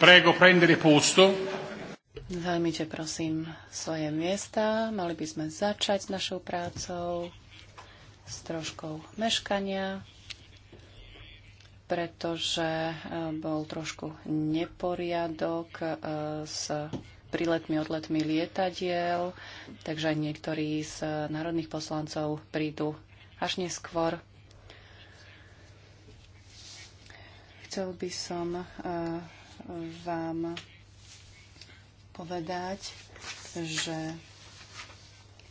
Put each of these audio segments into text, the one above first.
Prego prendere posto. Zajmite prosím svoje miesta. Mali by sme začať s našou prácou s troškou meškania, pretože e, bol trošku neporiadok e, s príletmi, odletmi lietadiel, takže aj niektorí z národných poslancov prídu až neskôr. Chcel by som e, vám povedať, že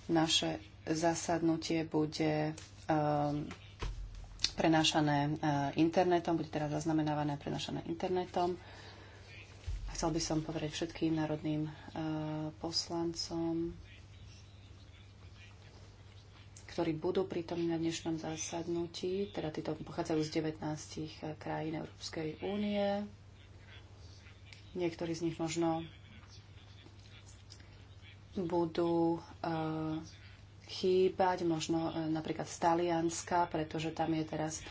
naše zasadnutie bude um, ehm, prenášané uh, eh, internetom, bude teraz zaznamenávané a prenášané internetom. chcel by som povedať všetkým národným uh, poslancom, ktorí budú prítomní na dnešnom zasadnutí, teda títo pochádzajú z 19 eh, krajín Európskej únie, Niektorí z nich možno budú e, chýbať, možno e, napríklad z Talianska, pretože tam je teraz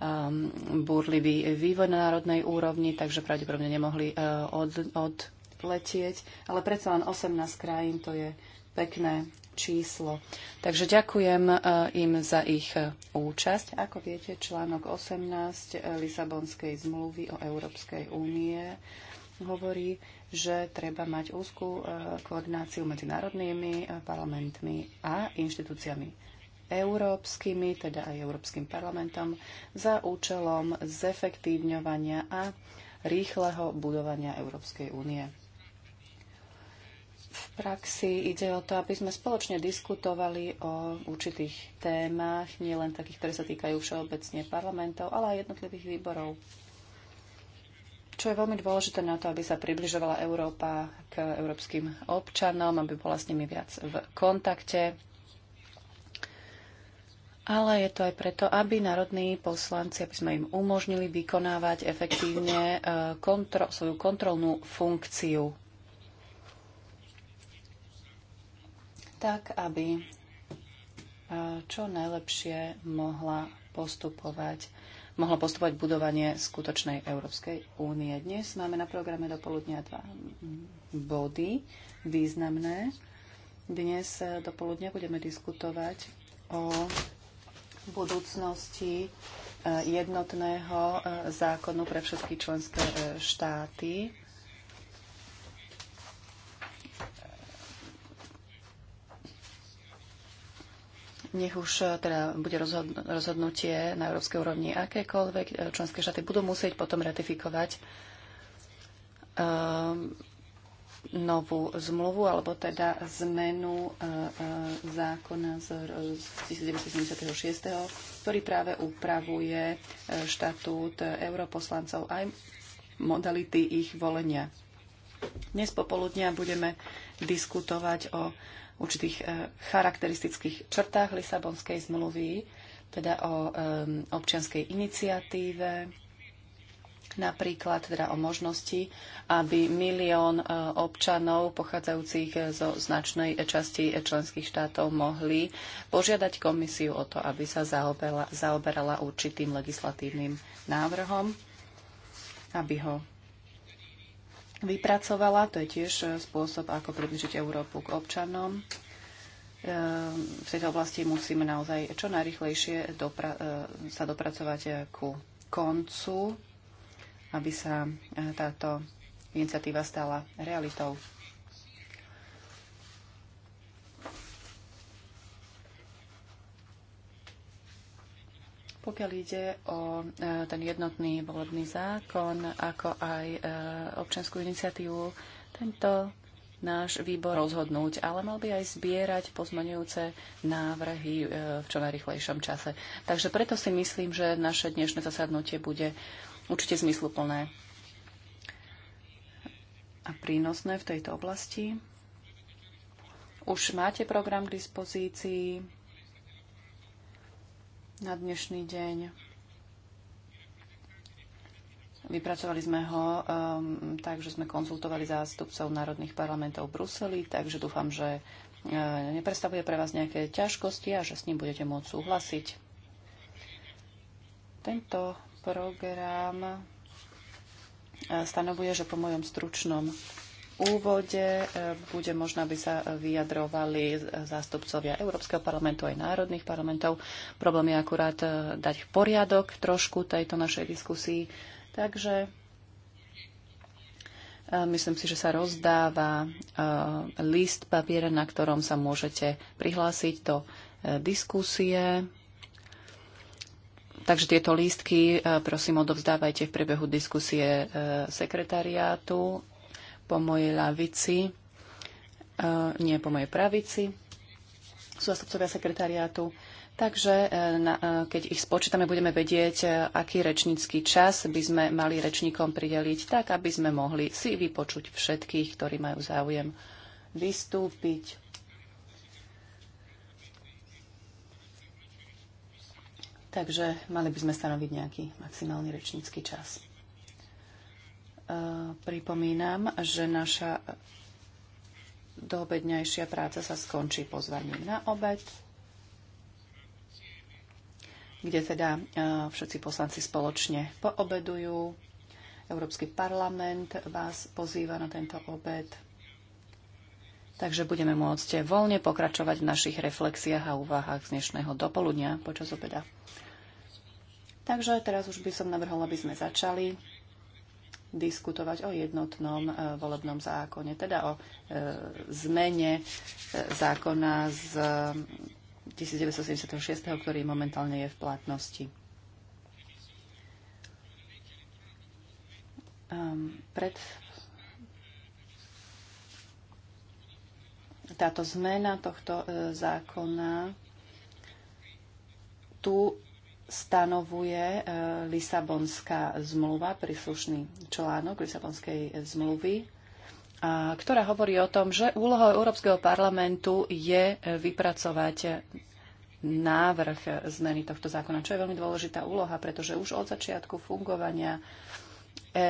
um, burlivý vývoj na národnej úrovni, takže pravdepodobne nemohli uh, od, odletieť. Ale predsa len 18 krajín, to je pekné číslo. Takže ďakujem uh, im za ich uh, účasť. Ako viete, článok 18 Lisabonskej zmluvy o Európskej únie hovorí, že treba mať úzkú e, koordináciu medzi národnými e, parlamentmi a inštitúciami európskymi, teda aj Európskym parlamentom, za účelom zefektívňovania a rýchleho budovania Európskej únie. V praxi ide o to, aby sme spoločne diskutovali o určitých témach, nielen takých, ktoré sa týkajú všeobecne parlamentov, ale aj jednotlivých výborov čo je veľmi dôležité na to, aby sa približovala Európa k európskym občanom, aby bola s nimi viac v kontakte. Ale je to aj preto, aby národní poslanci, aby sme im umožnili vykonávať efektívne e, kontro, svoju kontrolnú funkciu. Tak, aby e, čo najlepšie mohla postupovať mohlo postupovať budovanie skutočnej Európskej únie. Dnes máme na programe do poludnia dva body významné. Dnes eh, do poludnia budeme diskutovať o budúcnosti eh, jednotného eh, zákonu pre všetky členské štáty nech už e, teda bude rozhodnutie na európskej úrovni akékoľvek, e, členské štáty budú musieť potom ratifikovať e, novú zmluvu alebo teda zmenu zákona z 1976, ktorý práve upravuje štatút europoslancov aj modality ich volenia. Dnes popoludnia budeme diskutovať o určitých e, charakteristických črtách Lisabonskej zmluvy, teda o e, občianskej iniciatíve, napríklad teda o možnosti, aby milión e, občanov pochádzajúcich zo značnej časti členských štátov mohli požiadať komisiu o to, aby sa zaoberala, zaoberala určitým legislatívnym návrhom, aby ho vypracovala. To je tiež e, spôsob, ako približiť Európu k občanom. E, v tejto oblasti musíme naozaj čo najrychlejšie dopra- e, sa dopracovať ku koncu, aby sa táto iniciatíva stala realitou. Pokiaľ ide o e, ten jednotný volebný zákon, ako aj e, občanskú iniciatívu, tento náš výbor rozhodnúť, ale mal by aj zbierať pozmenujúce návrhy e, v čo najrychlejšom čase. Takže preto si myslím, že naše dnešné zasadnutie bude určite zmysluplné a prínosné v tejto oblasti. Už máte program k dispozícii na dnešný deň. Vypracovali sme ho um, tak, že sme konzultovali zástupcov národných parlamentov v Bruseli, takže dúfam, že uh, neprestavuje pre vás nejaké ťažkosti a že s ním budete môcť súhlasiť. Tento program uh, stanovuje, že po mojom stručnom úvode e, bude možno, aby sa vyjadrovali zástupcovia Európskeho parlamentu aj národných parlamentov. Problém je akurát e, dať poriadok trošku tejto našej diskusii. Takže e, myslím si, že sa rozdáva list papiera, na ktorom sa môžete prihlásiť do diskusie. Takže tieto lístky prosím odovzdávajte v priebehu diskusie sekretariátu po mojej lavici, eh, nie po mojej pravici, sú zastupcovia sekretariátu. Takže eh, na, eh, keď ich spočítame, budeme vedieť, aký rečnícky čas by sme mali rečníkom prideliť, tak aby sme mohli si vypočuť všetkých, ktorí majú záujem vystúpiť. Takže mali by sme stanoviť nejaký maximálny rečnícky čas. Pripomínam, že naša doobedňajšia práca sa skončí pozvaním na obed, kde teda e, všetci poslanci spoločne poobedujú. Európsky parlament vás pozýva na tento obed. Takže budeme môcť voľne pokračovať v našich reflexiách a úvahách z dnešného dopoludnia počas obeda. Takže teraz už by som navrhol, aby sme začali diskutovať o jednotnom e, volebnom zákone, teda o e, zmene e, zákona z 1976, ktorý momentálne je v platnosti. Ehm, pred táto zmena tohto zákona tu stanovuje e, Lisabonská zmluva, príslušný článok Lisabonskej zmluvy, ktorá hovorí o tom, že úlohou Európskeho parlamentu je e, vypracovať návrh zmeny tohto zákona, čo je veľmi dôležitá úloha, pretože už od začiatku fungovania E, e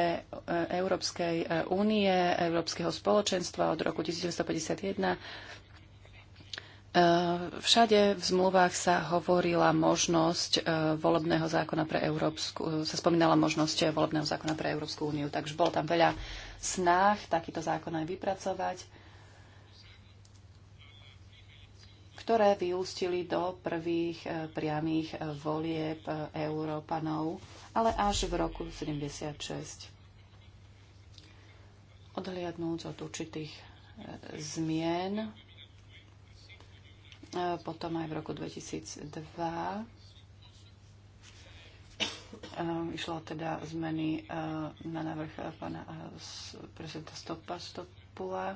Európskej únie, Európskeho spoločenstva od roku 1951 Eh, všade v zmluvách sa hovorila možnosť eh, volebného zákona pre Európsku, eh, sa spomínala možnosť volebného zákona pre Európsku úniu, takže bolo tam veľa snách takýto zákon aj vypracovať, ktoré vyústili do prvých priamých volieb Európanov, ale až v roku 76. Odhliadnúť od určitých zmien, Eh, potom aj v roku 2002 eh, išlo teda zmeny eh, na návrh pána prezidenta Stopa Stopula,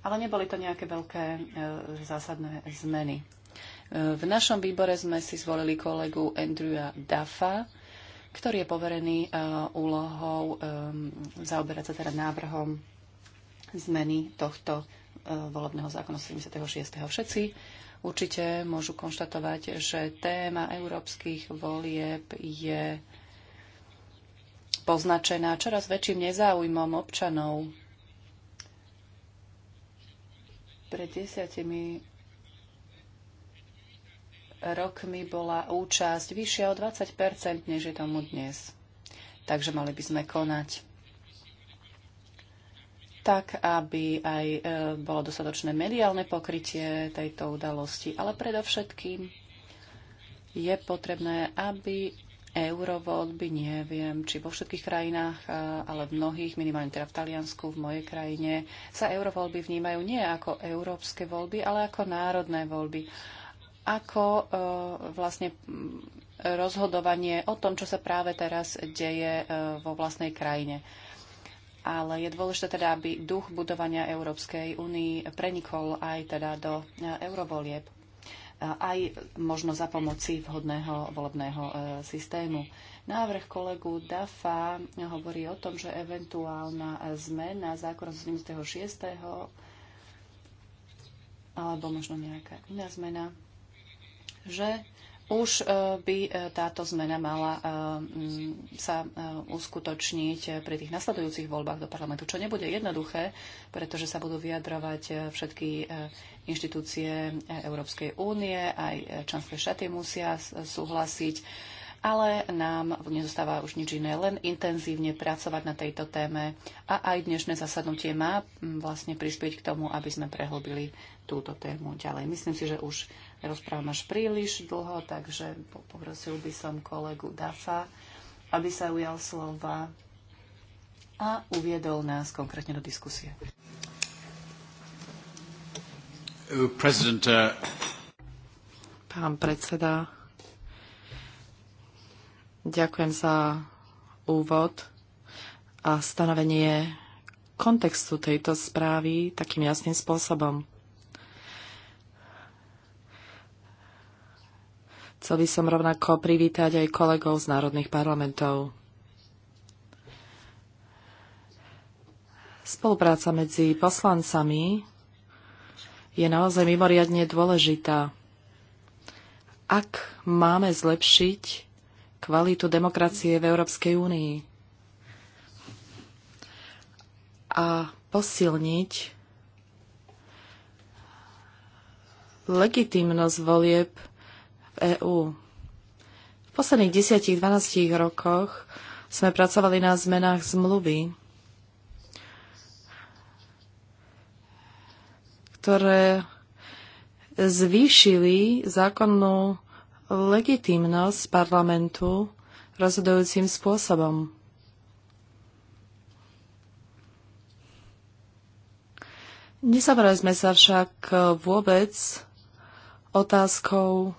ale neboli to nejaké veľké zásadné zmeny. V našom výbore sme si zvolili kolegu Andrewa Duffa, ktorý je poverený úlohou zaoberať sa teda návrhom zmeny tohto volebného zákona 76. Všetci určite môžu konštatovať, že téma európskych volieb je poznačená čoraz väčším nezáujmom občanov. Pred desiatimi rokmi bola účasť vyššia o 20 než je tomu dnes. Takže mali by sme konať tak aby aj e, bolo dostatočné mediálne pokrytie tejto udalosti. Ale predovšetkým je potrebné, aby eurovoľby, neviem, či vo všetkých krajinách, e, ale v mnohých, minimálne teda v Taliansku, v mojej krajine, sa eurovoľby vnímajú nie ako európske voľby, ale ako národné voľby. Ako e, vlastne rozhodovanie o tom, čo sa práve teraz deje e, vo vlastnej krajine ale je dôležité teda, aby duch budovania Európskej únii prenikol aj teda do e, eurovolieb e, aj možno za pomoci vhodného volebného e, systému. Návrh kolegu Dafa hovorí o tom, že eventuálna zmena zákona z 76. alebo možno nejaká iná zmena, že už e, by e, táto zmena mala e, mm, sa uskutočniť pri tých nasledujúcich voľbách do parlamentu, čo nebude jednoduché, pretože sa budú vyjadrovať všetky inštitúcie Európskej únie, aj členské štáty musia súhlasiť ale nám nezostáva už nič iné, len intenzívne pracovať na tejto téme a aj dnešné zasadnutie má mm, vlastne prispieť k tomu, aby sme prehlbili túto tému ďalej. Myslím si, že už rozprávam až príliš dlho, takže poprosil by som kolegu Dafa, aby sa ujal slova a uviedol nás konkrétne do diskusie. Uh, Pán predseda, Ďakujem za úvod a stanovenie kontextu tejto správy takým jasným spôsobom. Chcel by som rovnako privítať aj kolegov z národných parlamentov. Spolupráca medzi poslancami je naozaj mimoriadne dôležitá. Ak máme zlepšiť kvalitu demokracie v Európskej únii a posilniť legitimnosť volieb v EÚ. V posledných 10-12 rokoch sme pracovali na zmenách zmluvy, ktoré zvýšili zákonnú legitimnosť parlamentu rozhodujúcim spôsobom. Nezabrali sme sa však vôbec otázkou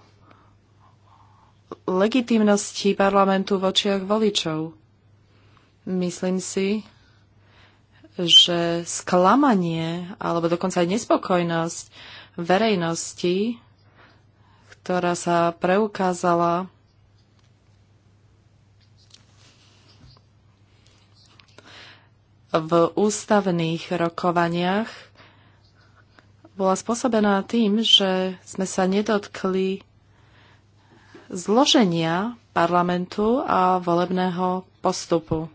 legitimnosti parlamentu v očiach voličov. Myslím si, že sklamanie alebo dokonca aj nespokojnosť verejnosti ktorá sa preukázala v ústavných rokovaniach, bola spôsobená tým, že sme sa nedotkli zloženia parlamentu a volebného postupu.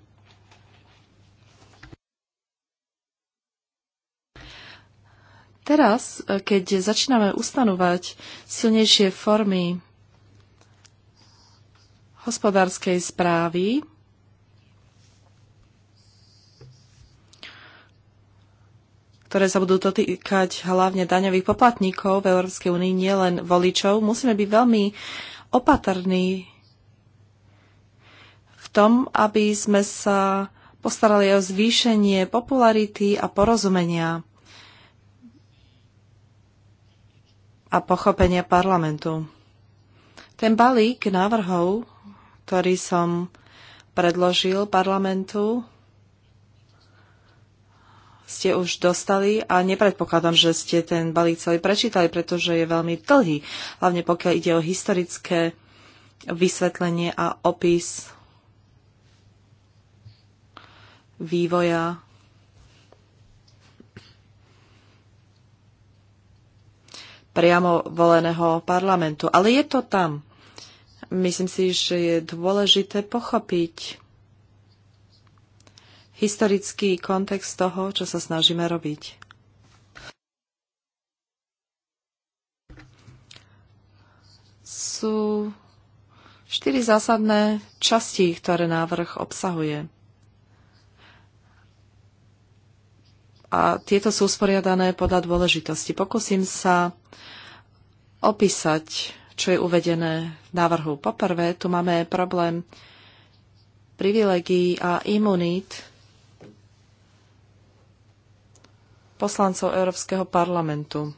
Teraz, e, keď začíname ustanovať silnejšie formy hospodárskej správy, ktoré sa budú dotýkať hlavne daňových poplatníkov v Európskej únii, nielen voličov, musíme byť veľmi opatrní v tom, aby sme sa postarali o zvýšenie popularity a porozumenia a pochopenia parlamentu. Ten balík návrhov, ktorý som predložil parlamentu, ste už dostali a nepredpokladám, že ste ten balík celý prečítali, pretože je veľmi dlhý, hlavne pokiaľ ide o historické vysvetlenie a opis vývoja priamo voleného parlamentu. Ale je to tam. Myslím si, že je dôležité pochopiť historický kontext toho, čo sa snažíme robiť. Sú štyri zásadné časti, ktoré návrh obsahuje. a tieto sú usporiadané podľa dôležitosti. Pokúsim sa opísať, čo je uvedené v návrhu. Poprvé, tu máme problém privilegií a imunít poslancov Európskeho parlamentu.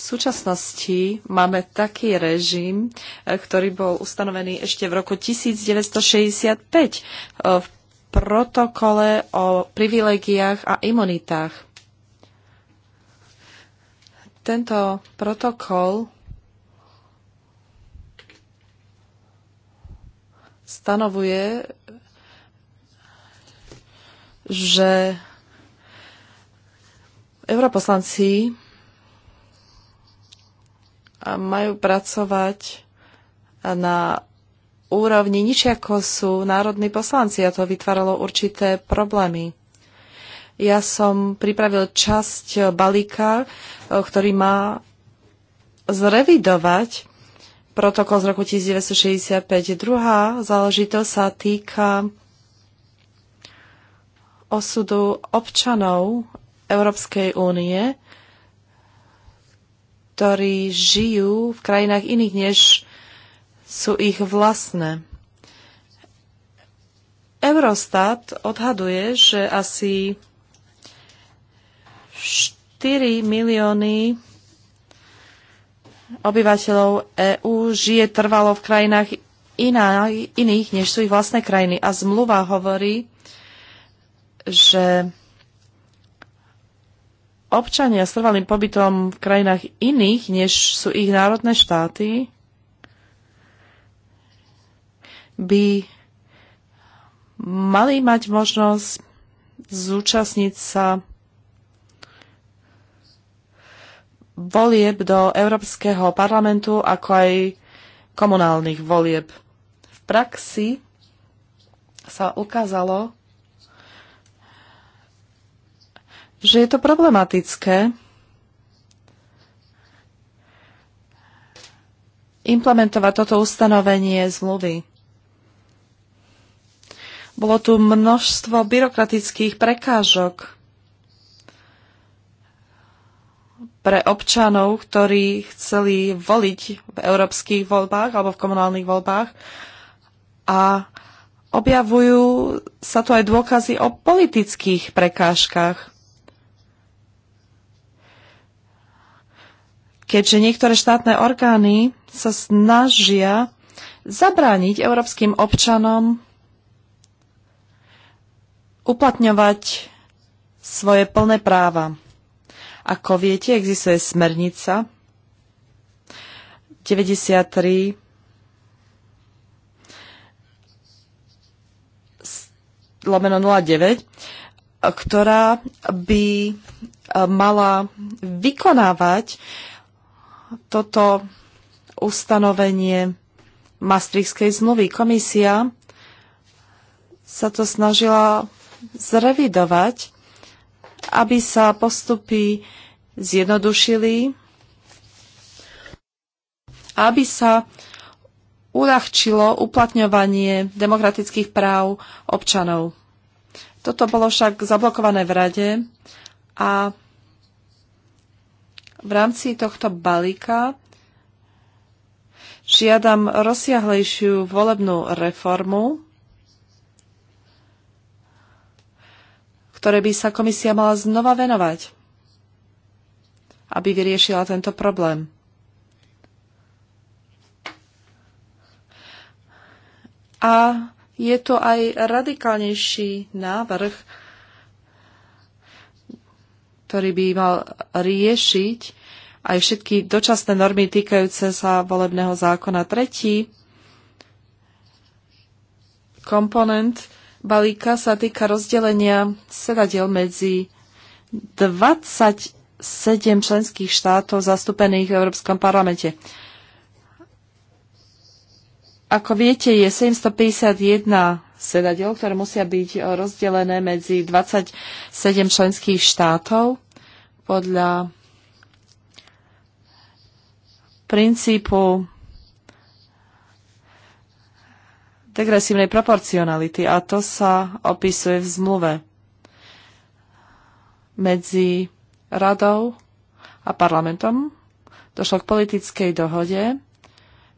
V súčasnosti máme taký režim, e, ktorý bol ustanovený ešte v roku 1965 e, v protokole o privilegiách a imunitách. Tento protokol stanovuje, že europoslanci majú pracovať na úrovni nič ako sú národní poslanci a to vytváralo určité problémy. Ja som pripravil časť balíka, ktorý má zrevidovať protokol z roku 1965. Druhá záležitosť sa týka osudu občanov Európskej únie ktorí žijú v krajinách iných, než sú ich vlastné. Eurostat odhaduje, že asi 4 milióny obyvateľov EÚ žije trvalo v krajinách iná, iných, než sú ich vlastné krajiny. A zmluva hovorí, že občania s trvalým pobytom v krajinách iných, než sú ich národné štáty, by mali mať možnosť zúčastniť sa volieb do Európskeho parlamentu, ako aj komunálnych volieb. V praxi sa ukázalo, že je to problematické implementovať toto ustanovenie zmluvy. Bolo tu množstvo byrokratických prekážok pre občanov, ktorí chceli voliť v európskych voľbách alebo v komunálnych voľbách. A objavujú sa tu aj dôkazy o politických prekážkach. keďže niektoré štátne orgány sa snažia zabrániť európskym občanom uplatňovať svoje plné práva. Ako viete, existuje smernica 93 lomeno 09, ktorá by mala vykonávať toto ustanovenie Maastrichtskej zmluvy. Komisia sa to snažila zrevidovať, aby sa postupy zjednodušili a aby sa uľahčilo uplatňovanie demokratických práv občanov. Toto bolo však zablokované v rade a v rámci tohto balíka žiadam rozsiahlejšiu volebnú reformu, ktoré by sa komisia mala znova venovať, aby vyriešila tento problém. A je to aj radikálnejší návrh, ktorý by mal riešiť aj všetky dočasné normy týkajúce sa volebného zákona. Tretí komponent balíka sa týka rozdelenia sedadiel medzi 27 členských štátov zastúpených v Európskom parlamente. Ako viete, je 751 sedadiel, ktoré musia byť eh, rozdelené medzi 27 členských štátov podľa princípu degresívnej proporcionality a to sa opisuje v zmluve medzi radou a parlamentom. Došlo k politickej dohode,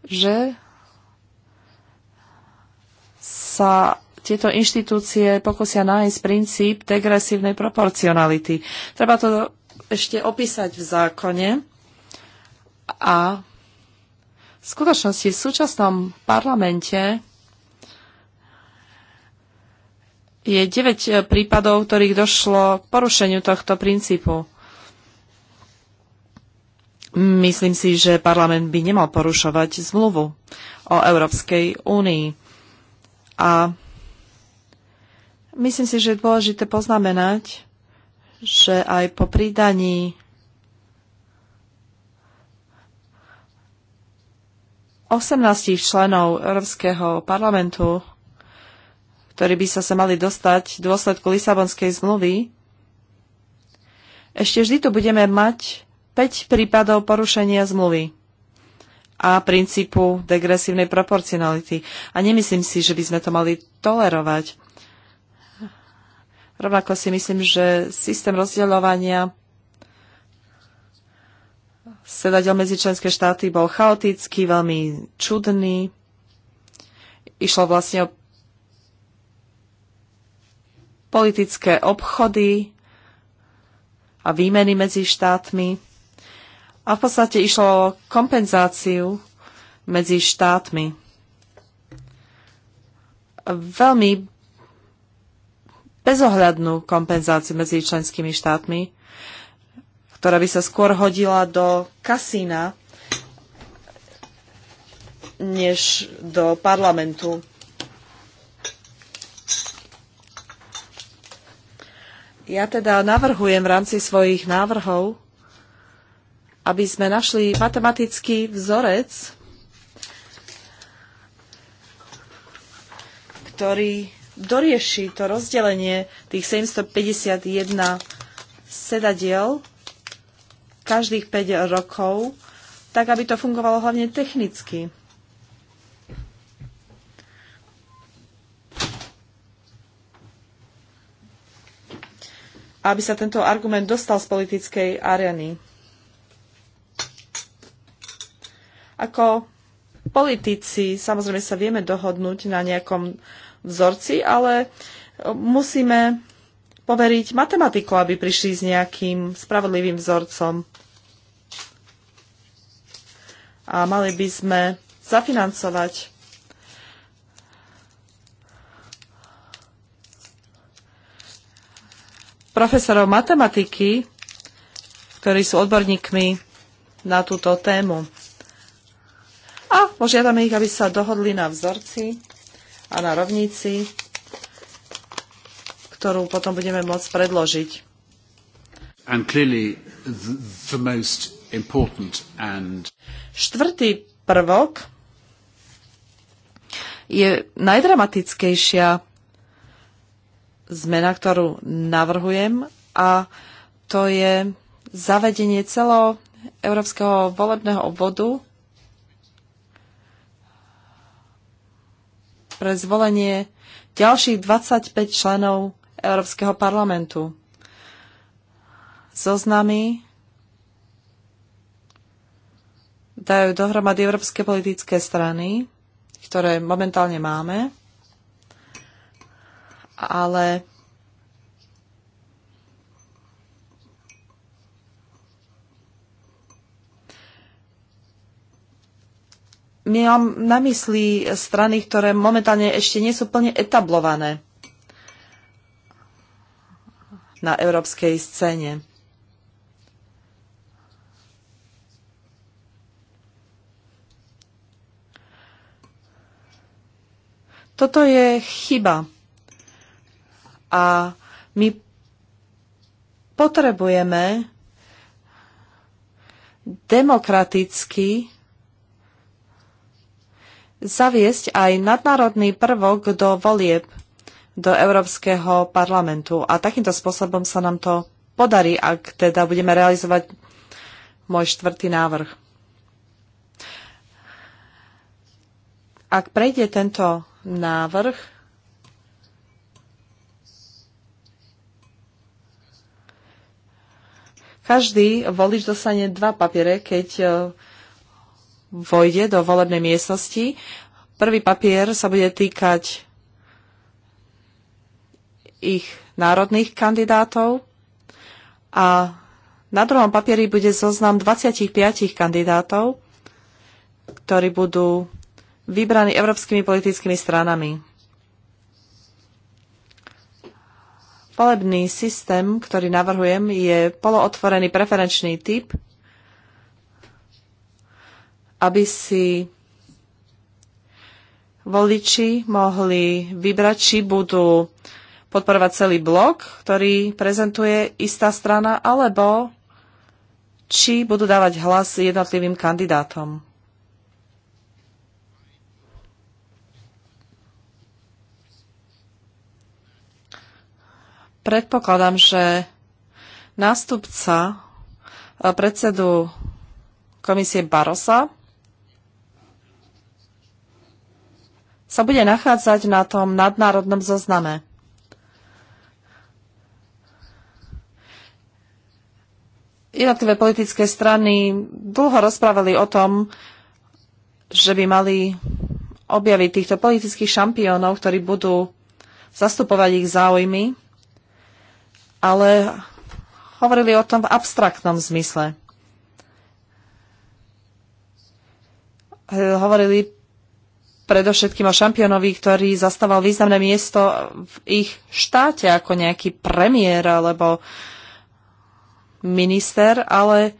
že sa tieto inštitúcie pokusia nájsť princíp degresívnej proporcionality. Treba to ešte opísať v zákone a v skutočnosti v súčasnom parlamente je 9 prípadov, ktorých došlo k porušeniu tohto princípu. Myslím si, že parlament by nemal porušovať zmluvu o Európskej únii. A myslím si, že je dôležité poznamenať, že aj po pridaní osemnástich členov Európskeho parlamentu, ktorí by sa sa mali dostať v dôsledku Lisabonskej zmluvy, ešte vždy tu budeme mať 5 prípadov porušenia zmluvy a princípu degresívnej proporcionality. A nemyslím si, že by sme to mali tolerovať. Rovnako si myslím, že systém rozdeľovania sedadiel medzi členské štáty bol chaotický, veľmi čudný. Išlo vlastne o politické obchody a výmeny medzi štátmi a v podstate išlo o kompenzáciu medzi štátmi. Veľmi bezohľadnú kompenzáciu medzi členskými štátmi, ktorá by sa skôr hodila do kasína, než do parlamentu. Ja teda navrhujem v rámci svojich návrhov, aby sme našli matematický vzorec, ktorý dorieši to rozdelenie tých 751 sedadiel každých 5 rokov, tak aby to fungovalo hlavne technicky. aby sa tento argument dostal z politickej areny. Ako politici samozrejme sa vieme dohodnúť na nejakom vzorci, ale musíme poveriť matematiku, aby prišli s nejakým spravodlivým vzorcom. A mali by sme zafinancovať profesorov matematiky, ktorí sú odborníkmi na túto tému a požiadame ich, aby sa dohodli na vzorci a na rovnici, ktorú potom budeme môcť predložiť. And clearly the most important and... Štvrtý prvok je najdramatickejšia zmena, ktorú navrhujem a to je zavedenie celého európskeho volebného obvodu pre zvolenie ďalších 25 členov Európskeho parlamentu. Zoznamy dajú dohromady európske politické strany, ktoré momentálne máme, ale mám na mysli strany, ktoré momentálne ešte nie sú plne etablované na európskej scéne. Toto je chyba. A my potrebujeme demokraticky zaviesť aj nadnárodný prvok do volieb do Európskeho parlamentu. A takýmto spôsobom sa nám to podarí, ak teda budeme realizovať môj štvrtý návrh. Ak prejde tento návrh, každý volič dostane dva papiere, keď vojde do volebnej miestnosti. Prvý papier sa bude týkať ich národných kandidátov a na druhom papieri bude zoznam 25 kandidátov, ktorí budú vybraní európskymi politickými stranami. Volebný systém, ktorý navrhujem, je polootvorený preferenčný typ, aby si voliči mohli vybrať, či budú podporovať celý blok, ktorý prezentuje istá strana, alebo či budú dávať hlas jednotlivým kandidátom. Predpokladám, že nástupca eh, predsedu komisie Barosa sa bude nachádzať na tom nadnárodnom zozname. Jednotlivé politické strany dlho rozprávali o tom, že by mali objaviť týchto politických šampiónov, ktorí budú zastupovať ich záujmy, ale hovorili o tom v abstraktnom zmysle. Hovorili predovšetkým o šampiónovi, ktorý zastával významné miesto v ich štáte ako nejaký premiér alebo minister, ale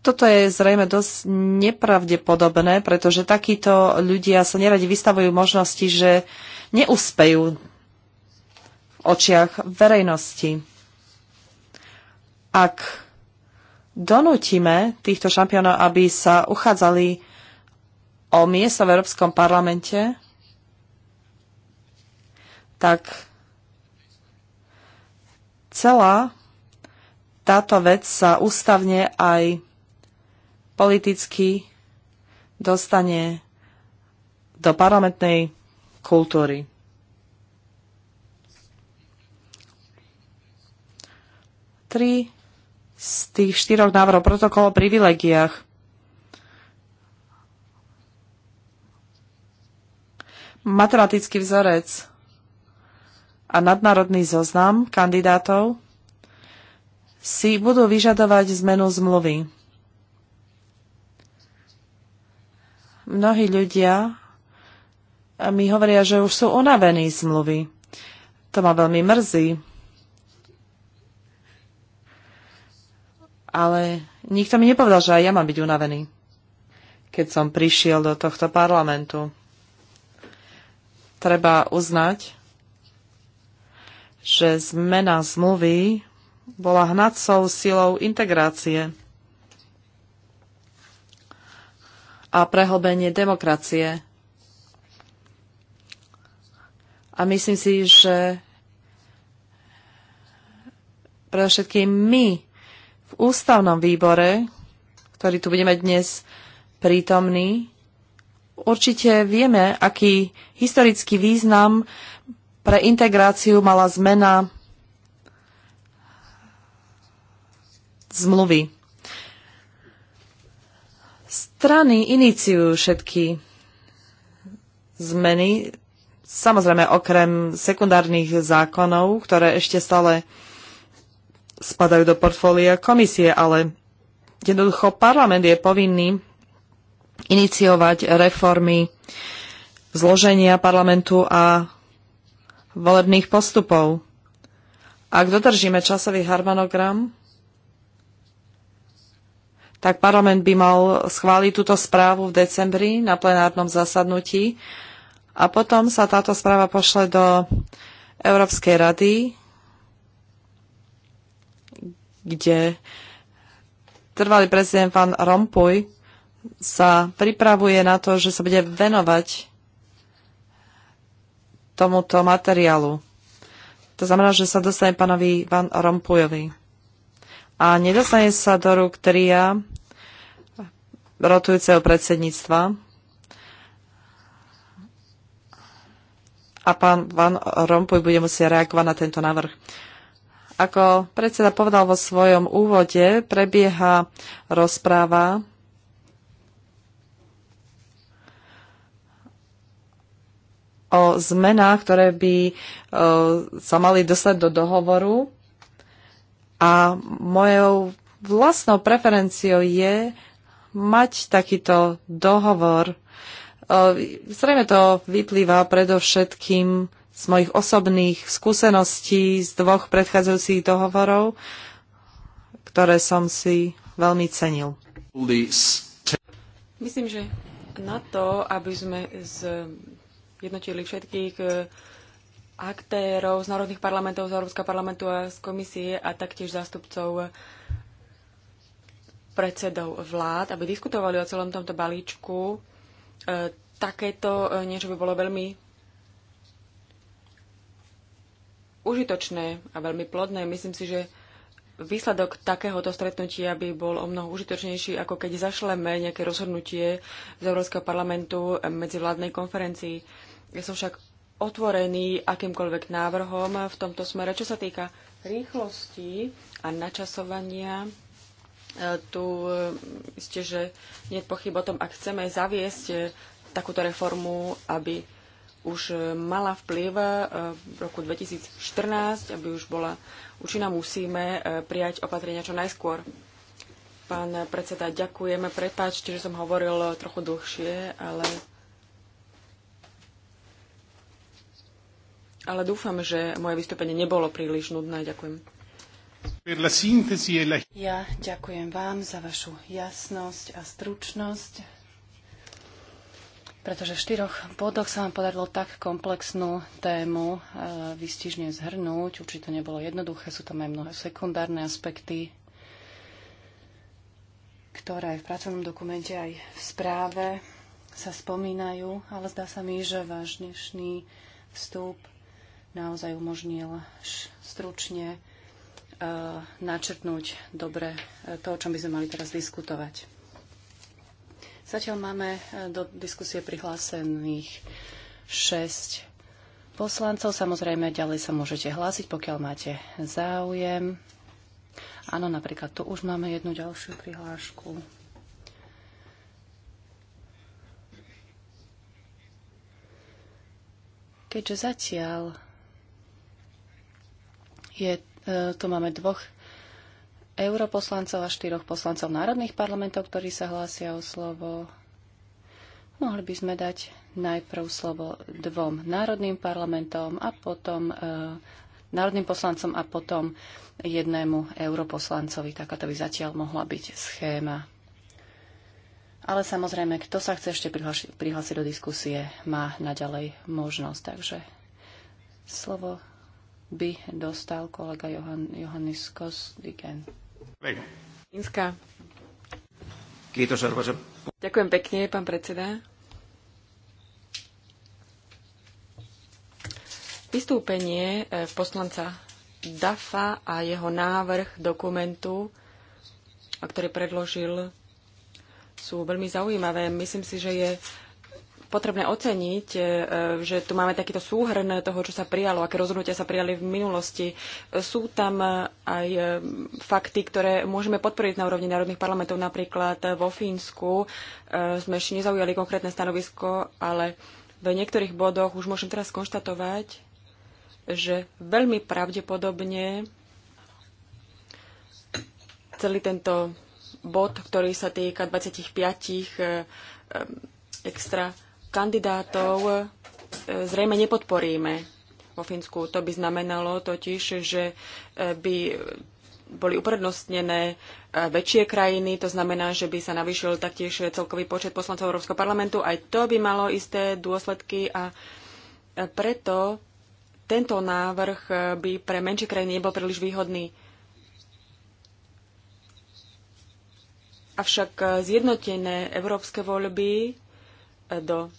toto je zrejme dosť nepravdepodobné, pretože takíto ľudia sa neradi vystavujú možnosti, že neúspejú v očiach verejnosti. Ak donútime týchto šampiónov, aby sa uchádzali o miesto v Európskom parlamente, tak celá táto vec sa ústavne aj politicky dostane do parlamentnej kultúry. Tri z tých štyroch návrhov protokolov o privilegiách matematický vzorec a nadnárodný zoznam kandidátov si budú vyžadovať zmenu zmluvy. Mnohí ľudia mi hovoria, že už sú unavení zmluvy. To ma veľmi mrzí. Ale nikto mi nepovedal, že aj ja mám byť unavený, keď som prišiel do tohto parlamentu treba uznať, že zmena zmluvy bola hnacou silou integrácie a prehlbenie demokracie. A myslím si, že všetkým my v ústavnom výbore, ktorý tu budeme dnes prítomní, Určite vieme, aký historický význam pre integráciu mala zmena zmluvy. Strany iniciujú všetky zmeny, samozrejme okrem sekundárnych zákonov, ktoré ešte stále spadajú do portfólia komisie, ale jednoducho parlament je povinný iniciovať reformy zloženia parlamentu a volebných postupov. Ak dodržíme časový harmonogram, tak parlament by mal schváliť túto správu v decembri na plenárnom zasadnutí a potom sa táto správa pošle do Európskej rady, kde trvalý prezident Van Rompuy sa pripravuje na to, že sa bude venovať tomuto materiálu. To znamená, že sa dostane pánovi Van Rompujovi. A nedostane sa do rúk tria rotujúceho predsedníctva. A pán Van Rompuj bude musieť reagovať na tento návrh. Ako predseda povedal vo svojom úvode, prebieha rozpráva o zmenách, ktoré by e, sa mali dostať do dohovoru. A mojou vlastnou preferenciou je mať takýto dohovor. E, zrejme to vyplýva predovšetkým z mojich osobných skúseností z dvoch predchádzajúcich dohovorov, ktoré som si veľmi cenil. Myslím, že na to, aby sme z jednotili všetkých e, aktérov z národných parlamentov, z Európskeho parlamentu a z komisie a taktiež zástupcov predsedov vlád, aby diskutovali o celom tomto balíčku. E, takéto e, niečo by bolo veľmi užitočné a veľmi plodné. Myslím si, že výsledok takéhoto stretnutia by bol o mnoho užitočnejší, ako keď zašleme nejaké rozhodnutie z Európskeho parlamentu medzi vládnej konferencii ja som však otvorený akýmkoľvek návrhom v tomto smere. Čo sa týka rýchlosti a načasovania, e, tu e, ste, že nie je pochyb o tom, ak chceme zaviesť e, takúto reformu, aby už mala vplyv v roku 2014, aby už bola účinná, musíme prijať opatrenia čo najskôr. Pán predseda, ďakujeme. Prepáčte, že som hovoril trochu dlhšie, ale ale dúfam, že moje vystúpenie nebolo príliš nudné. Ďakujem. Ja ďakujem vám za vašu jasnosť a stručnosť, pretože v štyroch bodoch sa vám podarilo tak komplexnú tému e, vystižne zhrnúť. Určite nebolo jednoduché, sú tam aj mnohé sekundárne aspekty, ktoré v pracovnom dokumente aj v správe sa spomínajú, ale zdá sa mi, že váš dnešný vstup naozaj umožnil stručne e, načrtnúť dobre e, to, o čom by sme mali teraz diskutovať. Zatiaľ máme e, do diskusie prihlásených 6 poslancov. Samozrejme, ďalej sa môžete hlásiť, pokiaľ máte záujem. Áno, napríklad tu už máme jednu ďalšiu prihlášku. Keďže zatiaľ je, e, tu máme dvoch europoslancov a štyroch poslancov národných parlamentov, ktorí sa hlásia o slovo. Mohli by sme dať najprv slovo dvom národným parlamentom a potom e, národným poslancom a potom jednému europoslancovi. Taká to by zatiaľ mohla byť schéma. Ale samozrejme, kto sa chce ešte prihlásiť do diskusie, má naďalej možnosť. Takže slovo by dostal kolega Johan, Johannes Kostigen. Inska. Ďakujem pekne, pán predseda. Vystúpenie e, poslanca Dafa a jeho návrh dokumentu, ktorý predložil, sú veľmi zaujímavé. Myslím si, že je potrebné oceniť, e, e, že tu máme takýto súhrn toho, čo sa prijalo, aké rozhodnutia sa prijali v minulosti. Sú tam e, aj fakty, ktoré môžeme podporiť na úrovni národných parlamentov. Napríklad vo Fínsku sme ešte nezaujali konkrétne stanovisko, ale v niektorých bodoch už môžem teraz konštatovať, že veľmi pravdepodobne celý tento bod, ktorý sa týka 25 extra kandidátov e, zrejme nepodporíme vo Fínsku. To by znamenalo totiž, že e, by boli uprednostnené e, väčšie krajiny, to znamená, že by sa navýšil taktiež celkový počet poslancov Európskeho parlamentu. Aj to by malo isté dôsledky a preto tento návrh by pre menšie krajiny nebol príliš výhodný. Avšak zjednotené európske voľby do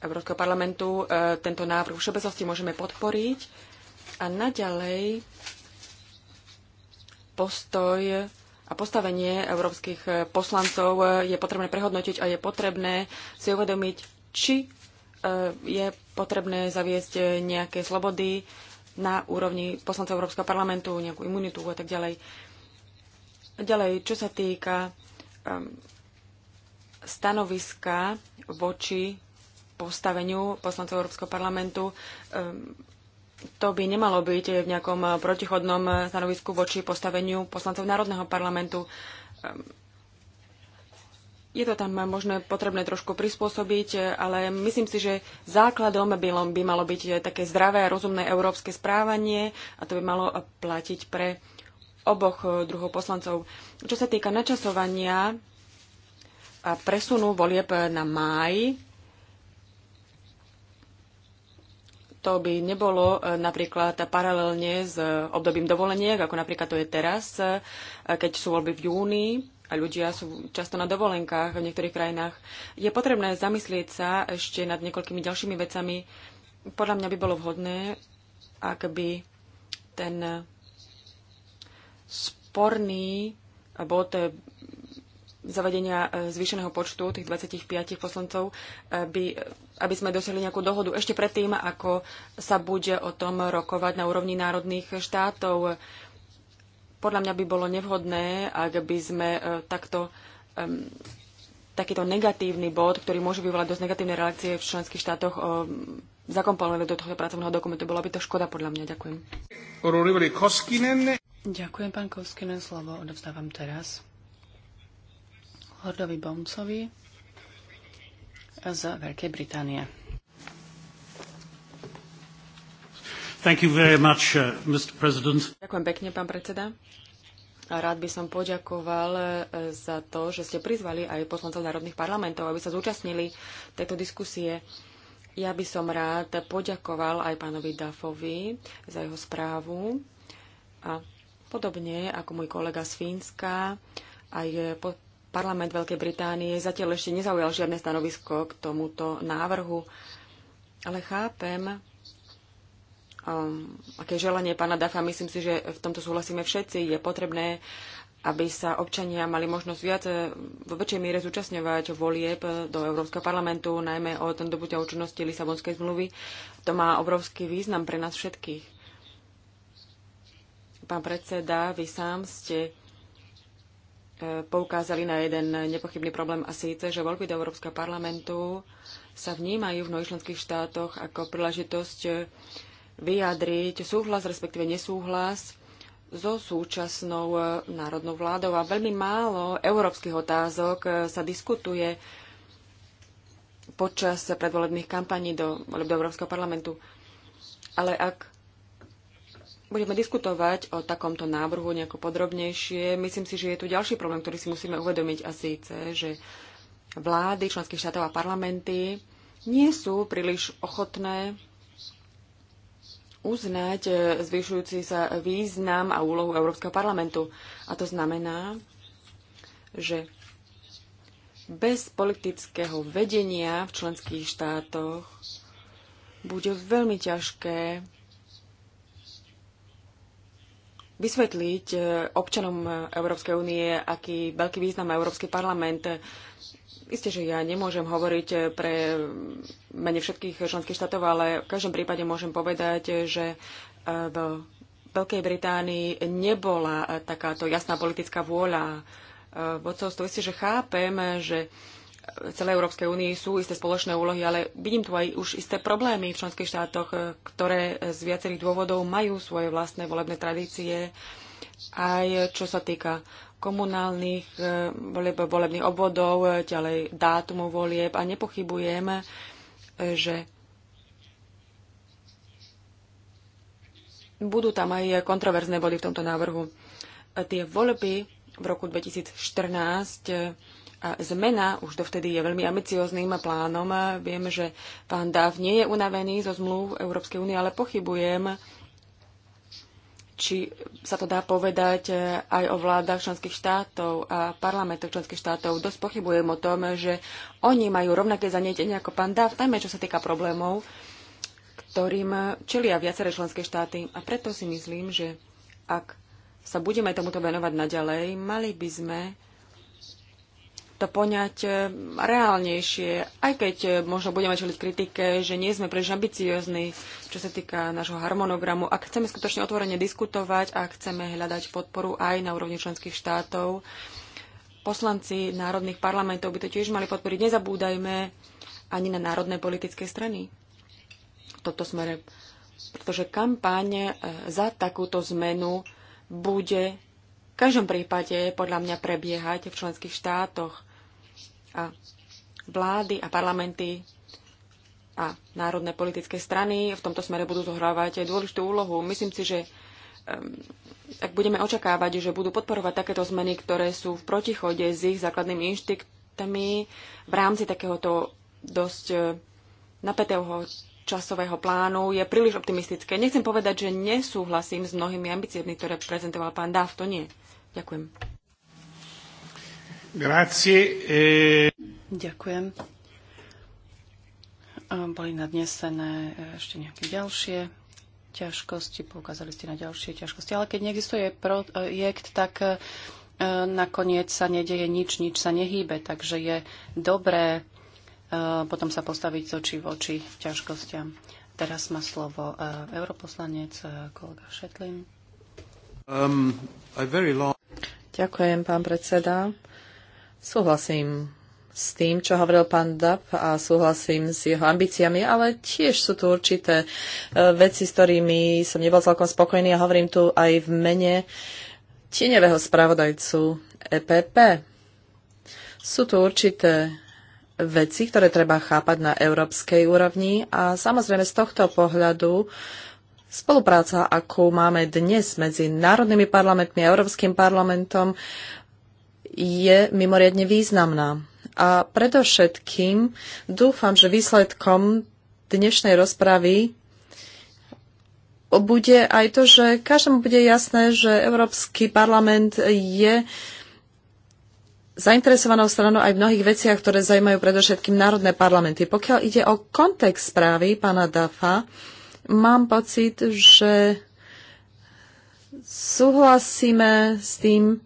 Európskeho parlamentu e, tento návrh v všeobecnosti môžeme podporiť a naďalej postoj a postavenie európskych poslancov je potrebné prehodnotiť a je potrebné si uvedomiť, či e, je potrebné zaviesť nejaké slobody na úrovni poslancov Európskeho parlamentu, nejakú imunitu a tak ďalej. Ďalej, čo sa týka stanoviska voči postaveniu poslancov Európskeho parlamentu. Ehm, to by nemalo byť v nejakom protichodnom stanovisku voči postaveniu poslancov Národného parlamentu. Ehm, je to tam možno potrebné trošku prispôsobiť, ale myslím si, že základom by malo byť také zdravé a rozumné európske správanie a to by malo platiť pre oboch druhov poslancov. Čo sa týka načasovania a presunu volieb na máj to by nebolo e, napríklad paralelne s obdobím dovoleniek, ako napríklad to je teraz, e, keď sú voľby v júni a ľudia sú často na dovolenkách v niektorých krajinách. Je potrebné zamyslieť sa ešte nad niekoľkými ďalšími vecami. Podľa mňa by bolo vhodné, ak by ten sporný bod zavedenia e, zvýšeného počtu tých 25 poslancov, aby, e, aby sme dosiahli nejakú dohodu ešte predtým, ako sa bude o tom rokovať na úrovni národných štátov. Podľa mňa by bolo nevhodné, ak by sme e, takto takýto negatívny bod, ktorý môže vyvolať dosť negatívne reakcie v členských štátoch, zakomponovali do tohto pracovného dokumentu. Bola by to škoda podľa mňa. Ďakujem. Ďakujem, pán Koskinen. Slovo odovzdávam teraz. Hordovi Boncovi z Veľkej Británie. Thank you very much, uh, Mr. President. Ďakujem pekne, pán predseda. A rád by som poďakoval e, za to, že ste prizvali aj poslancov národných parlamentov, aby sa zúčastnili tejto diskusie. Ja by som rád poďakoval aj pánovi Dafovi za jeho správu a podobne ako môj kolega z Fínska, aj Parlament Veľkej Británie zatiaľ ešte nezaujal žiadne stanovisko k tomuto návrhu, ale chápem, um, aké želanie pána Dafa, myslím si, že v tomto súhlasíme všetci, je potrebné, aby sa občania mali možnosť viac eh, vo väčšej miere zúčastňovať volieb eh, do Európskeho parlamentu, najmä o tento buď účinnosti Lisabonskej zmluvy. To má obrovský význam pre nás všetkých pán predseda, vy sám ste poukázali na jeden nepochybný problém a síce, že voľby do Európskeho parlamentu sa vnímajú v mnohých členských štátoch ako príležitosť vyjadriť súhlas, respektíve nesúhlas so súčasnou národnou vládou. A veľmi málo európskych otázok sa diskutuje počas predvolebných kampaní do, do Európskeho parlamentu. Ale ak budeme diskutovať o takomto návrhu nejako podrobnejšie, myslím si, že je tu ďalší problém, ktorý si musíme uvedomiť a síce, že vlády členských štátov a parlamenty nie sú príliš ochotné uznať e, zvyšujúci sa význam a úlohu Európskeho parlamentu. A to znamená, že bez politického vedenia v členských štátoch bude veľmi ťažké vysvetliť e, občanom Európskej únie, aký veľký význam má Európsky parlament. Isté, že ja nemôžem hovoriť e, pre mene všetkých členských štátov, ale v každom prípade môžem povedať, že e, v Veľkej Británii nebola takáto jasná politická vôľa vodcovstvo. Isté, že chápem, že celej Európskej únii sú isté spoločné úlohy, ale vidím tu aj už isté problémy v členských štátoch, e, ktoré z viacerých dôvodov majú svoje vlastné volebné tradície, aj čo sa týka komunálnych e, volebných obvodov, e, ďalej dátumu volieb a nepochybujem, že budú tam aj kontroverzné body v tomto návrhu. Tie voľby v roku 2014 zmena už dovtedy je veľmi ambicióznym plánom. Viem, že pán Dáv nie je unavený zo zmluv Európskej únie, ale pochybujem, či sa to dá povedať eh, aj o vládach členských štátov a parlamentoch členských štátov. Dosť pochybujem o tom, že oni majú rovnaké zanietenie ako pán Dáv, najmä čo sa týka problémov, ktorým čelia viaceré členské štáty. A preto si myslím, že ak sa budeme tomuto venovať naďalej, mali by sme to poňať e, reálnejšie, aj keď e, možno budeme čeliť kritike, že nie sme príliš ambiciozni, čo sa týka nášho harmonogramu. Ak chceme skutočne otvorene diskutovať a chceme hľadať podporu aj na úrovni členských štátov, poslanci národných parlamentov by to tiež mali podporiť. Nezabúdajme ani na národné politické strany v tomto smere, pretože kampaň e, za takúto zmenu bude v každom prípade podľa mňa prebiehať v členských štátoch a vlády a parlamenty a národné politické strany v tomto smere budú zohrávať dôležitú úlohu. Myslím si, že ak budeme očakávať, že budú podporovať takéto zmeny, ktoré sú v protichode s ich základnými inštiktami v rámci takéhoto dosť e, napätého časového plánu je príliš optimistické. Nechcem povedať, že nesúhlasím s mnohými ambíciami, ktoré prezentoval pán Dáv, to nie. Ďakujem. Grazie. Eh. Ďakujem. Boli nadnesené eh, ešte nejaké ďalšie ťažkosti, poukázali ste na ďalšie ťažkosti, ale keď neexistuje projekt, tak eh, nakoniec sa nedeje nič, nič sa nehýbe, takže je dobré potom sa postaviť z očí oči ťažkostiam. Teraz má slovo europoslanec kolega Šetlin. Um, long... Ďakujem, pán predseda. Súhlasím s tým, čo hovoril pán Dab a súhlasím s jeho ambíciami, ale tiež sú tu určité e, veci, s ktorými som nebol celkom spokojný a hovorím tu aj v mene tieňového spravodajcu EPP. Sú tu určité veci, ktoré treba chápať na európskej úrovni a samozrejme z tohto pohľadu spolupráca, akú máme dnes medzi národnými parlamentmi a Európskym parlamentom, je mimoriadne významná. A predovšetkým dúfam, že výsledkom dnešnej rozpravy bude aj to, že každému bude jasné, že Európsky parlament je zainteresovanou stranou aj v mnohých veciach, ktoré zajímajú predovšetkým národné parlamenty. Pokiaľ ide o kontext správy pána Dafa, mám pocit, že súhlasíme s tým,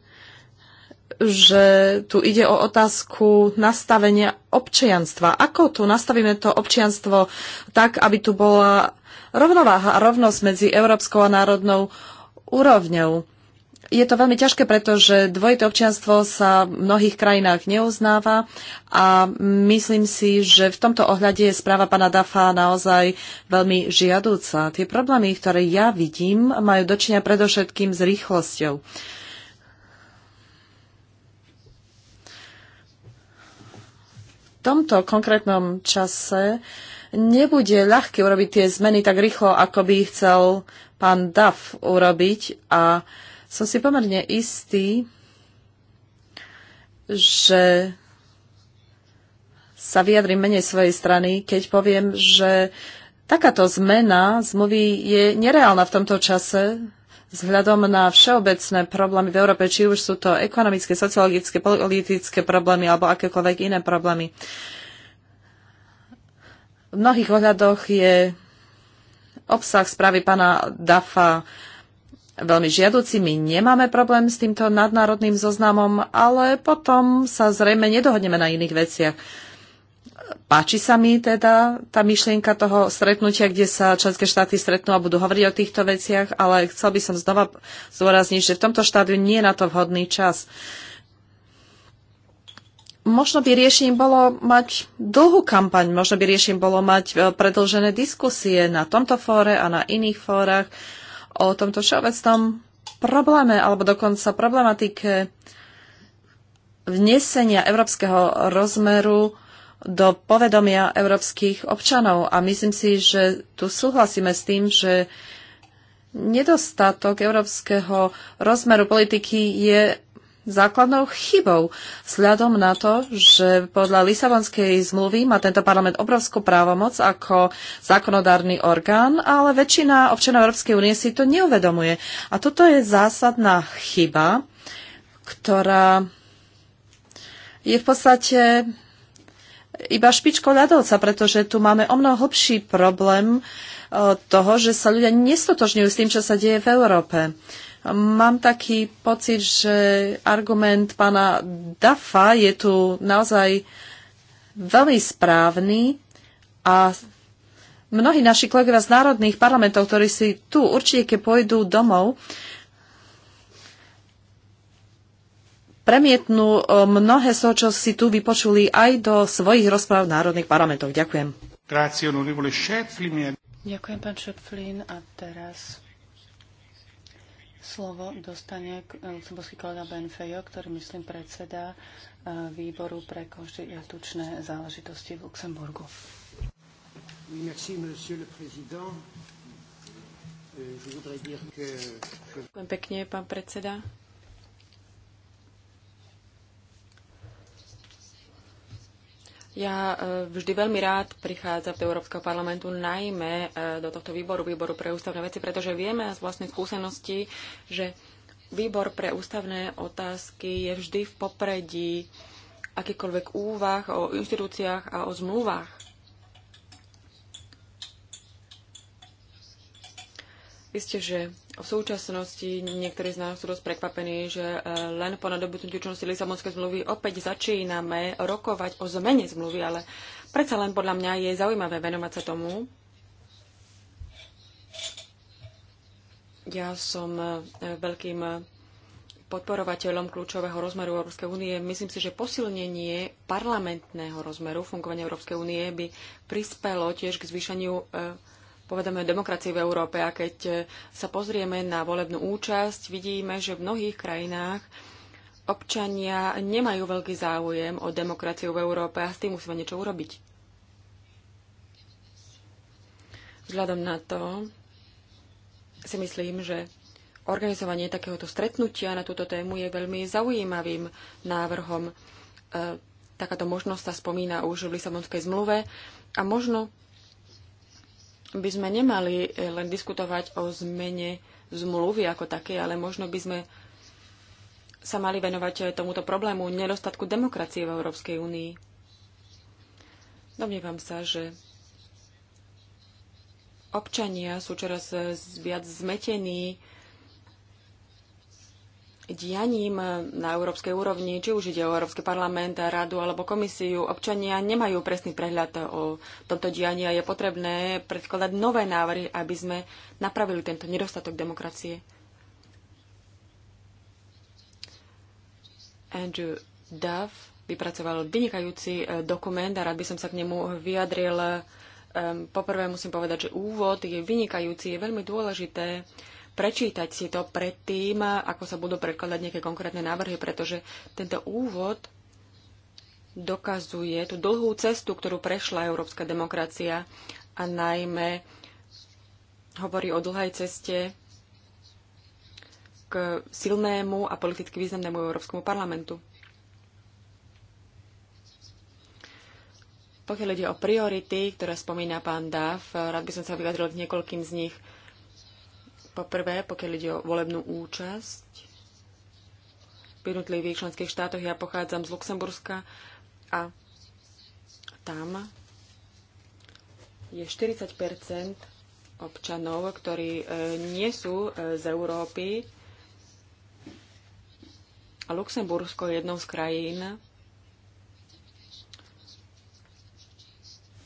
že tu ide o otázku nastavenia občianstva. Ako tu nastavíme to občianstvo tak, aby tu bola rovnováha a rovnosť medzi európskou a národnou úrovňou? Je to veľmi ťažké, pretože dvojité občianstvo sa v mnohých krajinách neuznáva a myslím si, že v tomto ohľade je správa pana Dafa naozaj veľmi žiadúca. Tie problémy, ktoré ja vidím, majú dočinia predovšetkým s rýchlosťou. Uh, tomto konkrétnom čase nebude ľahké urobiť tie zmeny tak rýchlo, ako by chcel pán Duff urobiť a som si pomerne istý, že sa vyjadrím menej svojej strany, keď poviem, že takáto zmena zmluvy je nereálna v tomto čase, vzhľadom na všeobecné problémy v Európe, či už sú to ekonomické, sociologické, politické problémy alebo akékoľvek iné problémy. V mnohých ohľadoch je obsah správy pána Dafa veľmi žiaduci. My nemáme problém s týmto nadnárodným zoznamom, ale potom sa zrejme nedohodneme na iných veciach. Páči sa mi teda tá myšlienka toho stretnutia, kde sa členské štáty stretnú a budú hovoriť o týchto veciach, ale chcel by som znova zdôrazniť, že v tomto štádiu nie je na to vhodný čas. Možno by riešením bolo mať dlhú kampaň, možno by riešením bolo mať e, predlžené diskusie na tomto fóre a na iných fórach o tomto všeobecnom probléme alebo dokonca problematike vnesenia európskeho rozmeru do povedomia európskych občanov. A myslím si, že tu súhlasíme s tým, že nedostatok európskeho rozmeru politiky je základnou chybou, vzhľadom na to, že podľa Lisabonskej zmluvy má tento parlament obrovskú právomoc ako zákonodárny orgán, ale väčšina občanov Európskej únie si to neuvedomuje. A toto je zásadná chyba, ktorá je v podstate iba špičko ľadovca, pretože tu máme o mnoho hlbší problém e, toho, že sa ľudia nestotožňujú s tým, čo sa deje v Európe. Mám taký pocit, že argument pána Dafa je tu naozaj veľmi správny a mnohí naši kolegovia z národných parlamentov, ktorí si tu určite, keď pôjdu domov, premietnú e, mnohé z toho, čo si tu vypočuli aj do svojich rozpráv v národných parlamentoch. Ďakujem. Ďakujem, pán Šepflín. A teraz slovo dostane e, luxemburský kolega Benfejo, ktorý, myslím, predseda e, výboru pre konštitučné záležitosti v Luxemburgu. Euh, Ďakujem pekne, pán predseda. Ja e, vždy veľmi rád prichádzam do Európskeho parlamentu, najmä e, do tohto výboru, výboru pre ústavné veci, pretože vieme z vlastnej skúsenosti, že výbor pre ústavné otázky je vždy v popredí akýkoľvek úvah o inštitúciách a o zmluvách. Isté, že v súčasnosti niektorí z nás sú dosť prekvapení, že e, len po nadobudnutí účinnosti Lisabonskej zmluvy opäť začíname rokovať o zmene zmluvy, ale predsa len podľa mňa je zaujímavé venovať sa tomu. Ja som e, veľkým podporovateľom kľúčového rozmeru Európskej únie. Myslím si, že posilnenie parlamentného rozmeru fungovania Európskej únie by prispelo tiež k zvýšeniu e, povedame, o demokracii v Európe. A keď e, sa pozrieme na volebnú účasť, vidíme, že v mnohých krajinách občania nemajú veľký záujem o demokraciu v Európe a s tým musíme niečo urobiť. Vzhľadom na to si myslím, že organizovanie takéhoto stretnutia na túto tému je veľmi zaujímavým návrhom. E, takáto možnosť sa spomína už v Lisabonskej zmluve a možno by sme nemali eh, len diskutovať o zmene zmluvy ako také, ale možno by sme sa mali venovať eh, tomuto problému nedostatku demokracie v Európskej únii. Domnievam sa, že občania sú čoraz eh, viac zmetení dianím na európskej úrovni, či už ide o Európsky parlament, radu alebo komisiu, občania nemajú presný prehľad o tomto dianí a je potrebné predkladať nové návrhy, aby sme napravili tento nedostatok demokracie. Andrew Duff vypracoval vynikajúci e, dokument a rád by som sa k nemu vyjadril. Ehm, poprvé musím povedať, že úvod je vynikajúci, je veľmi dôležité prečítať si to predtým, ako sa budú predkladať nejaké konkrétne návrhy, pretože tento úvod dokazuje tú dlhú cestu, ktorú prešla európska demokracia a najmä hovorí o dlhej ceste k silnému a politicky významnému Európskemu parlamentu. Pokiaľ ide o priority, ktoré spomína pán Dáv, rád by som sa vyjadril k niekoľkým z nich. Poprvé, pokiaľ ide o volebnú účasť v jednotlivých členských štátoch, ja pochádzam z Luxemburska a tam je 40 občanov, ktorí e, nie sú e, z Európy. A Luxembursko je jednou z krajín,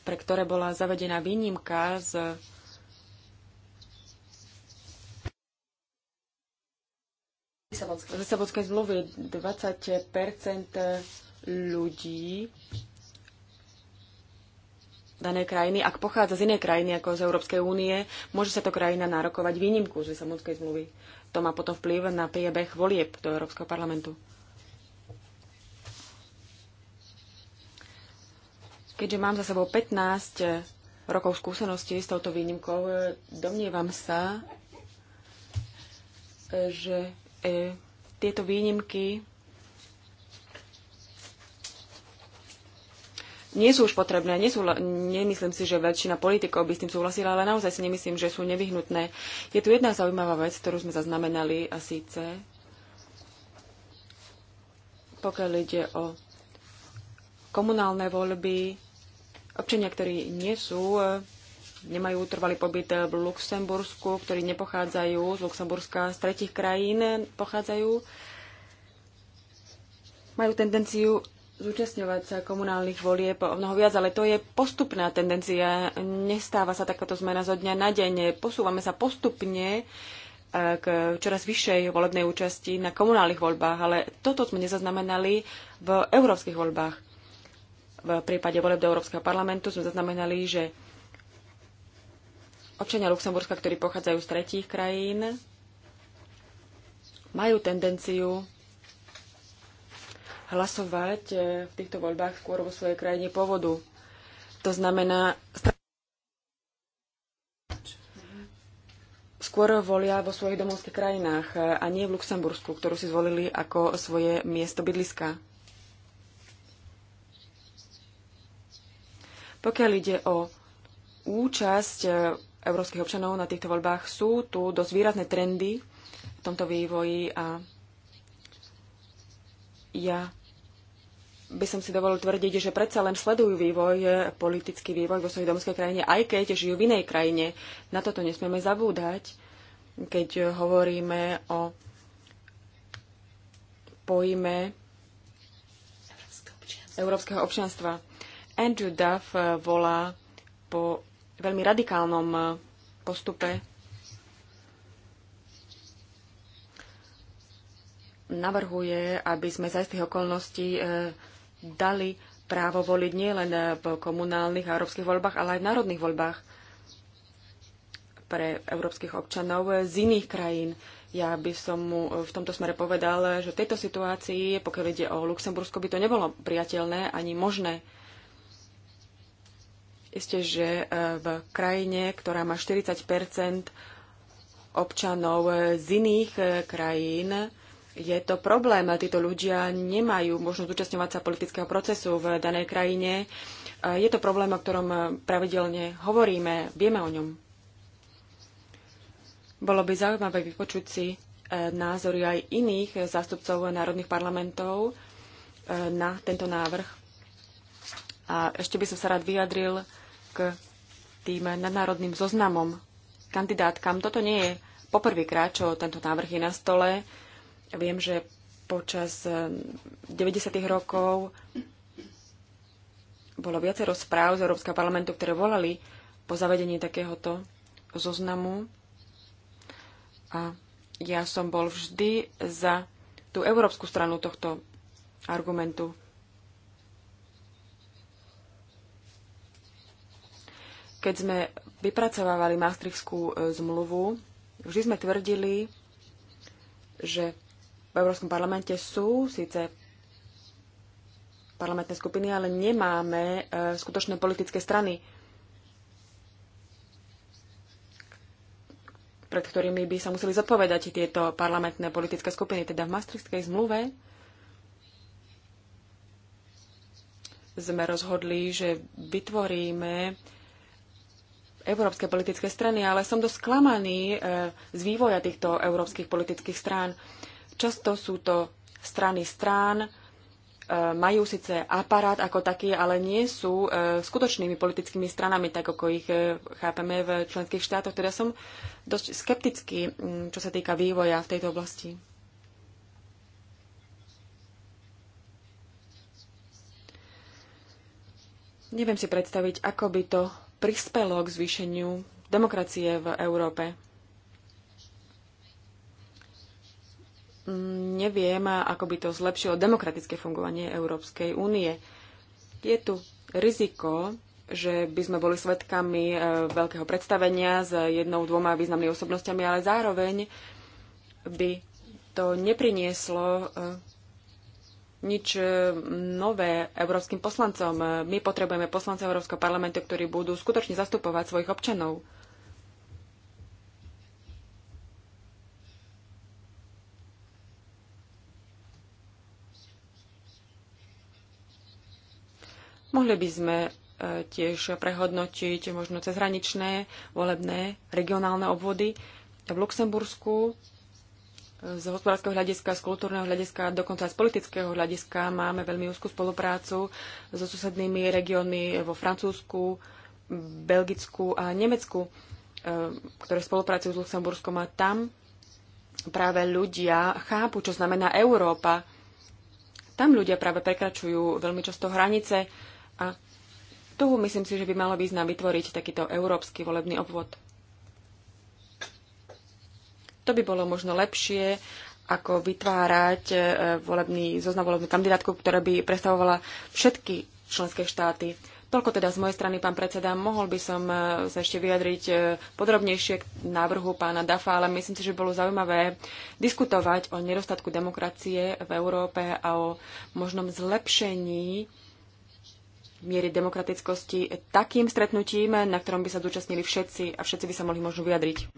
pre ktoré bola zavedená výnimka z Lisabonskej zmluvy 20 ľudí danej krajiny, ak pochádza z inej krajiny ako z Európskej únie, môže sa to krajina nárokovať výnimku z Lisabonskej zmluvy. To má potom vplyv na priebeh volieb do Európskeho parlamentu. Keďže mám za sebou 15 rokov skúseností s touto výnimkou, domnievam sa, že e, tieto výnimky nie sú už potrebné. Nie sú, nemyslím si, že väčšina politikov by s tým súhlasila, ale naozaj si nemyslím, že sú nevyhnutné. Je tu jedna zaujímavá vec, ktorú sme zaznamenali a síce pokiaľ ide o komunálne voľby, občania, ktorí nie sú e, nemajú trvalý pobyt v Luxembursku, ktorí nepochádzajú z Luxemburska, z tretich krajín pochádzajú, majú tendenciu zúčastňovať sa komunálnych volieb o mnoho viac, ale to je postupná tendencia. Nestáva sa takáto zmena zo dňa na deň. Posúvame sa postupne e, k čoraz vyššej volebnej účasti na komunálnych voľbách, ale toto sme nezaznamenali v európskych voľbách. V prípade voleb do Európskeho parlamentu sme zaznamenali, že občania Luxemburska, ktorí pochádzajú z tretích krajín, majú tendenciu hlasovať eh, v týchto voľbách skôr vo svojej krajine pôvodu. To znamená, skôr volia vo svojich domovských krajinách eh, a nie v Luxembursku, ktorú si zvolili ako svoje miesto bydliska. Pokiaľ ide o účasť eh, európskych občanov na týchto voľbách. Sú tu dosť výrazné trendy v tomto vývoji a ja by som si dovolil tvrdiť, že predsa len sledujú vývoj, politický vývoj vo svojej domovskej krajine, aj keď žijú v inej krajine. Na toto nesmieme zabúdať, keď hovoríme o pojme európskeho občianstva. Andrew Duff volá po veľmi radikálnom eh, postupe navrhuje, aby sme za istých okolností eh, dali právo voliť nielen eh, v komunálnych a európskych voľbách, ale aj v národných voľbách pre európskych občanov z iných krajín. Ja by som mu v tomto smere povedal, že v tejto situácii, pokiaľ ide o Luxembursko, by to nebolo priateľné ani možné. Isté, že e, v krajine, ktorá má 40 občanov e, z iných e, krajín, je to problém. Títo ľudia nemajú možnosť zúčastňovať sa politického procesu v danej krajine. Je to problém, o ktorom pravidelne hovoríme, vieme o ňom. Bolo by zaujímavé vypočuť si názory aj iných zástupcov národných parlamentov na tento návrh. A ešte by som sa rád vyjadril k tým nadnárodným zoznamom kandidátkam. Toto nie je poprvýkrát, čo tento návrh je na stole. Viem, že počas 90. Eh, rokov bolo viacero správ z Európskeho parlamentu, ktoré volali po zavedení takéhoto zoznamu. A ja som bol vždy za tú európsku stranu tohto argumentu. Keď sme vypracovávali Maastrichtskú e, zmluvu, vždy sme tvrdili, že v Európskom parlamente sú síce parlamentné skupiny, ale nemáme e, skutočné politické strany, pred ktorými by sa museli zodpovedať tieto parlamentné politické skupiny. Teda v Maastrichtskej zmluve sme rozhodli, že vytvoríme európske politické strany, ale som dosť sklamaný e, z vývoja týchto európskych politických strán. Často sú to strany strán, e, majú síce aparát ako taký, ale nie sú e, skutočnými politickými stranami, tak ako ich chápeme v členských štátoch. Teda som dosť skeptický, čo sa týka vývoja v tejto oblasti. Neviem si predstaviť, ako by to prispelo k zvýšeniu demokracie v Európe. Neviem, ako by to zlepšilo demokratické fungovanie Európskej únie. Je tu riziko, že by sme boli svedkami eh, veľkého predstavenia s jednou, dvoma významnými osobnosťami, ale zároveň by to neprinieslo eh, nič e, nové európskym poslancom. My potrebujeme poslancov Európskeho parlamentu, ktorí budú skutočne zastupovať svojich občanov. Mohli by sme e, tiež prehodnotiť možno cezhraničné volebné regionálne obvody v Luxembursku z hospodárskeho hľadiska, z kultúrneho hľadiska, dokonca aj z politického hľadiska máme veľmi úzkú spoluprácu so susednými regiónmi vo Francúzsku, Belgicku a Nemecku, e, ktoré spolupracujú s Luxemburskom a tam práve ľudia chápu, čo znamená Európa. Tam ľudia práve prekračujú veľmi často hranice a tu myslím si, že by malo význam vytvoriť takýto európsky volebný obvod. To by bolo možno lepšie, ako vytvárať e, volebný, zoznam volebnú kandidátku, ktorá by predstavovala všetky členské štáty. Toľko teda z mojej strany, pán predseda. Mohol by som e, sa ešte vyjadriť e, podrobnejšie k návrhu pána Dafa, ale myslím si, že bolo zaujímavé diskutovať o nedostatku demokracie v Európe a o možnom zlepšení miery demokratickosti takým stretnutím, na ktorom by sa zúčastnili všetci a všetci by sa mohli možno vyjadriť.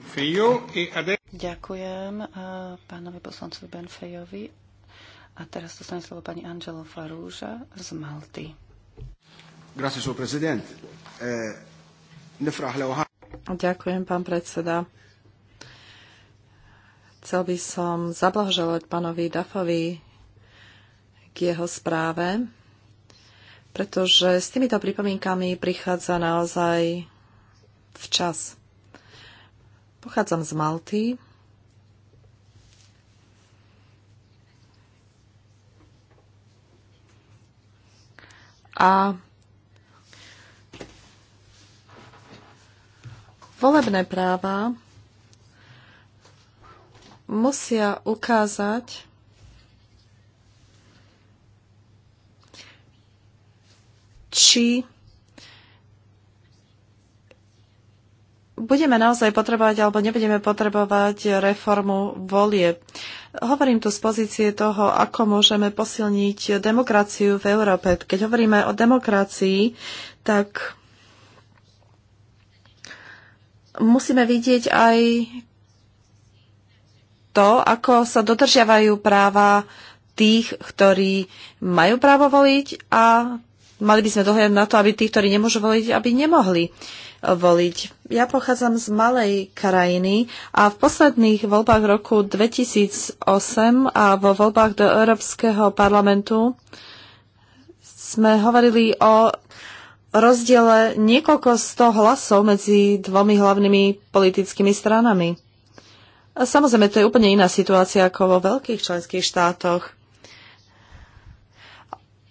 Ďakujem eh, pánovi poslancovi Benfejovi. A teraz stane slovo pani Angelo Farúža z Malty. Eh, Ďakujem, pán predseda. Chcel by som zablahoželať pánovi Dafovi k jeho správe pretože s týmito pripomienkami prichádza naozaj včas. Pochádzam z Malty. A volebné práva musia ukázať, či budeme naozaj potrebovať alebo nebudeme potrebovať reformu volie. Hovorím tu z pozície toho, ako môžeme posilniť demokraciu v Európe. Keď hovoríme o demokracii, tak musíme vidieť aj to, ako sa dodržiavajú práva tých, ktorí majú právo voliť a mali by sme dohľadať na to, aby tí, ktorí nemôžu voliť, aby nemohli eh, voliť. Ja pochádzam z malej krajiny a v posledných voľbách roku 2008 a vo voľbách do Európskeho parlamentu sme hovorili o rozdiele niekoľko sto hlasov medzi dvomi hlavnými politickými stranami. A samozrejme, to je úplne iná situácia ako vo veľkých členských štátoch.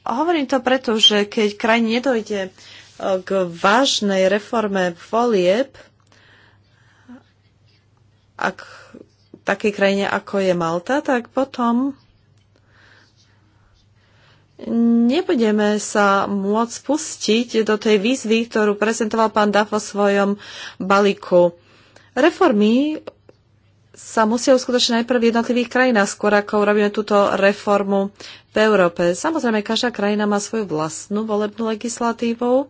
Hovorím to preto, že keď kraj nedojde e, k vážnej reforme volieb, ak takej krajine, ako je Malta, tak potom nebudeme sa môcť pustiť do tej výzvy, ktorú prezentoval pán Dafo vo svojom balíku. Reformy sa musia uskutočniť najprv v jednotlivých krajinách, skôr ako urobíme túto reformu v Európe. Samozrejme, každá krajina má svoju vlastnú volebnú legislatívu.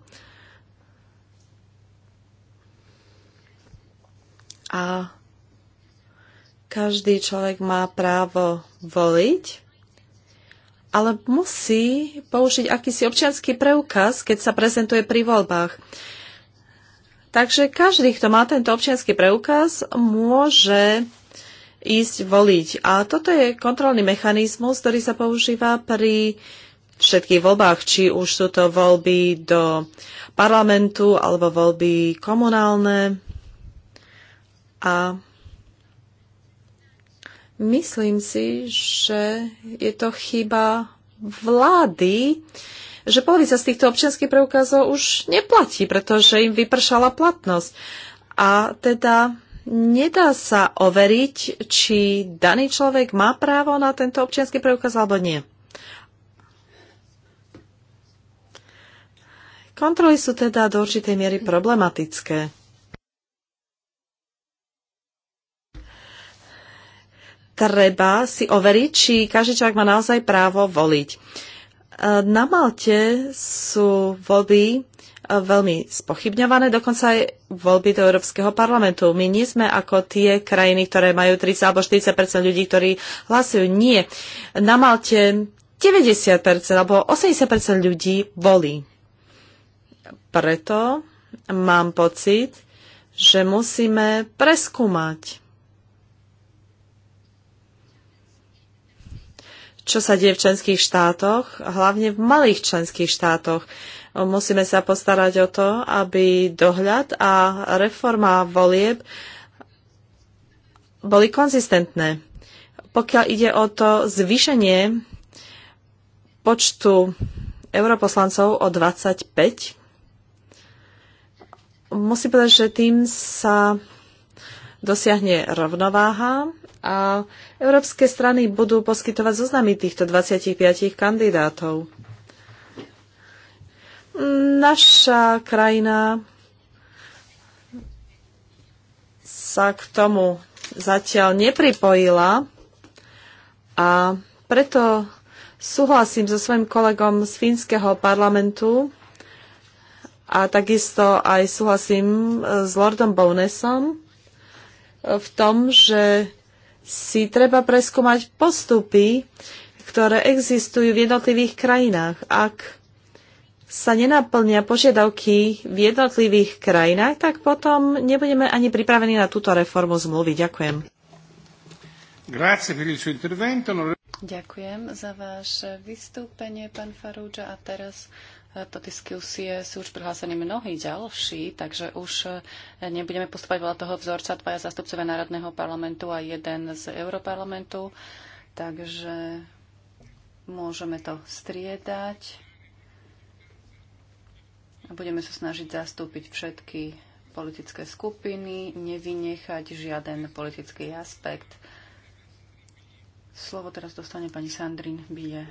A každý človek má právo voliť, ale musí použiť akýsi občianský preukaz, keď sa prezentuje pri voľbách. Takže každý, kto má tento občianský preukaz, môže ísť voliť. A toto je kontrolný mechanizmus, ktorý sa používa pri všetkých voľbách, či už sú to voľby do parlamentu alebo voľby komunálne. A myslím si, že je to chyba vlády, že polovica z týchto občianských preukazov už neplatí, pretože im vypršala platnosť. A teda nedá sa overiť, či daný človek má právo na tento občianský preukaz alebo nie. Kontroly sú teda do určitej miery problematické. Treba si overiť, či každý človek má naozaj právo voliť. Na Malte sú voľby veľmi spochybňované, dokonca aj voľby do Európskeho parlamentu. My nie sme ako tie krajiny, ktoré majú 30 alebo 40 ľudí, ktorí hlasujú. Nie. Na Malte 90 alebo 80 ľudí volí. Preto mám pocit, že musíme preskúmať, čo sa deje v členských štátoch, hlavne v malých členských štátoch Musíme sa postarať o to, aby dohľad a reforma volieb boli konzistentné. Pokiaľ ide o to zvýšenie počtu europoslancov o 25, musím povedať, že tým sa dosiahne rovnováha a európske strany budú poskytovať zoznamy týchto 25 kandidátov. Naša krajina sa k tomu zatiaľ nepripojila a preto súhlasím so svojim kolegom z fínskeho parlamentu a takisto aj súhlasím eh, s Lordom Bownesom eh, v tom, že si treba preskúmať postupy, ktoré existujú v jednotlivých krajinách. Ak sa nenaplnia požiadavky v jednotlivých krajinách, tak potom nebudeme ani pripravení na túto reformu zmluvy. Ďakujem. Ďakujem za vaše vystúpenie, pán Farúča. A teraz do eh, diskusie sú už prihlásení mnohí ďalší, takže už eh, nebudeme postupovať veľa toho vzorca, dvaja zastupcovia Národného parlamentu a jeden z Europarlamentu. Takže môžeme to striedať. Budeme sa snažiť zastúpiť všetky politické skupiny, nevynechať žiaden politický aspekt. Slovo teraz dostane pani Sandrin Bie.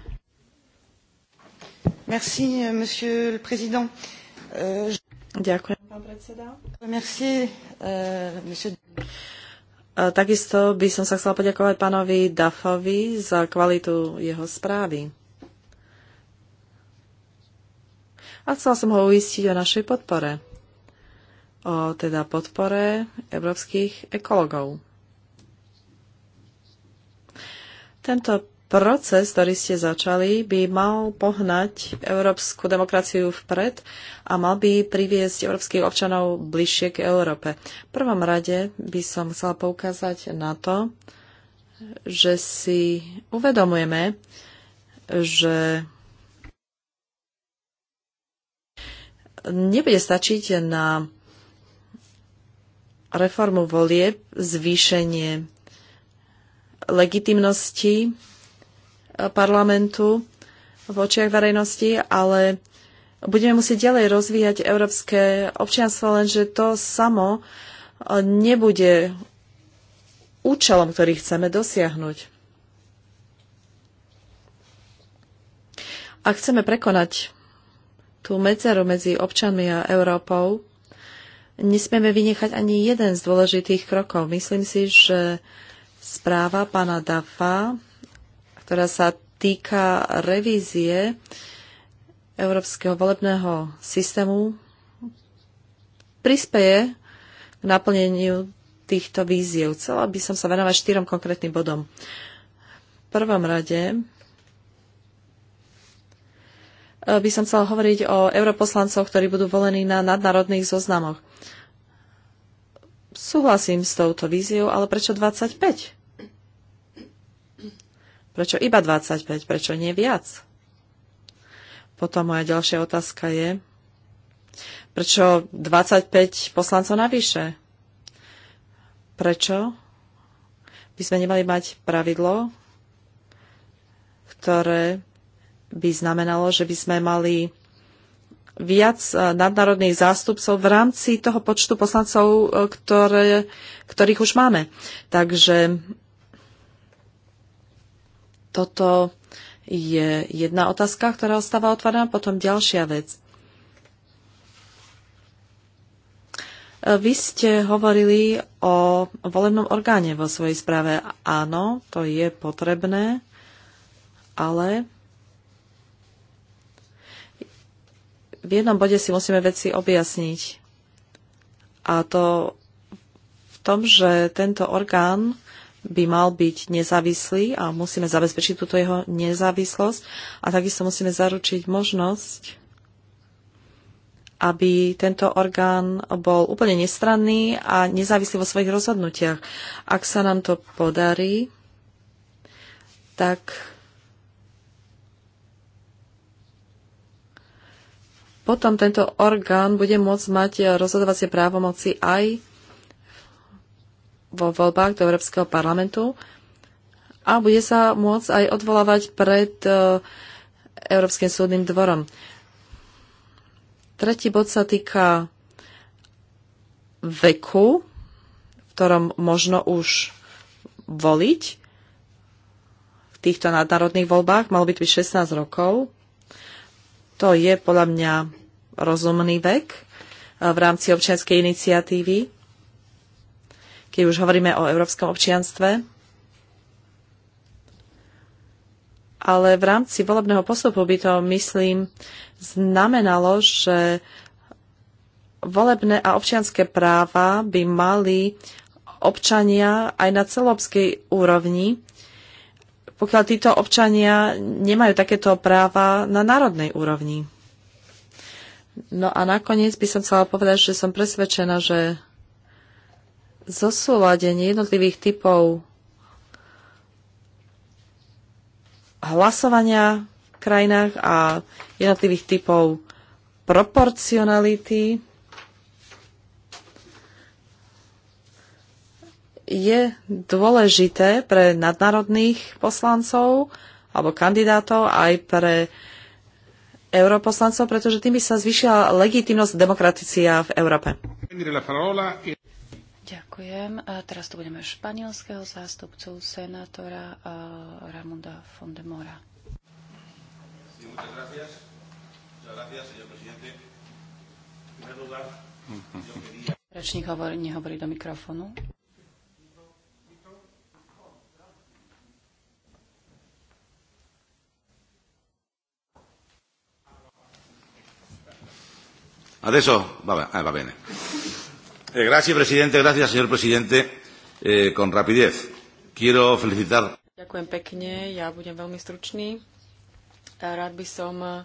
Merci, monsieur le président. Euh, Ďakujem, pán predseda. Merci, euh, monsieur... Takisto by som sa chcela poďakovať pánovi Dafovi za kvalitu jeho správy. a chcela som ho uistiť o našej podpore. O teda podpore európskych ekologov. Tento proces, ktorý ste začali, by mal pohnať európsku demokraciu vpred a mal by priviesť európskych občanov bližšie k Európe. V prvom rade by som chcela poukázať na to, že si uvedomujeme, že nebude stačiť na reformu volieb, zvýšenie legitimnosti e, parlamentu v očiach verejnosti, ale budeme musieť ďalej rozvíjať európske občianstvo, lenže to samo e, nebude účelom, ktorý chceme dosiahnuť. Ak chceme prekonať tú medzeru medzi občanmi a Európou, nesmieme vynechať ani jeden z dôležitých krokov. Myslím si, že správa pána Dafa, ktorá sa týka revízie Európskeho volebného systému, prispeje k naplneniu týchto víziev. Chcela by som sa venovať štyrom konkrétnym bodom. V prvom rade Eh, by som chcela hovoriť o europoslancoch, ktorí budú volení na nadnárodných zoznamoch. Súhlasím s touto víziou, ale prečo 25? Prečo iba 25? Prečo nie viac? Potom moja ďalšia otázka je, prečo 25 poslancov navyše? Prečo by sme nemali mať pravidlo, ktoré by znamenalo, že by sme mali viac e, nadnárodných zástupcov v rámci toho počtu poslancov, e, ktoré, ktorých už máme. Takže toto je jedna otázka, ktorá ostáva otvorená. Potom ďalšia vec. E, vy ste hovorili o volebnom orgáne vo svojej správe. Áno, to je potrebné, ale v jednom bode si musíme veci objasniť. A to v tom, že tento orgán by mal byť nezávislý a musíme zabezpečiť túto jeho nezávislosť a takisto musíme zaručiť možnosť, aby tento orgán bol úplne nestranný a nezávislý vo svojich rozhodnutiach. Ak sa nám to podarí, tak potom tento orgán bude môcť mať rozhodovacie právomoci aj vo voľbách do Európskeho parlamentu a bude sa môcť aj odvolávať pred e, Európskym súdnym dvorom. Tretí bod sa týka veku, v ktorom možno už voliť v týchto nadnárodných voľbách. Malo by to byť 16 rokov. To je podľa mňa rozumný vek e, v rámci občianskej iniciatívy, keď už hovoríme o európskom občianstve. Ale v rámci volebného postupu by to, myslím, znamenalo, že volebné a občianské práva by mali občania aj na celobskej úrovni, pokiaľ títo občania nemajú takéto práva na národnej úrovni. No a nakoniec by som chcela povedať, že som presvedčená, že zosúladenie jednotlivých typov hlasovania v krajinách a jednotlivých typov proporcionality je dôležité pre nadnárodných poslancov alebo kandidátov aj pre uh, europoslancov, pretože tým by sa zvyšila legitimnosť demokraticia v Európe. Ďakujem. A teraz tu budeme španielského zástupcu senátora uh, Ramunda Fondemora. Rečník hovorí, nehovorí do mikrofonu. Adesso va, eh, va bene. Eh, grazie presidente. grazie signor presidente. Eh, con rapidez. Quiero felicitar. Ďakujem pekne. Ja budem veľmi stručný. Rád by som eh,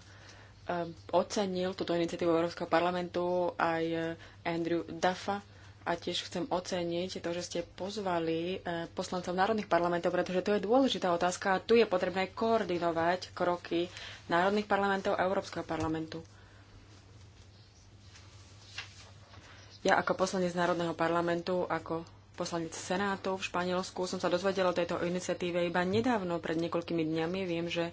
ocenil túto iniciatívu Európskeho parlamentu aj eh, Andrew Duffa a tiež chcem oceniť to, že ste pozvali eh, poslancov národných parlamentov, pretože to je dôležitá otázka a tu je potrebné koordinovať kroky národných parlamentov a Európskeho parlamentu. Ja ako poslanec Národného parlamentu, ako poslanec Senátu v Španielsku som sa dozvedela o tejto iniciatíve iba nedávno, pred niekoľkými dňami. Viem, že e,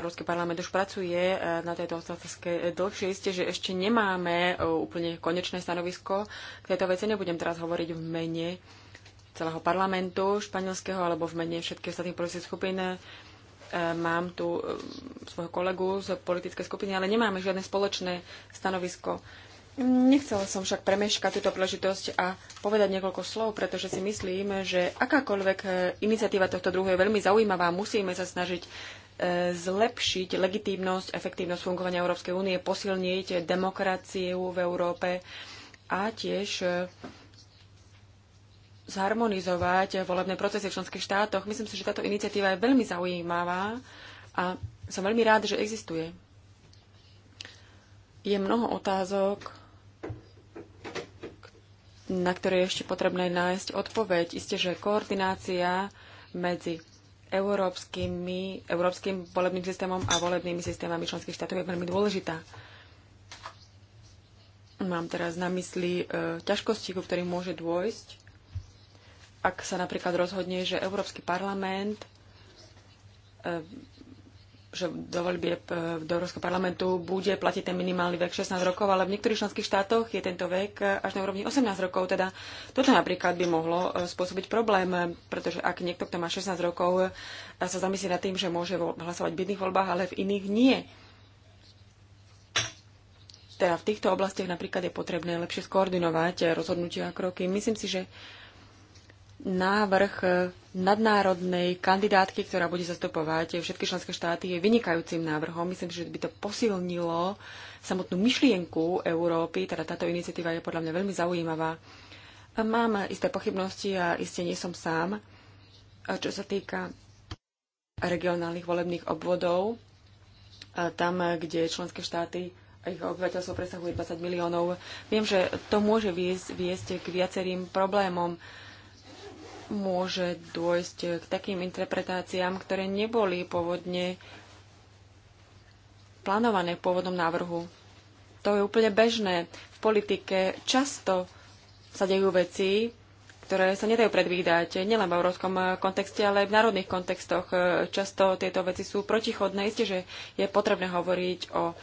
Európsky parlament už pracuje e, na tejto otázke dlhšie. Isté, že ešte nemáme e, úplne konečné stanovisko k tejto veci. Nebudem teraz hovoriť v mene celého parlamentu španielského alebo v mene všetkých ostatných politických skupín. Mám tu svojho kolegu z politickej skupiny, ale nemáme žiadne spoločné stanovisko. Nechcela som však premeškať túto príležitosť a povedať niekoľko slov, pretože si myslím, že akákoľvek e, iniciatíva tohto druhu je veľmi zaujímavá. Musíme sa snažiť e, zlepšiť legitímnosť, efektívnosť fungovania Európskej únie, posilniť demokraciu v Európe a tiež e, zharmonizovať volebné procesy v členských štátoch. Myslím si, že táto iniciatíva je veľmi zaujímavá a som veľmi rád, že existuje. Je mnoho otázok, na ktoré je ešte potrebné nájsť odpoveď. Isté, že koordinácia medzi európskymi, európskym volebným systémom a volebnými systémami členských štátov je veľmi dôležitá. Mám teraz na mysli e, ťažkosti, ku ktorým môže dôjsť, ak sa napríklad rozhodne, že Európsky parlament e, že do voľby e, do Európskeho parlamentu bude platiť ten minimálny vek 16 rokov, ale v niektorých členských štátoch je tento vek e, až na úrovni 18 rokov. Teda toto napríklad by mohlo e, spôsobiť problém, pretože ak niekto, kto má 16 rokov, sa zamyslí nad tým, že môže hlasovať v jedných voľbách, ale v iných nie. Teda v týchto oblastiach napríklad je potrebné lepšie skoordinovať rozhodnutia a kroky. Myslím si, že návrh nadnárodnej kandidátky, ktorá bude zastupovať všetky členské štáty, je vynikajúcim návrhom. Myslím, že by to posilnilo samotnú myšlienku Európy, teda táto iniciatíva je podľa mňa veľmi zaujímavá. Mám isté pochybnosti a iste nie som sám, čo sa týka regionálnych volebných obvodov, tam, kde členské štáty a ich obyvateľstvo presahuje 20 miliónov. Viem, že to môže viesť, viesť k viacerým problémom môže dôjsť k takým interpretáciám, ktoré neboli pôvodne plánované v pôvodnom návrhu. To je úplne bežné. V politike často sa dejú veci, ktoré sa nedajú predvídať, nielen v európskom kontexte, ale aj v národných kontextoch. Často tieto veci sú protichodné. Isté, že je potrebné hovoriť o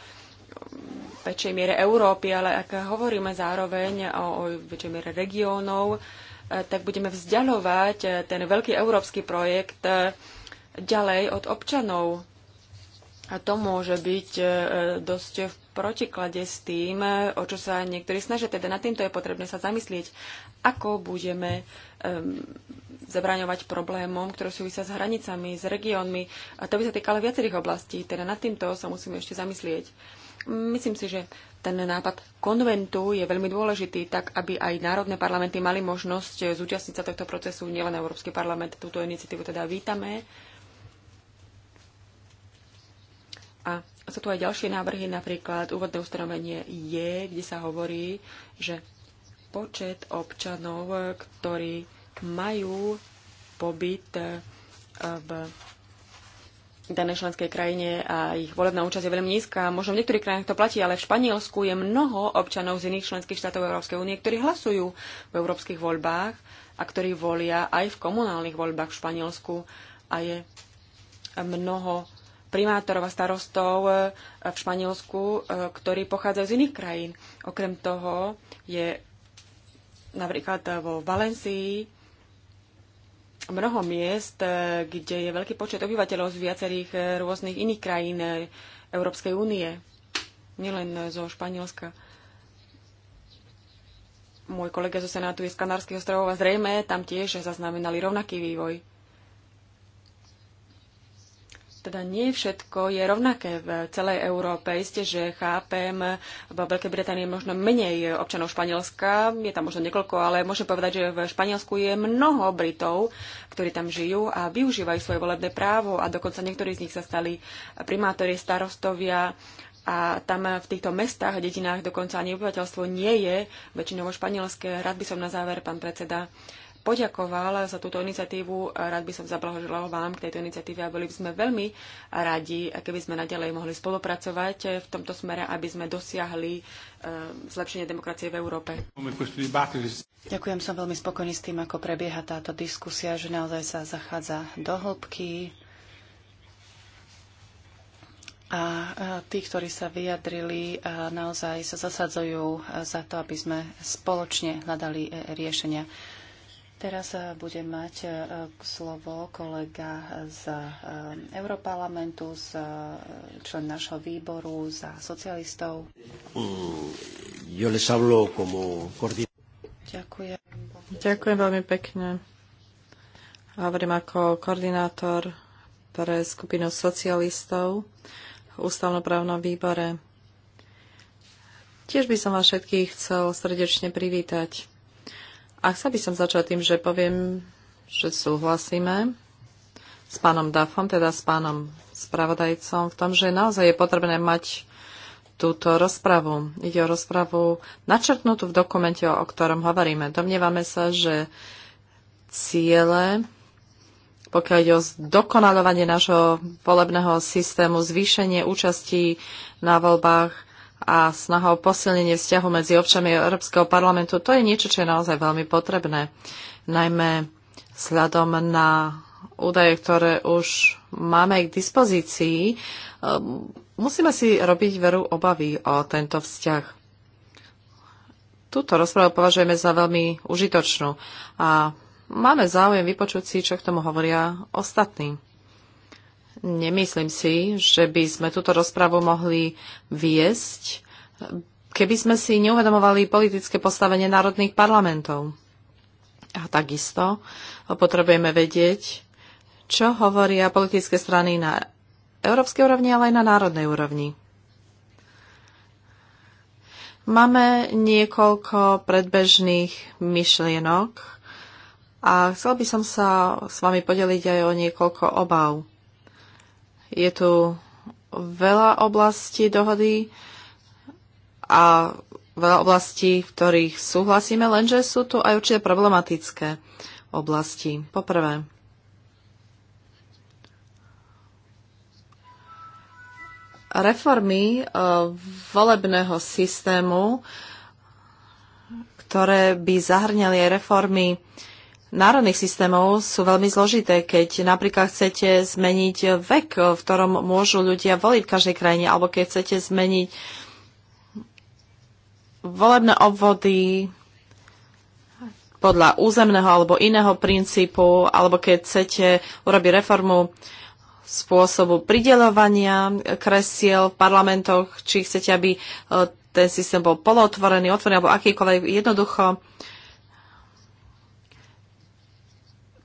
väčšej miere Európy, ale ak hovoríme zároveň o, o väčšej miere regiónov, tak budeme vzdialovať eh, ten veľký európsky projekt eh, ďalej od občanov. A to môže byť eh, dosť v protiklade s tým, o čo sa niektorí snažia. Teda na týmto je potrebné sa zamyslieť, ako budeme um, zabraňovať problémom, ktoré súvisia s hranicami, s regiónmi. A to by sa týkalo viacerých oblastí. Teda nad týmto sa musíme ešte zamyslieť. Myslím si, že ten nápad konventu je veľmi dôležitý, tak aby aj národné parlamenty mali možnosť zúčastniť sa tohto procesu, nielen Európsky parlament. Túto iniciatívu teda vítame. A sú tu aj ďalšie návrhy, napríklad úvodné ustanovenie je, kde sa hovorí, že počet občanov, ktorí majú pobyt eh, v danej členskej krajine a ich volebná účasť je veľmi nízka. Možno v niektorých krajinách to platí, ale v Španielsku je mnoho občanov z iných členských štátov Európskej únie, ktorí hlasujú v európskych voľbách a ktorí volia aj v komunálnych voľbách v Španielsku a je mnoho primátorov a starostov e, v Španielsku, e, ktorí pochádzajú z iných krajín. Okrem toho je napríklad vo Valencii mnoho miest, e, kde je veľký počet obyvateľov z viacerých e, rôznych iných krajín e, Európskej únie, nielen zo Španielska. Môj kolega zo Senátu je z Kanárskych ostrovov a zrejme tam tiež zaznamenali rovnaký vývoj. Teda nie všetko je rovnaké v celej Európe. Isté, že chápem, v Veľkej Británii je možno menej občanov Španielska, je tam možno niekoľko, ale môžem povedať, že v Španielsku je mnoho Britov, ktorí tam žijú a využívajú svoje volebné právo a dokonca niektorí z nich sa stali primátori, starostovia a tam v týchto mestách a dedinách dokonca ani obyvateľstvo nie je väčšinovo španielské. Rád by som na záver, pán predseda, poďakoval za túto iniciatívu. Rád by som zablahoželal vám k tejto iniciatíve a boli by sme veľmi radi, keby sme nadalej mohli spolupracovať v tomto smere, aby sme dosiahli eh, zlepšenie demokracie v Európe. Ďakujem, som veľmi spokojný s tým, ako prebieha táto diskusia, že naozaj sa zachádza do hĺbky. A tí, ktorí sa vyjadrili, naozaj sa zasadzujú eh, za to, aby sme spoločne hľadali eh, riešenia. Teraz e, bude mať e, slovo kolega z e, Europarlamentu, z člen našho výboru, za socialistov. Mm, Ďakujem. Ďakujem veľmi pekne. Hovorím ako koordinátor pre skupinu socialistov v ústavnoprávnom výbore. Tiež by som vás všetkých chcel srdečne privítať. A chcel by som začať tým, že poviem, že súhlasíme s pánom Dafom, teda s pánom spravodajcom, v tom, že naozaj je potrebné mať túto rozpravu. Ide o rozpravu načrtnutú v dokumente, o ktorom hovoríme. Domnievame sa, že ciele, pokiaľ ide o dokonalovanie nášho volebného systému, zvýšenie účasti na voľbách, a snaha o posilnenie vzťahu medzi občami Európskeho parlamentu, to je niečo, čo je naozaj veľmi potrebné. Najmä vzhľadom na údaje, ktoré už máme k dispozícii, ehm, musíme si robiť veru obavy o tento vzťah. Túto rozprávu považujeme za veľmi užitočnú a máme záujem vypočuť si, čo k tomu hovoria ostatní. Nemyslím si, že by sme túto rozpravu mohli viesť, keby sme si neuvedomovali politické postavenie národných parlamentov. A takisto potrebujeme vedieť, čo hovoria politické strany na európskej úrovni, ale aj na národnej úrovni. Máme niekoľko predbežných myšlienok a chcel by som sa s vami podeliť aj o niekoľko obav. Je tu veľa oblastí dohody a veľa oblastí, v ktorých súhlasíme, lenže sú tu aj určite problematické oblasti. Poprvé, reformy e, volebného systému, ktoré by zahrňali aj reformy národných systémov sú veľmi zložité, keď napríklad chcete zmeniť vek, v ktorom môžu ľudia voliť v každej krajine, alebo keď chcete zmeniť volebné obvody podľa územného alebo iného princípu, alebo keď chcete urobiť reformu spôsobu prideľovania kresiel v parlamentoch, či chcete, aby eh, ten systém bol polotvorený, otvorený alebo akýkoľvek. Jednoducho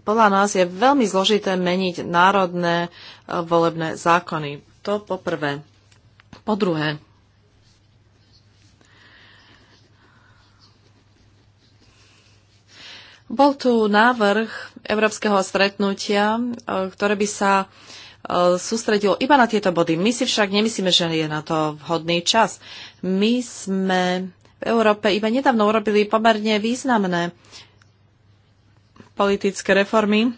Podľa nás je veľmi zložité meniť národné e, volebné zákony. To poprvé. Po druhé, Bol tu návrh európskeho stretnutia, e, ktoré by sa e, sústredilo iba na tieto body. My si však nemyslíme, že je na to vhodný čas. My sme v Európe iba nedávno urobili pomerne významné politické reformy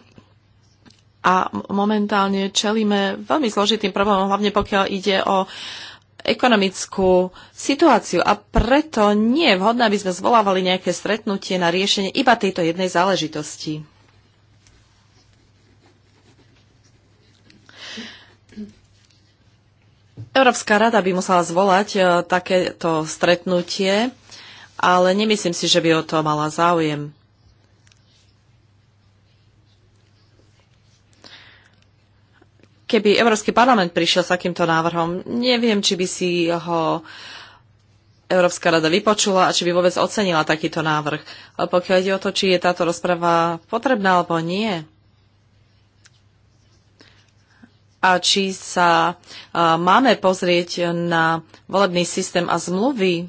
a momentálne čelíme veľmi zložitým problémom, hlavne pokiaľ ide o ekonomickú situáciu a preto nie je vhodné, aby sme zvolávali nejaké stretnutie na riešenie iba tejto jednej záležitosti. Európska rada by musela zvolať eh, takéto stretnutie, ale nemyslím si, že by o to mala záujem. keby Európsky parlament prišiel s takýmto návrhom, neviem, či by si ho Európska rada vypočula a či by vôbec ocenila takýto návrh. Ale pokiaľ ide o to, či je táto rozprava potrebná alebo nie, a či sa e, máme pozrieť na volebný systém a zmluvy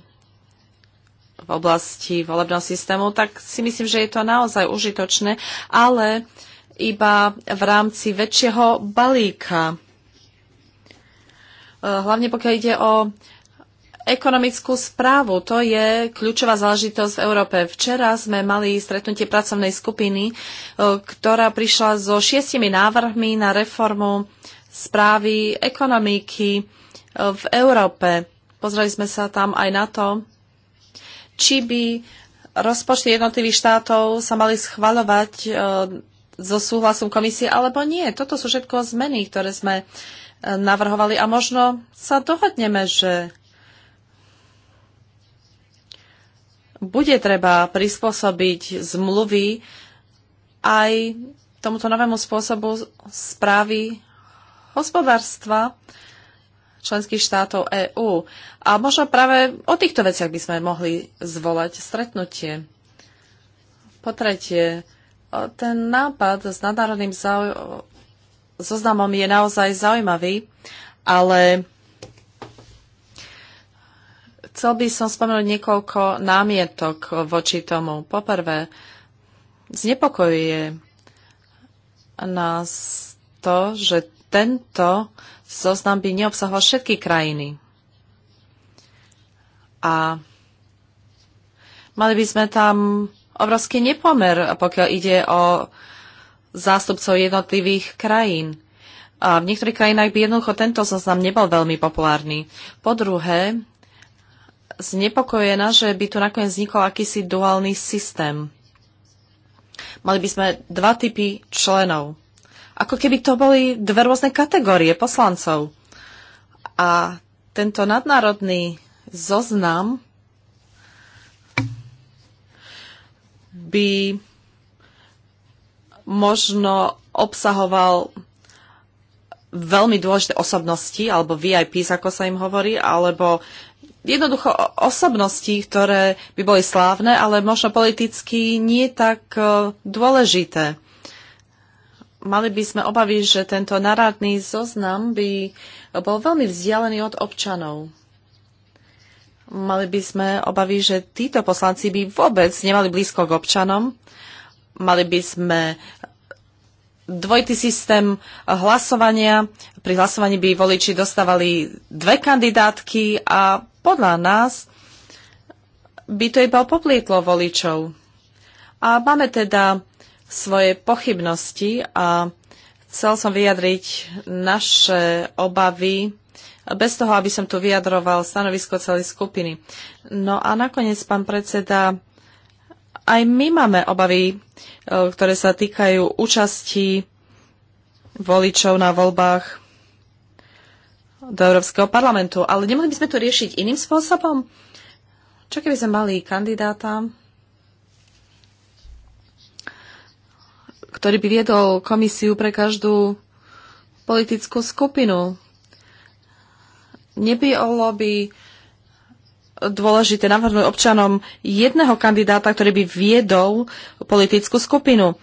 v oblasti volebného systému, tak si myslím, že je to naozaj užitočné, ale uh, iba v rámci väčšieho balíka. E, hlavne pokiaľ ide o ekonomickú správu. To je kľúčová záležitosť v Európe. Včera sme mali stretnutie pracovnej skupiny, e, ktorá prišla so šiestimi návrhmi na reformu správy ekonomiky e, v Európe. Pozreli sme sa tam aj na to, či by rozpočty jednotlivých štátov sa mali schvaľovať so súhlasom komisie alebo nie. Toto sú všetko zmeny, ktoré sme e, navrhovali a možno sa dohodneme, že bude treba prispôsobiť zmluvy aj tomuto novému spôsobu správy hospodárstva členských štátov EÚ. A možno práve o týchto veciach by sme mohli zvolať stretnutie. Po tretie, ten nápad s nadnárodným zau- zoznamom je naozaj zaujímavý, ale chcel by som spomenúť niekoľko námietok voči tomu. Poprvé, znepokojuje nás to, že tento zoznam by neobsahol všetky krajiny. A mali by sme tam obrovský nepomer, pokiaľ ide o zástupcov jednotlivých krajín. A v niektorých krajinách by jednoducho tento zoznam nebol veľmi populárny. Po druhé, znepokojená, že by tu nakoniec vznikol akýsi duálny systém. Mali by sme dva typy členov. Ako keby to boli dve rôzne kategórie poslancov. A tento nadnárodný zoznam by možno obsahoval veľmi dôležité osobnosti, alebo VIPs, ako sa im hovorí, alebo jednoducho osobnosti, ktoré by boli slávne, ale možno politicky nie tak e, dôležité. Mali by sme obavy, že tento narádny zoznam by bol veľmi vzdialený od občanov. Mali by sme obavy, že títo poslanci by vôbec nemali blízko k občanom. Mali by sme dvojitý systém hlasovania. Pri hlasovaní by voliči dostávali dve kandidátky a podľa nás by to iba poplietlo voličov. A máme teda svoje pochybnosti a chcel som vyjadriť naše obavy bez toho, aby som tu vyjadroval stanovisko celej skupiny. No a nakoniec, pán predseda, aj my máme obavy, e, ktoré sa týkajú účasti voličov na voľbách do Európskeho parlamentu. Ale nemohli by sme to riešiť iným spôsobom? Čo keby sme mali kandidáta, ktorý by viedol komisiu pre každú politickú skupinu? nebylo by dôležité navrhnúť občanom jedného kandidáta, ktorý by viedol politickú skupinu.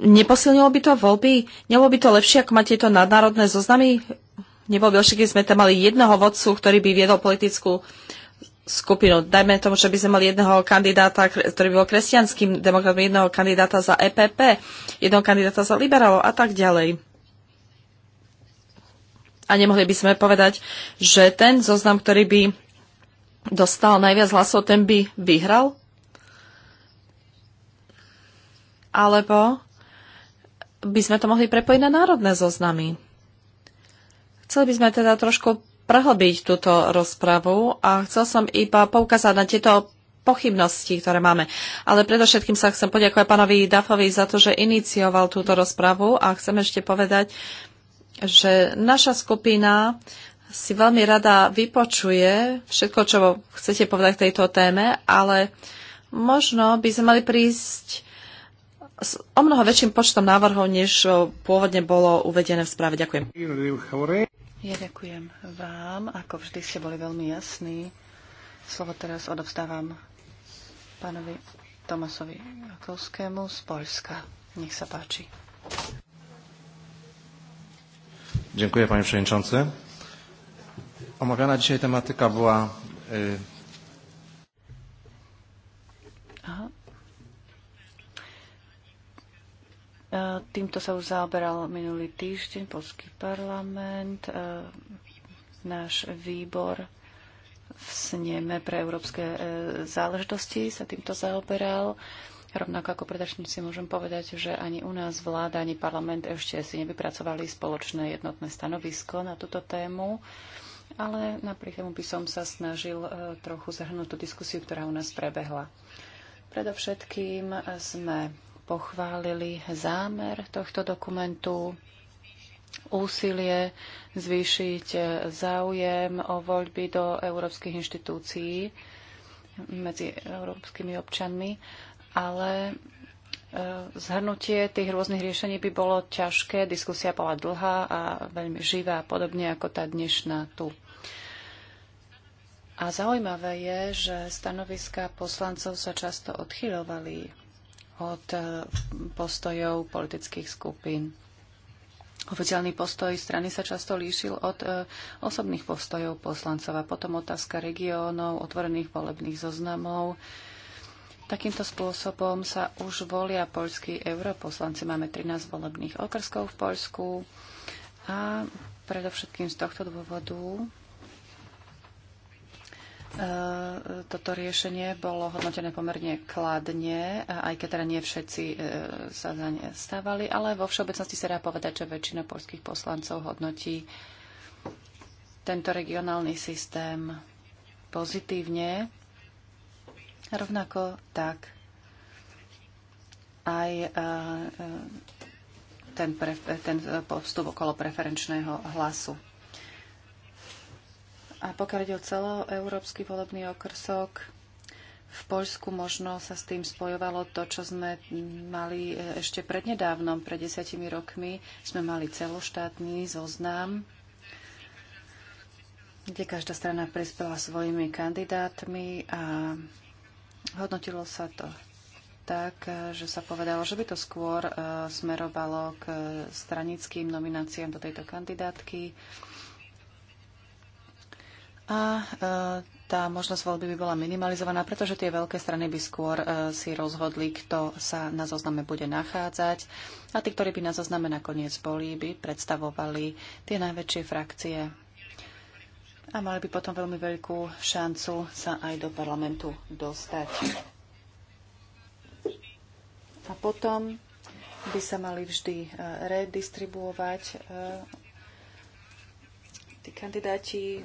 Neposilnilo by to voľby? Nebolo by to lepšie, ak máte tieto nadnárodné zoznamy? Nebolo by lepšie, keď sme tam mali jedného vodcu, ktorý by viedol politickú skupinu. Dajme tomu, že by sme mali jedného kandidáta, ktorý by bol kresťanským demokratom, jedného kandidáta za EPP, jedného kandidáta za liberálov a tak ďalej a nemohli by sme povedať, že ten zoznam, ktorý by dostal najviac hlasov, ten by vyhral? Alebo by sme to mohli prepojiť na národné zoznamy? Chceli by sme teda trošku prehlbiť túto rozpravu a chcel som iba poukázať na tieto pochybnosti, ktoré máme. Ale predovšetkým sa chcem poďakovať pánovi Dafovi za to, že inicioval túto rozpravu a chcem ešte povedať, že naša skupina si veľmi rada vypočuje všetko, čo chcete povedať k tejto téme, ale možno by sme mali prísť s o mnoho väčším počtom návrhov, než pôvodne bolo uvedené v správe. Ďakujem. Ja ďakujem vám. Ako vždy ste boli veľmi jasní. Slovo teraz odovzdávam pánovi Tomasovi Akovskému z Polska. Nech sa páči. Dziękuję panie przewodniczący. Omawiana dzisiaj tematyka była y... E, týmto sa už zaoberal minulý týždeň Polský parlament, e, náš výbor v sneme pre európske e, záležitosti sa týmto zaoberal. Rovnako ako predačníci môžem povedať, že ani u nás vláda, ani parlament ešte si nevypracovali spoločné jednotné stanovisko na túto tému. Ale napriek tomu by som sa snažil e, trochu zahrnúť tú diskusiu, ktorá u nás prebehla. Predovšetkým sme pochválili zámer tohto dokumentu, úsilie zvýšiť záujem o voľby do európskych inštitúcií medzi európskymi občanmi ale e, zhrnutie tých rôznych riešení by bolo ťažké. Diskusia bola dlhá a veľmi živá, podobne ako tá dnešná tu. A zaujímavé je, že stanoviská poslancov sa často odchylovali od e, postojov politických skupín. Oficiálny postoj strany sa často líšil od e, osobných postojov poslancov a potom otázka regiónov, otvorených volebných zoznamov. E, Takýmto spôsobom sa už volia poľskí europoslanci. Máme 13 volebných okrskov v Poľsku a predovšetkým z tohto dôvodu e, toto riešenie bolo hodnotené pomerne kladne, aj keď teda nie všetci e, sa za ne stávali, ale vo všeobecnosti sa dá povedať, že väčšina polských poslancov hodnotí tento regionálny systém pozitívne Rovnako tak aj e, e, ten, pre, ten postup okolo preferenčného hlasu. A pokiaľ ide o celoeurópsky volebný okrsok, v Poľsku možno sa s tým spojovalo to, čo sme mali e, ešte prednedávnom, pred desiatimi rokmi. Sme mali celoštátny zoznam, kde každá strana prispela svojimi kandidátmi a Hodnotilo sa to tak, že sa povedalo, že by to skôr e, smerovalo k stranickým nomináciám do tejto kandidátky. A e, tá možnosť voľby by bola minimalizovaná, pretože tie veľké strany by skôr e, si rozhodli, kto sa na zozname bude nachádzať. A tí, ktorí by na zozname nakoniec boli, by predstavovali tie najväčšie frakcie a mali by potom veľmi veľkú šancu sa aj do parlamentu dostať. A potom by sa mali vždy e, redistribuovať e, tí kandidáti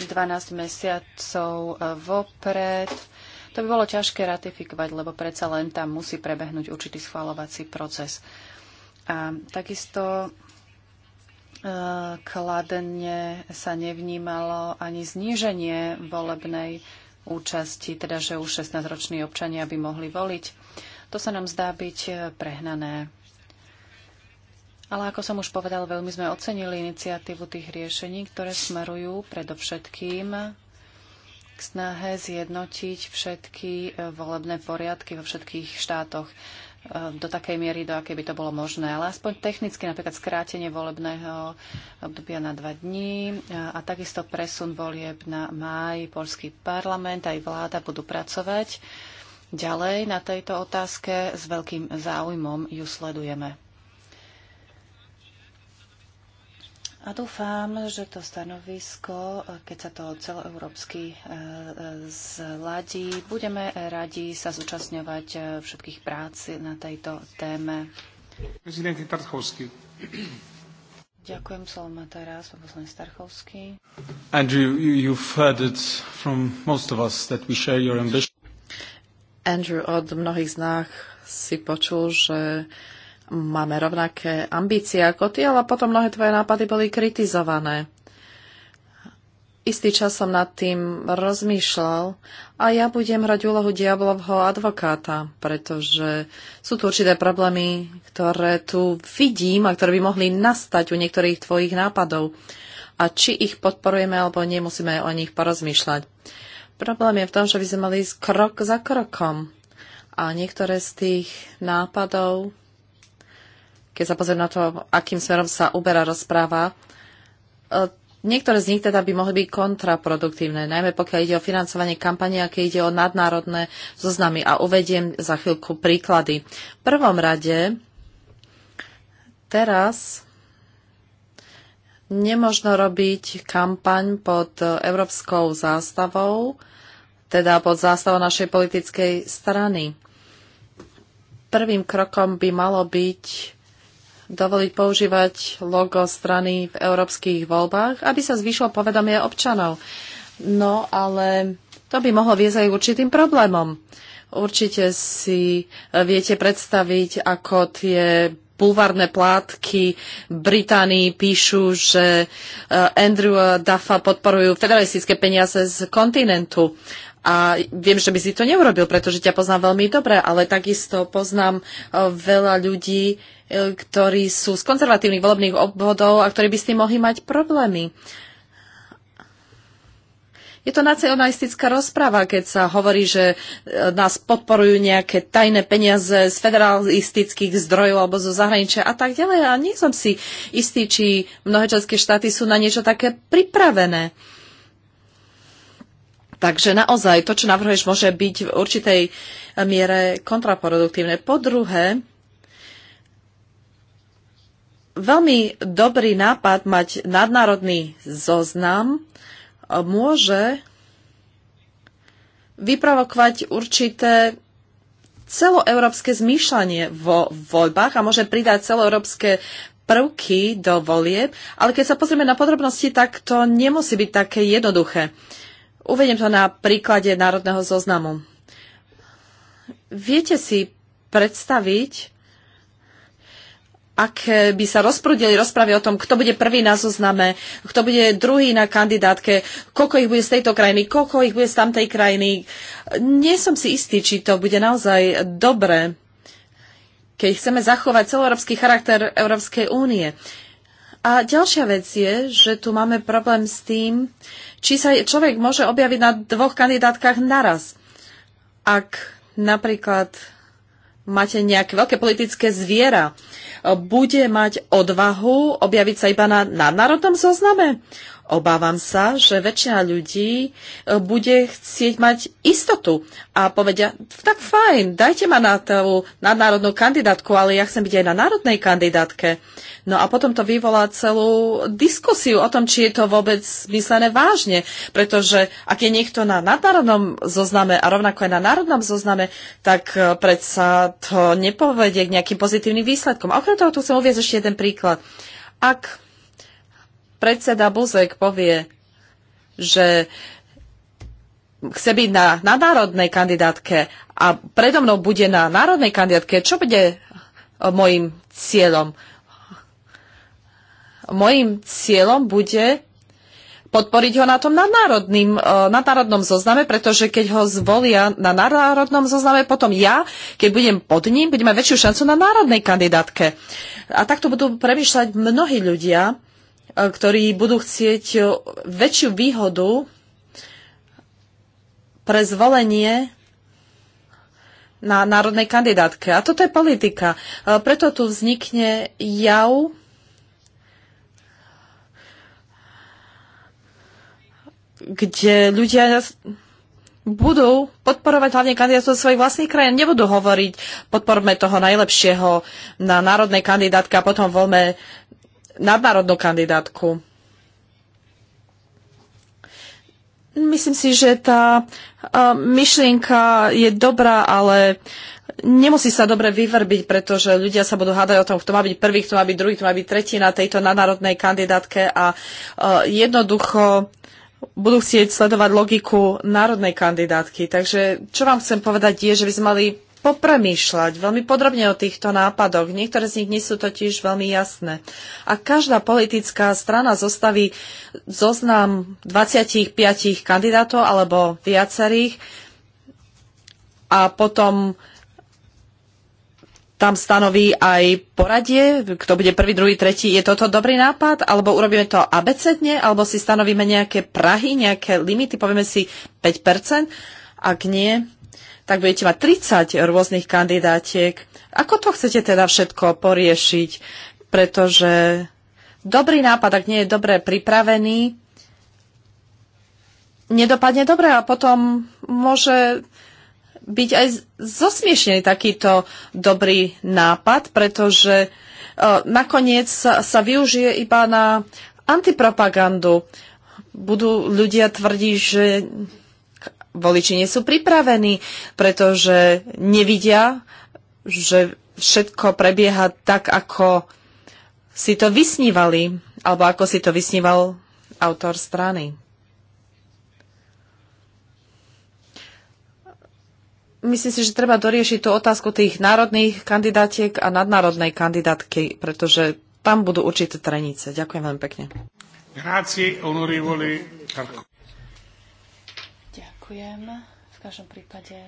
12 mesiacov e, vopred. To by bolo ťažké ratifikovať, lebo predsa len tam musí prebehnúť určitý schvalovací proces. A takisto E, kladne sa nevnímalo ani zníženie volebnej účasti, teda že už 16-roční občania by mohli voliť. To sa nám zdá byť e, prehnané. Ale ako som už povedal, veľmi sme ocenili iniciatívu tých riešení, ktoré smerujú predovšetkým k snahe zjednotiť všetky e, volebné poriadky vo všetkých štátoch. Eh, do takej miery, do akej by to bolo možné, ale aspoň technicky napríklad skrátenie volebného obdobia na dva dní eh, a takisto presun volieb na máj, polský parlament aj vláda budú pracovať. Ďalej na tejto otázke s veľkým záujmom ju sledujeme. A dúfam, že to stanovisko, keď sa to celoeurópsky e, e, zladí, budeme radi sa zúčastňovať e, všetkých prác na tejto téme. Prezident Tarchovský. Ďakujem, slovo má teraz poslanec Starchovský. Andrew, you, you've heard it from most of us that we share your ambition. Andrew, od mnohých z nás si počul, že uh, máme rovnaké ambície ako ty, ale potom mnohé tvoje nápady boli kritizované. Istý čas som nad tým rozmýšľal a ja budem hrať úlohu diablovho advokáta, pretože sú tu určité problémy, ktoré tu vidím a ktoré by mohli nastať u niektorých tvojich nápadov. A či ich podporujeme alebo nemusíme o nich porozmýšľať. Problém je v tom, že by sme mali ísť krok za krokom. A niektoré z tých nápadov keď sa pozrieme na to, akým smerom sa uberá rozpráva, e, Niektoré z nich teda by mohli byť kontraproduktívne, najmä pokiaľ ide o financovanie kampane a keď ide o nadnárodné zoznamy. A uvediem za chvíľku príklady. V prvom rade teraz nemožno robiť kampaň pod európskou zástavou, teda pod zástavou našej politickej strany. Prvým krokom by malo byť dovoliť používať logo strany v európskych voľbách, aby sa zvyšlo povedomie občanov. No ale to by mohlo viesť aj určitým problémom. Určite si eh, viete predstaviť, ako tie bulvárne plátky Británii píšu, že eh, Andrew Duffa podporujú federalistické peniaze z kontinentu. A viem, že by si to neurobil, pretože ťa poznám veľmi dobre, ale takisto poznám e, veľa ľudí, e, ktorí sú z konzervatívnych volebných obvodov a ktorí by s tým mohli mať problémy. Je to nacionalistická rozpráva, keď sa hovorí, že e, nás podporujú nejaké tajné peniaze z federalistických zdrojov alebo zo zahraničia a tak ďalej. A nie som si istý, či mnohé členské štáty sú na niečo také pripravené. Takže naozaj to, čo navrhuješ, môže byť v určitej miere kontraproduktívne. Po druhé, veľmi dobrý nápad mať nadnárodný zoznam môže vyprovokovať určité celoeurópske zmýšľanie vo voľbách a môže pridať celoeurópske prvky do volieb, ale keď sa pozrieme na podrobnosti, tak to nemusí byť také jednoduché. Uvediem to na príklade Národného zoznamu. Viete si predstaviť, ak by sa rozprudili rozpravy o tom, kto bude prvý na zozname, kto bude druhý na kandidátke, koľko ich bude z tejto krajiny, koľko ich bude z tamtej krajiny. Nie som si istý, či to bude naozaj dobré, keď chceme zachovať celoeurópsky charakter Európskej únie. A ďalšia vec je, že tu máme problém s tým, či sa človek môže objaviť na dvoch kandidátkach naraz. Ak napríklad máte nejaké veľké politické zviera, bude mať odvahu objaviť sa iba na nadnárodnom zozname? Obávam sa, že väčšina ľudí e, bude chcieť mať istotu a povedia, tak fajn, dajte ma na tú nadnárodnú kandidátku, ale ja chcem byť aj na národnej kandidátke. No a potom to vyvolá celú diskusiu o tom, či je to vôbec myslené vážne, pretože ak je niekto na nadnárodnom zozname a rovnako aj na národnom zozname, tak e, predsa to nepovedie k nejakým pozitívnym výsledkom. A okrem toho tu chcem uvieť ešte jeden príklad. Ak predseda Buzek povie, že chce byť na, na národnej kandidátke a predo mnou bude na národnej kandidátke, čo bude eh, môjim cieľom? Mojím cieľom bude podporiť ho na tom nadnárodným, eh, nadnárodnom zozname, pretože keď ho zvolia na národnom zozname, potom ja, keď budem pod ním, budem mať väčšiu šancu na národnej kandidátke. A takto budú premýšľať mnohí ľudia, E, ktorí budú chcieť e, väčšiu výhodu pre zvolenie na národnej kandidátke. A toto je politika. E, preto tu vznikne jav kde ľudia budú podporovať hlavne kandidátov svojich vlastných krajín. Nebudú hovoriť, podporme toho najlepšieho na národnej kandidátke a potom voľme nadnárodnú kandidátku. Myslím si, že tá e, myšlienka je dobrá, ale nemusí sa dobre vyvrbiť, pretože ľudia sa budú hádať o tom, kto má byť prvý, kto má byť druhý, kto má byť tretí na tejto nadnárodnej kandidátke a e, jednoducho budú chcieť sledovať logiku národnej kandidátky. Takže čo vám chcem povedať je, že by sme mali popremýšľať veľmi podrobne o týchto nápadoch. Niektoré z nich nie sú totiž veľmi jasné. A každá politická strana zostaví zoznam 25 kandidátov alebo viacerých a potom tam stanoví aj poradie, kto bude prvý, druhý, tretí. Je toto dobrý nápad? Alebo urobíme to abecedne? Alebo si stanovíme nejaké prahy, nejaké limity? Povieme si 5%? Ak nie, tak budete mať 30 rôznych kandidátiek. Ako to chcete teda všetko poriešiť? Pretože dobrý nápad, ak nie je dobre pripravený, nedopadne dobre a potom môže byť aj zosmiešnený takýto dobrý nápad, pretože e, nakoniec sa, sa využije iba na antipropagandu. Budú ľudia tvrdiť, že voliči nie sú pripravení, pretože nevidia, že všetko prebieha tak, ako si to vysnívali, alebo ako si to vysníval autor strany. Myslím si, že treba doriešiť tú otázku tých národných kandidátiek a nadnárodnej kandidátky, pretože tam budú určité trenice. Ďakujem veľmi pekne. Grazie, Ďakujem. V každom prípade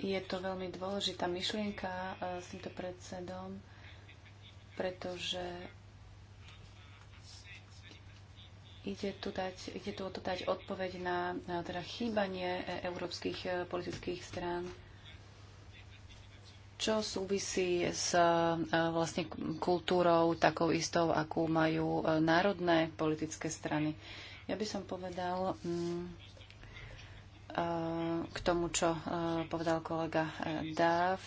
je to veľmi dôležitá myšlienka e, s týmto predsedom, pretože ide tu, dať, ide tu o to dať odpoveď na, na teda chýbanie e, európskych e, politických strán čo súvisí s e, vlastne kultúrou takou istou, akú majú e, národné politické strany. Ja by som povedal mm, e, k tomu, čo povedal kolega Dáv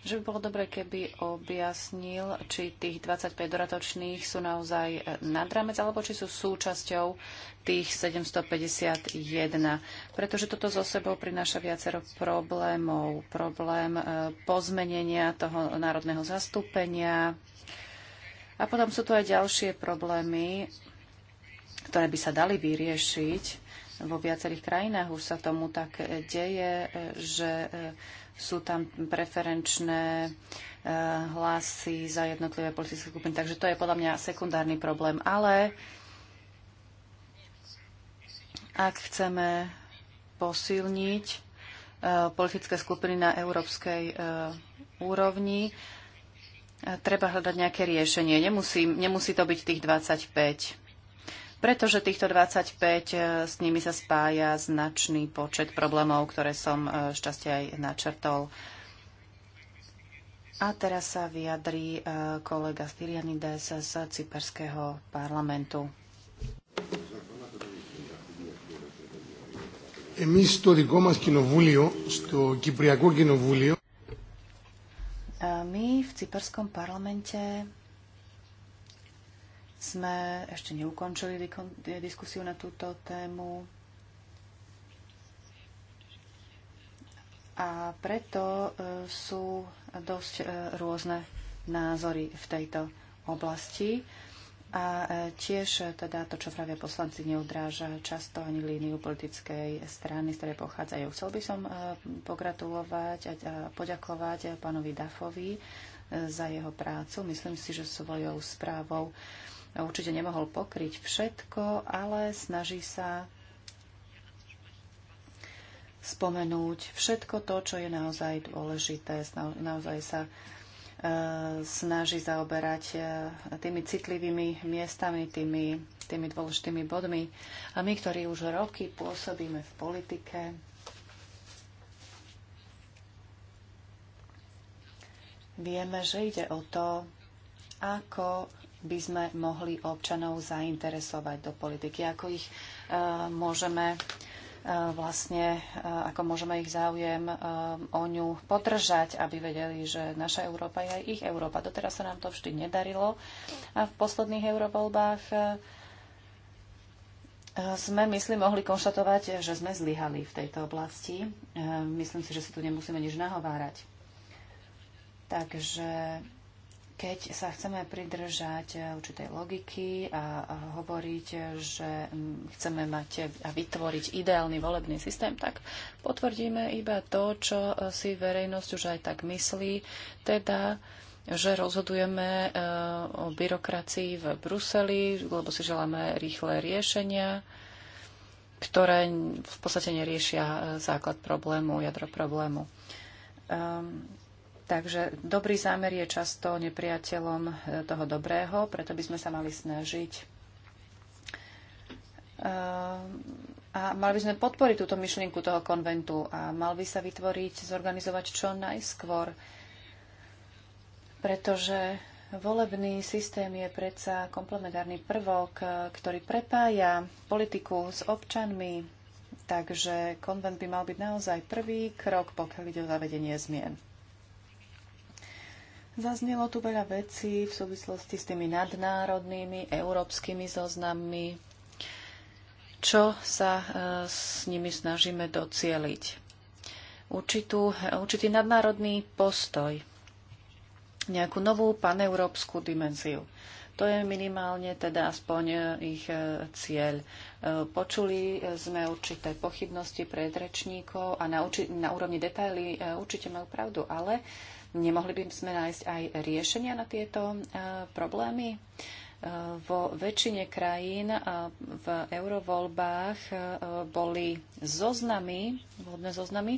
že by bolo dobre, keby objasnil, či tých 25 doratočných sú naozaj nad rámec, alebo či sú súčasťou tých 751. Pretože toto zo sebou prináša viacero problémov. Problém e, pozmenenia toho národného zastúpenia. A potom sú tu aj ďalšie problémy, ktoré by sa dali vyriešiť. Vo viacerých krajinách už sa tomu tak deje, e, že e, sú tam preferenčné eh, hlasy za jednotlivé politické skupiny. Takže to je podľa mňa sekundárny problém. Ale ak chceme posilniť eh, politické skupiny na európskej eh, úrovni, treba hľadať nejaké riešenie. Nemusí, nemusí to byť tých 25 pretože týchto 25 e, s nimi sa spája značný počet problémov, ktoré som e, šťastie aj načrtol. A teraz sa vyjadrí e, kolega Styrianides z Cyperského parlamentu. My v Cyperskom parlamente sme ešte neukončili diskusiu na túto tému. A preto e, sú dosť e, rôzne názory v tejto oblasti. A e, tiež teda to, čo pravia poslanci, neodráža často ani líniu politickej strany, z ktorej pochádzajú. Chcel by som pogratulovať a poďakovať pánovi Dafovi za jeho prácu. Myslím si, že svojou správou Určite nemohol pokryť všetko, ale snaží sa spomenúť všetko to, čo je naozaj dôležité. Naozaj sa e, snaží zaoberať e, tými citlivými miestami, tými, tými dôležitými bodmi. A my, ktorí už roky pôsobíme v politike, vieme, že ide o to, ako by sme mohli občanov zainteresovať do politiky, ako ich e, môžeme e, vlastne, e, ako môžeme ich záujem o ňu podržať, aby vedeli, že naša Európa je aj ich Európa. Doteraz sa nám to vždy nedarilo a v posledných eurovoľbách sme, myslím, mohli konštatovať, že sme zlyhali v tejto oblasti. Myslím si, že si tu nemusíme nič nahovárať. Takže keď sa chceme pridržať eh, určitej logiky a, hovoriť, že mm, chceme mať a vytvoriť ideálny volebný systém, tak potvrdíme iba to, čo eh, si verejnosť už aj tak myslí, teda že rozhodujeme eh, o byrokracii v Bruseli, lebo si želáme rýchle riešenia, ktoré v podstate neriešia základ problému, jadro problému. Ehm, Takže dobrý zámer je často nepriateľom e, toho dobrého, preto by sme sa mali snažiť e, a mali by sme podporiť túto myšlienku toho konventu a mal by sa vytvoriť, zorganizovať čo najskôr, pretože volebný systém je predsa komplementárny prvok, e, ktorý prepája politiku s občanmi, takže konvent by mal byť naozaj prvý krok, pokiaľ ide o zavedenie zmien. Zaznelo tu veľa vecí v súvislosti s tými nadnárodnými európskymi zoznammi, čo sa e, s nimi snažíme docieliť. Určitú, určitý nadnárodný postoj, nejakú novú paneurópsku dimenziu. To je minimálne teda aspoň e, ich e, cieľ. Počuli sme určité pochybnosti predrečníkov a na, na úrovni detaily určite majú pravdu, ale Nemohli by sme nájsť aj riešenia na tieto e, problémy? E, vo väčšine krajín e, v eurovoľbách boli zoznamy, volebné zoznamy,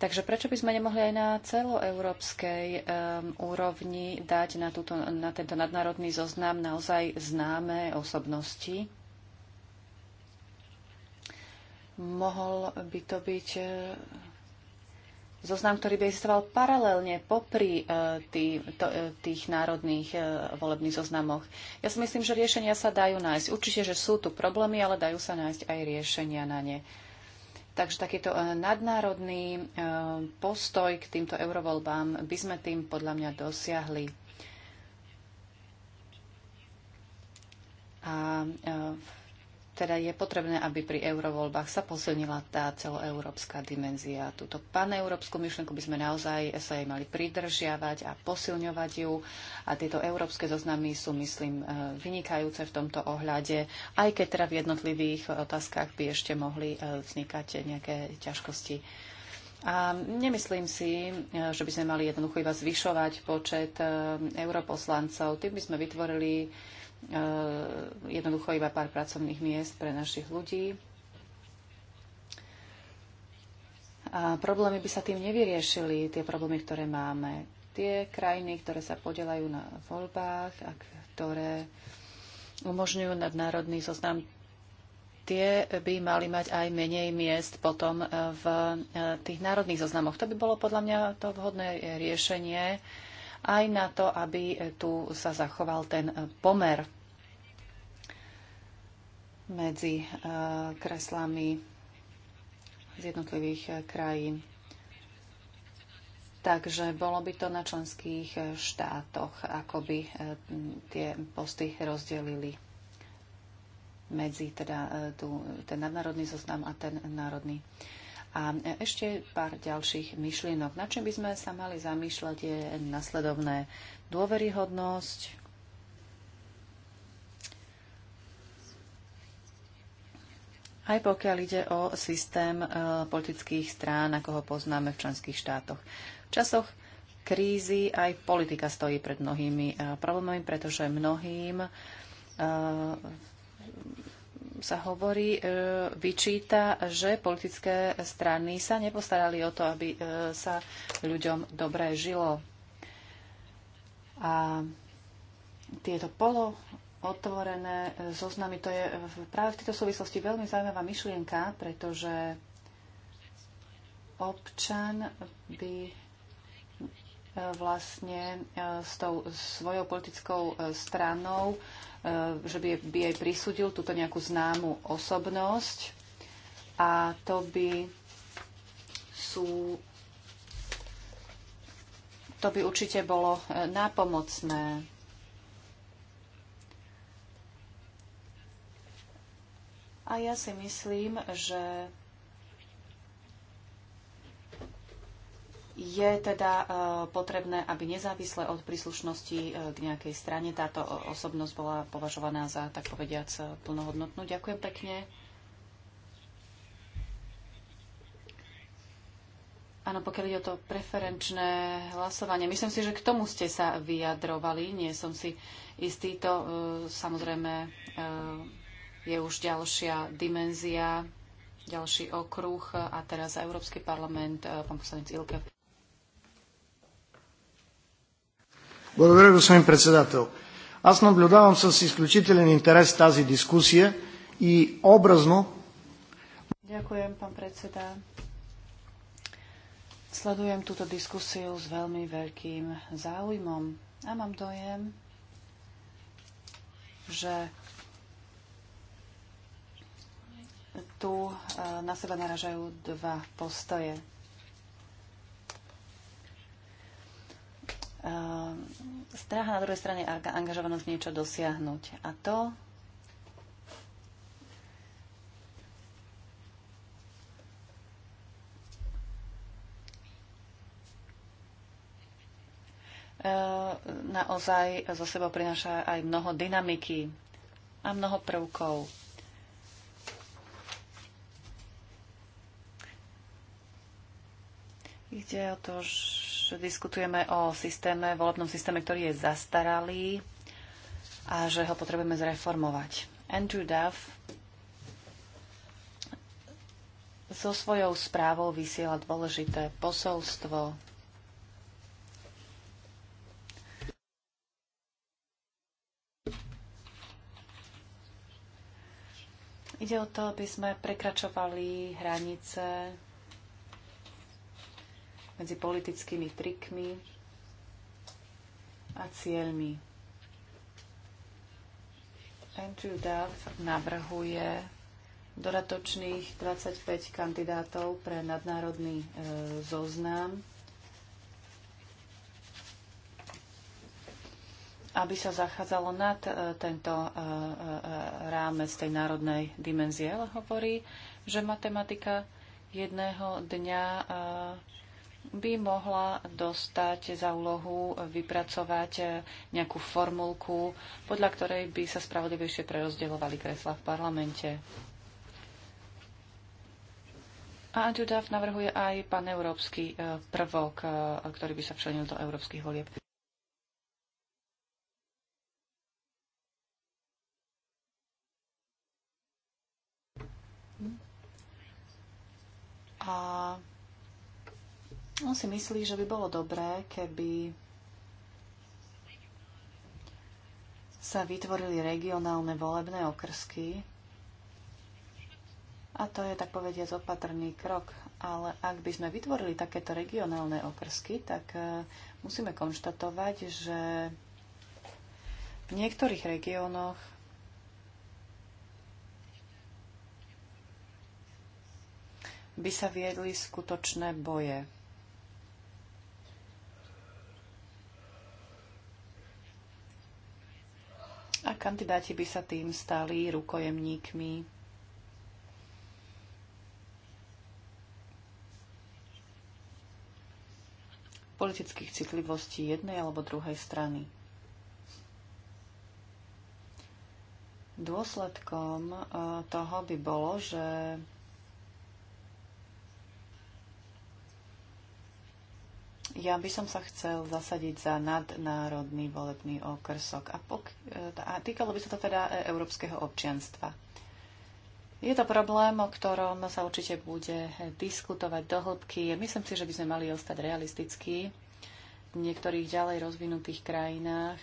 Takže prečo by sme nemohli aj na celoeurópskej um, úrovni dať na, túto, na tento nadnárodný zoznam naozaj známe osobnosti? Mohol by to byť zoznam, ktorý by existoval paralelne popri e, tý, to, e, tých národných e, volebných zoznamoch. Ja si myslím, že riešenia sa dajú nájsť. Určite, že sú tu problémy, ale dajú sa nájsť aj riešenia na ne. Takže takýto nadnárodný postoj k týmto eurovoľbám by sme tým podľa mňa dosiahli. A v teda je potrebné, aby pri eurovoľbách sa posilnila tá celoeurópska dimenzia. Túto paneurópsku myšlienku by sme naozaj sa jej mali pridržiavať a posilňovať ju. A tieto európske zoznamy sú, myslím, e, vynikajúce v tomto ohľade, aj keď teda v jednotlivých otázkach by ešte mohli e, vznikať nejaké ťažkosti. A nemyslím si, e, že by sme mali jednoducho iba zvyšovať počet europoslancov. Tým by sme vytvorili Eh, jednoducho iba pár pracovných miest pre našich ľudí. A problémy by sa tým nevyriešili, tie problémy, ktoré máme. Tie krajiny, ktoré sa podelajú na voľbách a ktoré umožňujú nadnárodný zoznam, tie by mali mať aj menej miest potom eh, v eh, tých národných zoznamoch. To by bolo podľa mňa to vhodné riešenie aj na to, aby tu sa zachoval ten pomer medzi e, kreslami z jednotlivých e, krajín. Takže bolo by to na členských e, štátoch, ako by tie posty rozdelili medzi teda tú, ten nadnárodný zoznam a ten národný. A ešte pár ďalších myšlienok. Na čím by sme sa mali zamýšľať je nasledovné dôveryhodnosť, aj pokiaľ ide o systém e, politických strán, ako ho poznáme v členských štátoch. V časoch krízy aj politika stojí pred mnohými e, problémami, pretože mnohým e, sa hovorí, e, vyčíta, že politické strany sa nepostarali o to, aby e, sa ľuďom dobre žilo. A tieto polo otvorené e, zoznamy, to je práve v tejto súvislosti veľmi zaujímavá myšlienka, pretože občan by vlastne s tou svojou politickou stranou E, že by, by jej prisudil túto nejakú známu osobnosť a to by sú to by určite bolo e, nápomocné. A ja si myslím, že Je teda e, potrebné, aby nezávisle od príslušnosti e, k nejakej strane táto osobnosť bola považovaná za, tak povediac, e, plnohodnotnú. Ďakujem pekne. Áno, pokiaľ ide o to preferenčné hlasovanie, myslím si, že k tomu ste sa vyjadrovali. Nie som si istý. To samozrejme je už ďalšia dimenzia, ďalší okruh a teraz Európsky parlament, pán poslanec Ilke. Благодаря, господин председател. Аз наблюдавам с изключителен интерес тази дискусия и образно... Ďakujem, pán predseda. Sledujem túto diskusiu s veľmi veľkým záujmom a mám dojem, že tu eh, na seba naražajú dva postoje. Ehm, Stráha na druhej strane a angažovanosť niečo dosiahnuť. A to ehm, naozaj zo sebou prináša aj mnoho dynamiky a mnoho prvkov. Ide o to, že že diskutujeme o systéme, volebnom systéme, ktorý je zastaralý a že ho potrebujeme zreformovať. Andrew Duff so svojou správou vysiela dôležité posolstvo Ide o to, aby sme prekračovali hranice medzi politickými trikmi a cieľmi. Andrew Duff navrhuje dodatočných 25 kandidátov pre nadnárodný e, zoznam, aby sa zachádzalo nad e, tento e, e, e rámec tej národnej dimenzie. Ale hovorí, že matematika jedného dňa e, by mohla dostať za úlohu vypracovať nejakú formulku, podľa ktorej by sa spravodlivejšie prerozdeľovali kresla v parlamente. A Adjudav navrhuje aj európsky e, prvok, e, ktorý by sa včlenil do európskych volieb. A on si myslí, že by bolo dobré, keby sa vytvorili regionálne volebné okrsky. A to je, tak povediať, opatrný krok. Ale ak by sme vytvorili takéto regionálne okrsky, tak e, musíme konštatovať, že v niektorých regiónoch by sa viedli skutočné boje. a kandidáti by sa tým stali rukojemníkmi politických citlivostí jednej alebo druhej strany. Dôsledkom eh, toho by bolo, že Ja by som sa chcel zasadiť za nadnárodný volebný okrsok a, pok- e, a týkalo by sa to teda e, európskeho občianstva. Je to problém, o ktorom sa určite bude diskutovať do hĺbky. Myslím si, že by sme mali ostať realistickí v niektorých ďalej rozvinutých krajinách.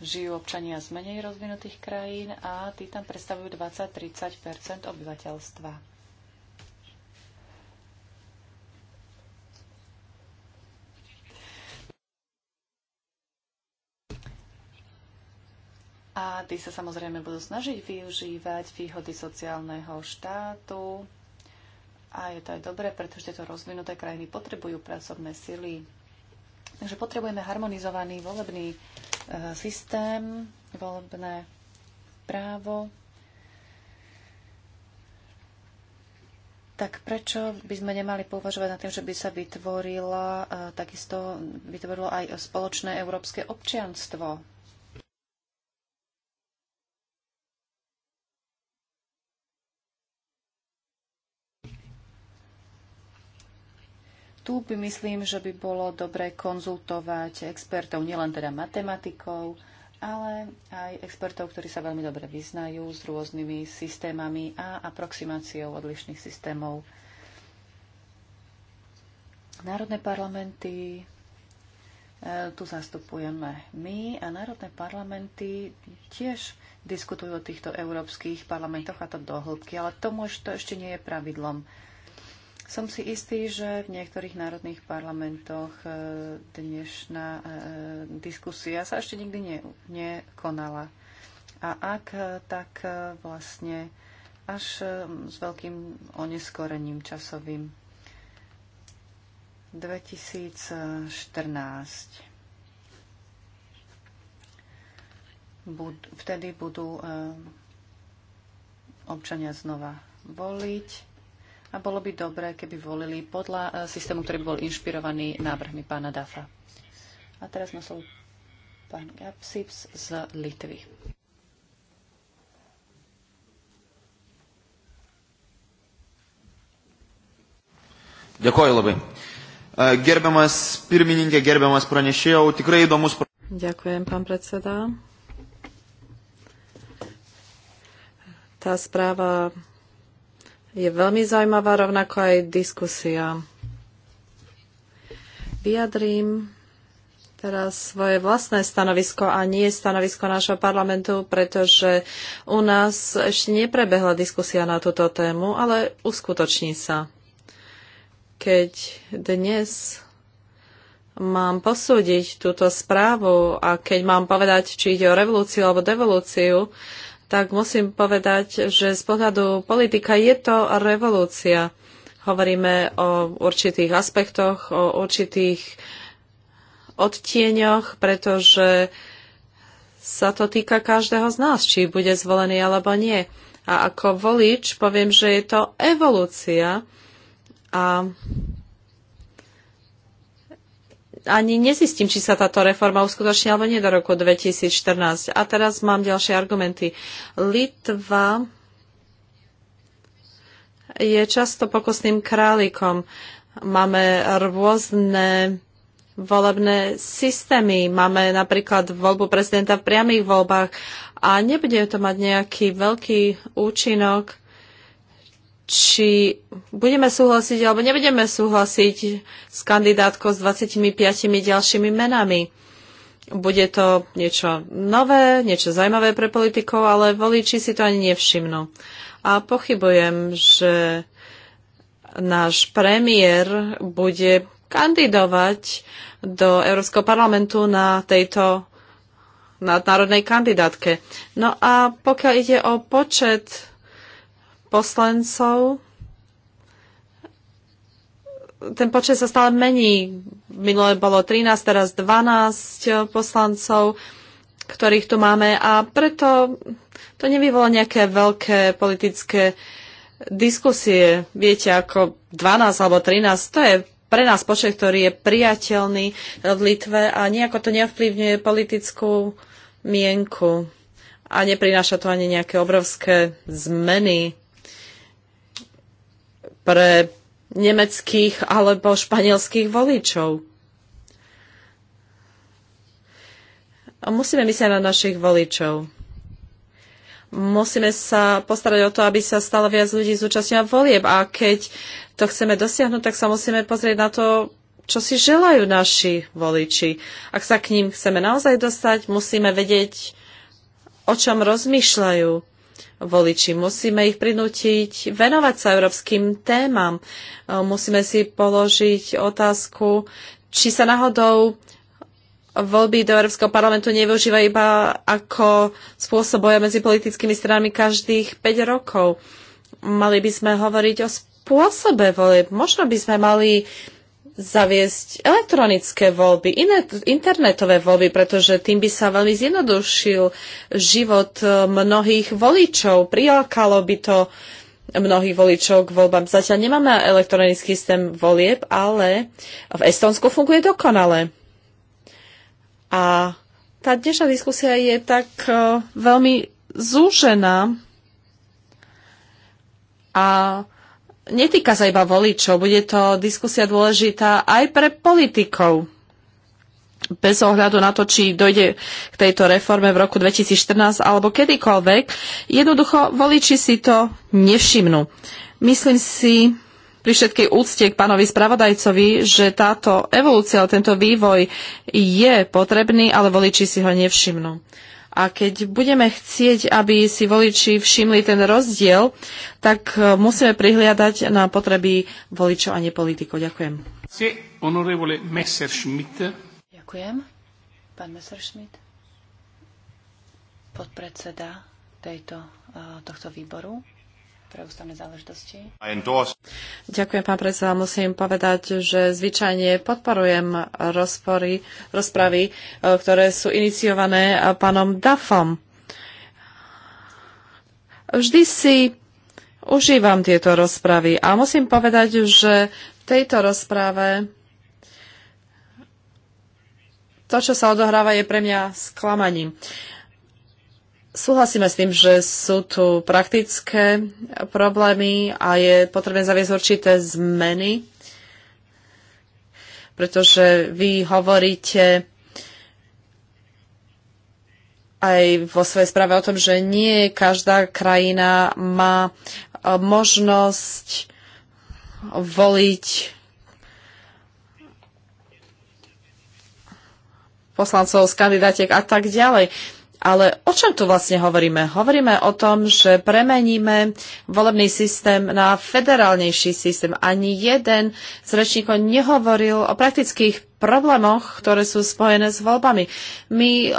Žijú občania z menej rozvinutých krajín a tí tam predstavujú 20-30 obyvateľstva. A tí sa samozrejme budú snažiť využívať výhody sociálneho štátu. A je to aj dobré, pretože tieto rozvinuté krajiny potrebujú pracovné sily. Takže potrebujeme harmonizovaný volebný e, systém, volebné právo. Tak prečo by sme nemali pouvažovať na tým, že by sa vytvorila, e, takisto vytvorilo aj spoločné európske občianstvo? tu by myslím, že by bolo dobre konzultovať expertov, nielen teda matematikov, ale aj expertov, ktorí sa veľmi dobre vyznajú s rôznymi systémami a aproximáciou odlišných systémov. Národné parlamenty, e, tu zastupujeme my a národné parlamenty tiež diskutujú o týchto európskych parlamentoch a to do hĺbky, ale tomu to ešte nie je pravidlom. Som si istý, že v niektorých národných parlamentoch e, dnešná e, diskusia sa ešte nikdy nekonala. A ak e, tak vlastne až s veľkým oneskorením časovým. 2014 vtedy budú občania znova voliť a bolo by dobré, keby volili podľa e, systému, ktorý bol inšpirovaný návrhmi pána Dafa. A teraz má slovo pán Gapsips z Litvy. Dėkoju labai. E, gerbiamas pirmininkė, gerbiamas pranešėjau, tikrai įdomus. Ďakujem, pán predseda. Tá správa je veľmi zaujímavá, rovnako aj diskusia. Vyjadrím teraz svoje vlastné stanovisko a nie stanovisko nášho parlamentu, pretože u nás ešte neprebehla diskusia na túto tému, ale uskutoční sa. Keď dnes mám posúdiť túto správu a keď mám povedať, či ide o revolúciu alebo devolúciu, tak musím povedať, že z pohľadu politika je to revolúcia. Hovoríme o určitých aspektoch, o určitých odtieňoch, pretože sa to týka každého z nás, či bude zvolený alebo nie. A ako volič poviem, že je to evolúcia a ani nezistím, či sa táto reforma uskutoční alebo nie do roku 2014. A teraz mám ďalšie argumenty. Litva je často pokusným králikom. Máme rôzne volebné systémy. Máme napríklad voľbu prezidenta v priamých voľbách a nebude to mať nejaký veľký účinok či budeme súhlasiť alebo nebudeme súhlasiť s kandidátkou s 25 ďalšími menami. Bude to niečo nové, niečo zaujímavé pre politikov, ale voliči si to ani nevšimnú. A pochybujem, že náš premiér bude kandidovať do Európskeho parlamentu na tejto nadnárodnej kandidátke. No a pokiaľ ide o počet poslancov. Ten počet sa stále mení. Minule bolo 13, teraz 12 poslancov, ktorých tu máme a preto to nevyvolá nejaké veľké politické diskusie. Viete, ako 12 alebo 13, to je pre nás počet, ktorý je priateľný v Litve a nejako to neovplyvňuje politickú mienku a neprináša to ani nejaké obrovské zmeny pre nemeckých alebo španielských voličov. A musíme myslieť na našich voličov. Musíme sa postarať o to, aby sa stále viac ľudí zúčastňovalo volieb. A keď to chceme dosiahnuť, tak sa musíme pozrieť na to, čo si želajú naši voliči. Ak sa k ním chceme naozaj dostať, musíme vedieť, o čom rozmýšľajú voliči. Musíme ich prinútiť venovať sa európskym témam. E, musíme si položiť otázku, či sa náhodou voľby do Európskeho parlamentu nevyužíva iba ako spôsob boja medzi politickými stranami každých 5 rokov. Mali by sme hovoriť o spôsobe volieb. Možno by sme mali zaviesť elektronické voľby, iné, internetové voľby, pretože tým by sa veľmi zjednodušil život eh, mnohých voličov, prilákalo by to mnohých voličov k voľbám. Zatiaľ nemáme elektronický systém volieb, ale v Estonsku funguje dokonale. A tá dnešná diskusia je tak eh, veľmi zúžená a netýka sa iba voličov, bude to diskusia dôležitá aj pre politikov. Bez ohľadu na to, či dojde k tejto reforme v roku 2014 alebo kedykoľvek, jednoducho voliči si to nevšimnú. Myslím si pri všetkej úcte k pánovi spravodajcovi, že táto evolúcia, tento vývoj je potrebný, ale voliči si ho nevšimnú. A keď budeme chcieť, aby si voliči všimli ten rozdiel, tak e, musíme prihliadať na potreby voličov a nepolitikov. Ďakujem. Ďakujem. Pán Messerschmidt, podpredseda tejto, e, tohto výboru pre ústavné záležitosti. Ďakujem, pán predseda. Musím povedať, že zvyčajne podporujem rozpory, rozpravy, e, ktoré sú iniciované e, pánom Dafom. Vždy si užívam tieto rozpravy a musím povedať, že v tejto rozprave to, čo sa odohráva, je pre mňa sklamaním. Uh, Súhlasíme s tým, že sú tu praktické problémy a je potrebné zaviesť určité zmeny, pretože vy hovoríte aj vo svojej správe o tom, že nie každá krajina má e, možnosť voliť poslancov z kandidátiek a tak ďalej. Ale o čom tu vlastne hovoríme? Hovoríme o tom, že premeníme volebný systém na federálnejší systém. Ani jeden z rečníkov nehovoril o praktických problémoch, ktoré sú spojené s voľbami. My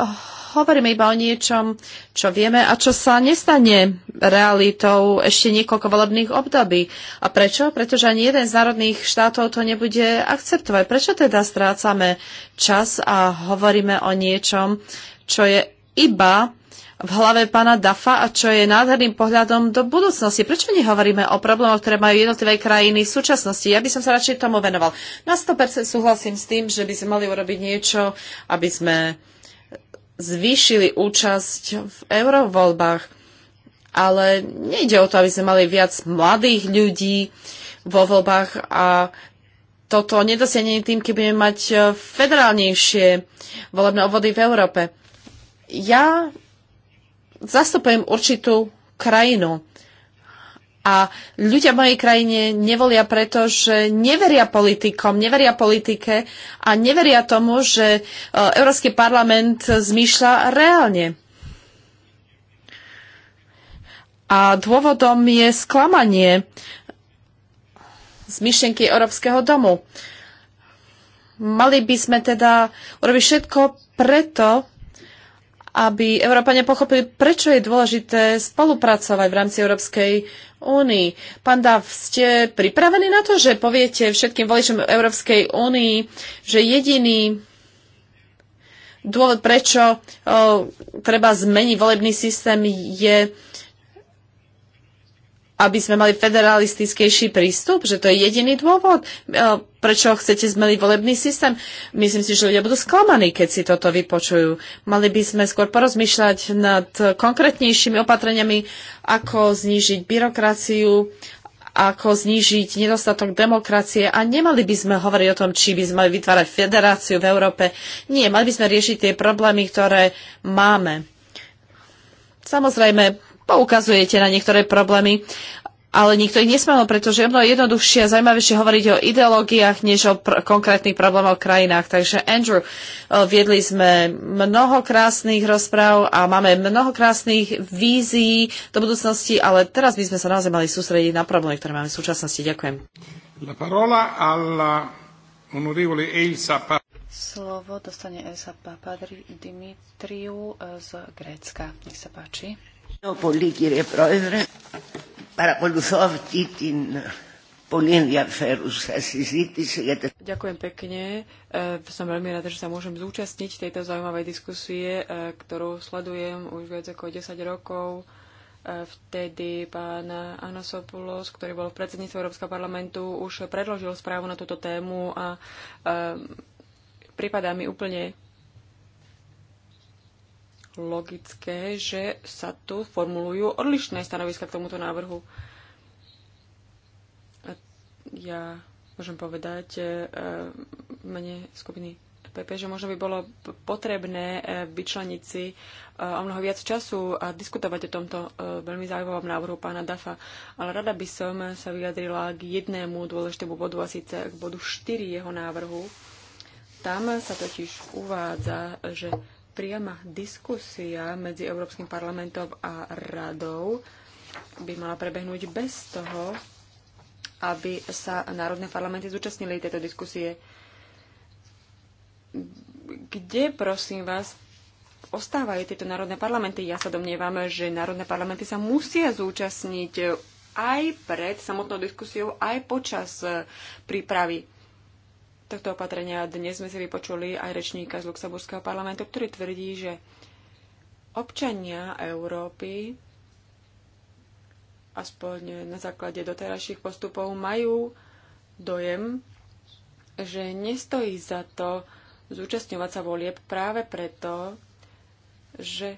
hovoríme iba o niečom, čo vieme a čo sa nestane realitou ešte niekoľko volebných období. A prečo? Pretože ani jeden z národných štátov to nebude akceptovať. Prečo teda strácame čas a hovoríme o niečom, čo je iba v hlave pána Dafa a čo je nádherným pohľadom do budúcnosti. Prečo nehovoríme o problémoch, ktoré majú jednotlivé krajiny v súčasnosti? Ja by som sa radšej tomu venoval. Na 100% súhlasím s tým, že by sme mali urobiť niečo, aby sme zvýšili účasť v eurovoľbách. Ale nejde o to, aby sme mali viac mladých ľudí vo voľbách a toto nedosiahneme tým, keď budeme mať federálnejšie volebné obvody v Európe ja zastupujem určitú krajinu. A ľudia v mojej krajine nevolia preto, že neveria politikom, neveria politike a neveria tomu, že e, Európsky parlament zmýšľa reálne. A dôvodom je sklamanie z myšlienky Európskeho domu. Mali by sme teda urobiť všetko preto, aby Európania pochopili, prečo je dôležité spolupracovať v rámci Európskej únii. Pán Dav, ste pripravení na to, že poviete všetkým voličom Európskej únii, že jediný dôvod, prečo o, treba zmeniť volebný systém, je aby sme mali federalistickejší prístup, že to je jediný dôvod, e, prečo chcete zmeniť volebný systém. Myslím si, že ľudia budú sklamaní, keď si toto vypočujú. Mali by sme skôr porozmýšľať nad konkrétnejšími opatreniami, ako znížiť byrokraciu, ako znížiť nedostatok demokracie a nemali by sme hovoriť o tom, či by sme mali vytvárať federáciu v Európe. Nie, mali by sme riešiť tie problémy, ktoré máme. Samozrejme, poukazujete na niektoré problémy, ale nikto ich nesmelo, pretože je mnoho jednoduchšie a zaujímavejšie hovoriť o ideológiách, než o pr- konkrétnych problémoch v krajinách. Takže Andrew, eh, viedli sme mnoho krásnych rozpráv a máme mnoho krásnych vízií do budúcnosti, ale teraz by sme sa naozaj mali sústrediť na problémy, ktoré máme v súčasnosti. Ďakujem. La parola alla onorevole Elsa pa- Slovo dostane Elsa Papadri Dimitriu eh, z Grécka. Nech sa páči. Πολύ κύριε Πρόεδρε, παρακολουθώ αυτή την πολύ ενδιαφέρουσα συζήτηση για τα... Ďakujem pekne. Som veľmi rada, že sa môžem zúčastniť tejto zaujímavej diskusie, e, ktorú sledujem už viac ako 10 rokov e, vtedy pán Anasopoulos, ktorý bol v predsedníctve Európskeho parlamentu, už predložil správu na túto tému a e, pripadá mi úplne logické, že sa tu formulujú odlišné stanoviska k tomuto návrhu. A ja môžem povedať e, v mene skupiny PP, e že možno by bolo potrebné e, vyčleniť si o mnoho viac času a diskutovať o tomto veľmi zaujímavom návrhu pána Dafa. Ale rada by som sa vyjadrila k jednému dôležitému bodu, a síce k bodu 4 jeho návrhu. Tam sa totiž uvádza, že priama diskusia medzi Európskym parlamentom a radou by mala prebehnúť bez toho, aby sa národné parlamenty zúčastnili tejto diskusie. Kde, prosím vás, ostávajú tieto národné parlamenty? Ja sa domnievam, že národné parlamenty sa musia zúčastniť aj pred samotnou diskusiou, aj počas prípravy tohto opatrenia. Dnes sme si vypočuli aj rečníka z Luxemburského parlamentu, ktorý tvrdí, že občania Európy aspoň na základe doterajších postupov majú dojem, že nestojí za to zúčastňovať sa volieb práve preto, že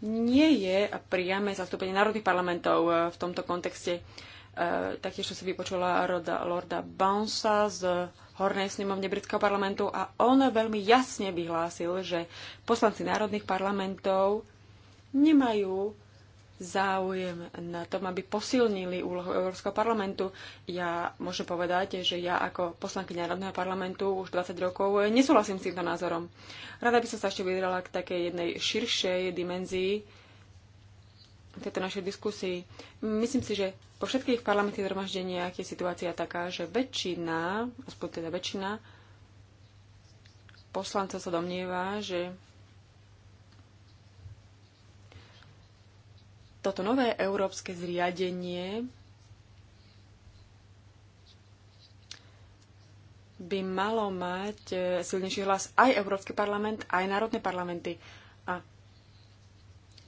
nie je priame zastúpenie národných parlamentov v tomto kontexte. E, taktiež som si vypočula Roda, Lorda Bounsa z Hornej snemovne britského parlamentu a on veľmi jasne vyhlásil, že poslanci národných parlamentov nemajú záujem na tom, aby posilnili úlohu Európskeho parlamentu. Ja môžem povedať, že ja ako poslanky Národného parlamentu už 20 rokov nesúhlasím s týmto názorom. Rada by som sa ešte vydrala k takej jednej širšej dimenzii, tejto našej diskusii. Myslím si, že po všetkých parlamentných zhromaždeniach je situácia taká, že väčšina, aspoň teda väčšina poslancov sa domnieva, že toto nové európske zriadenie by malo mať silnejší hlas aj Európsky parlament, aj národné parlamenty.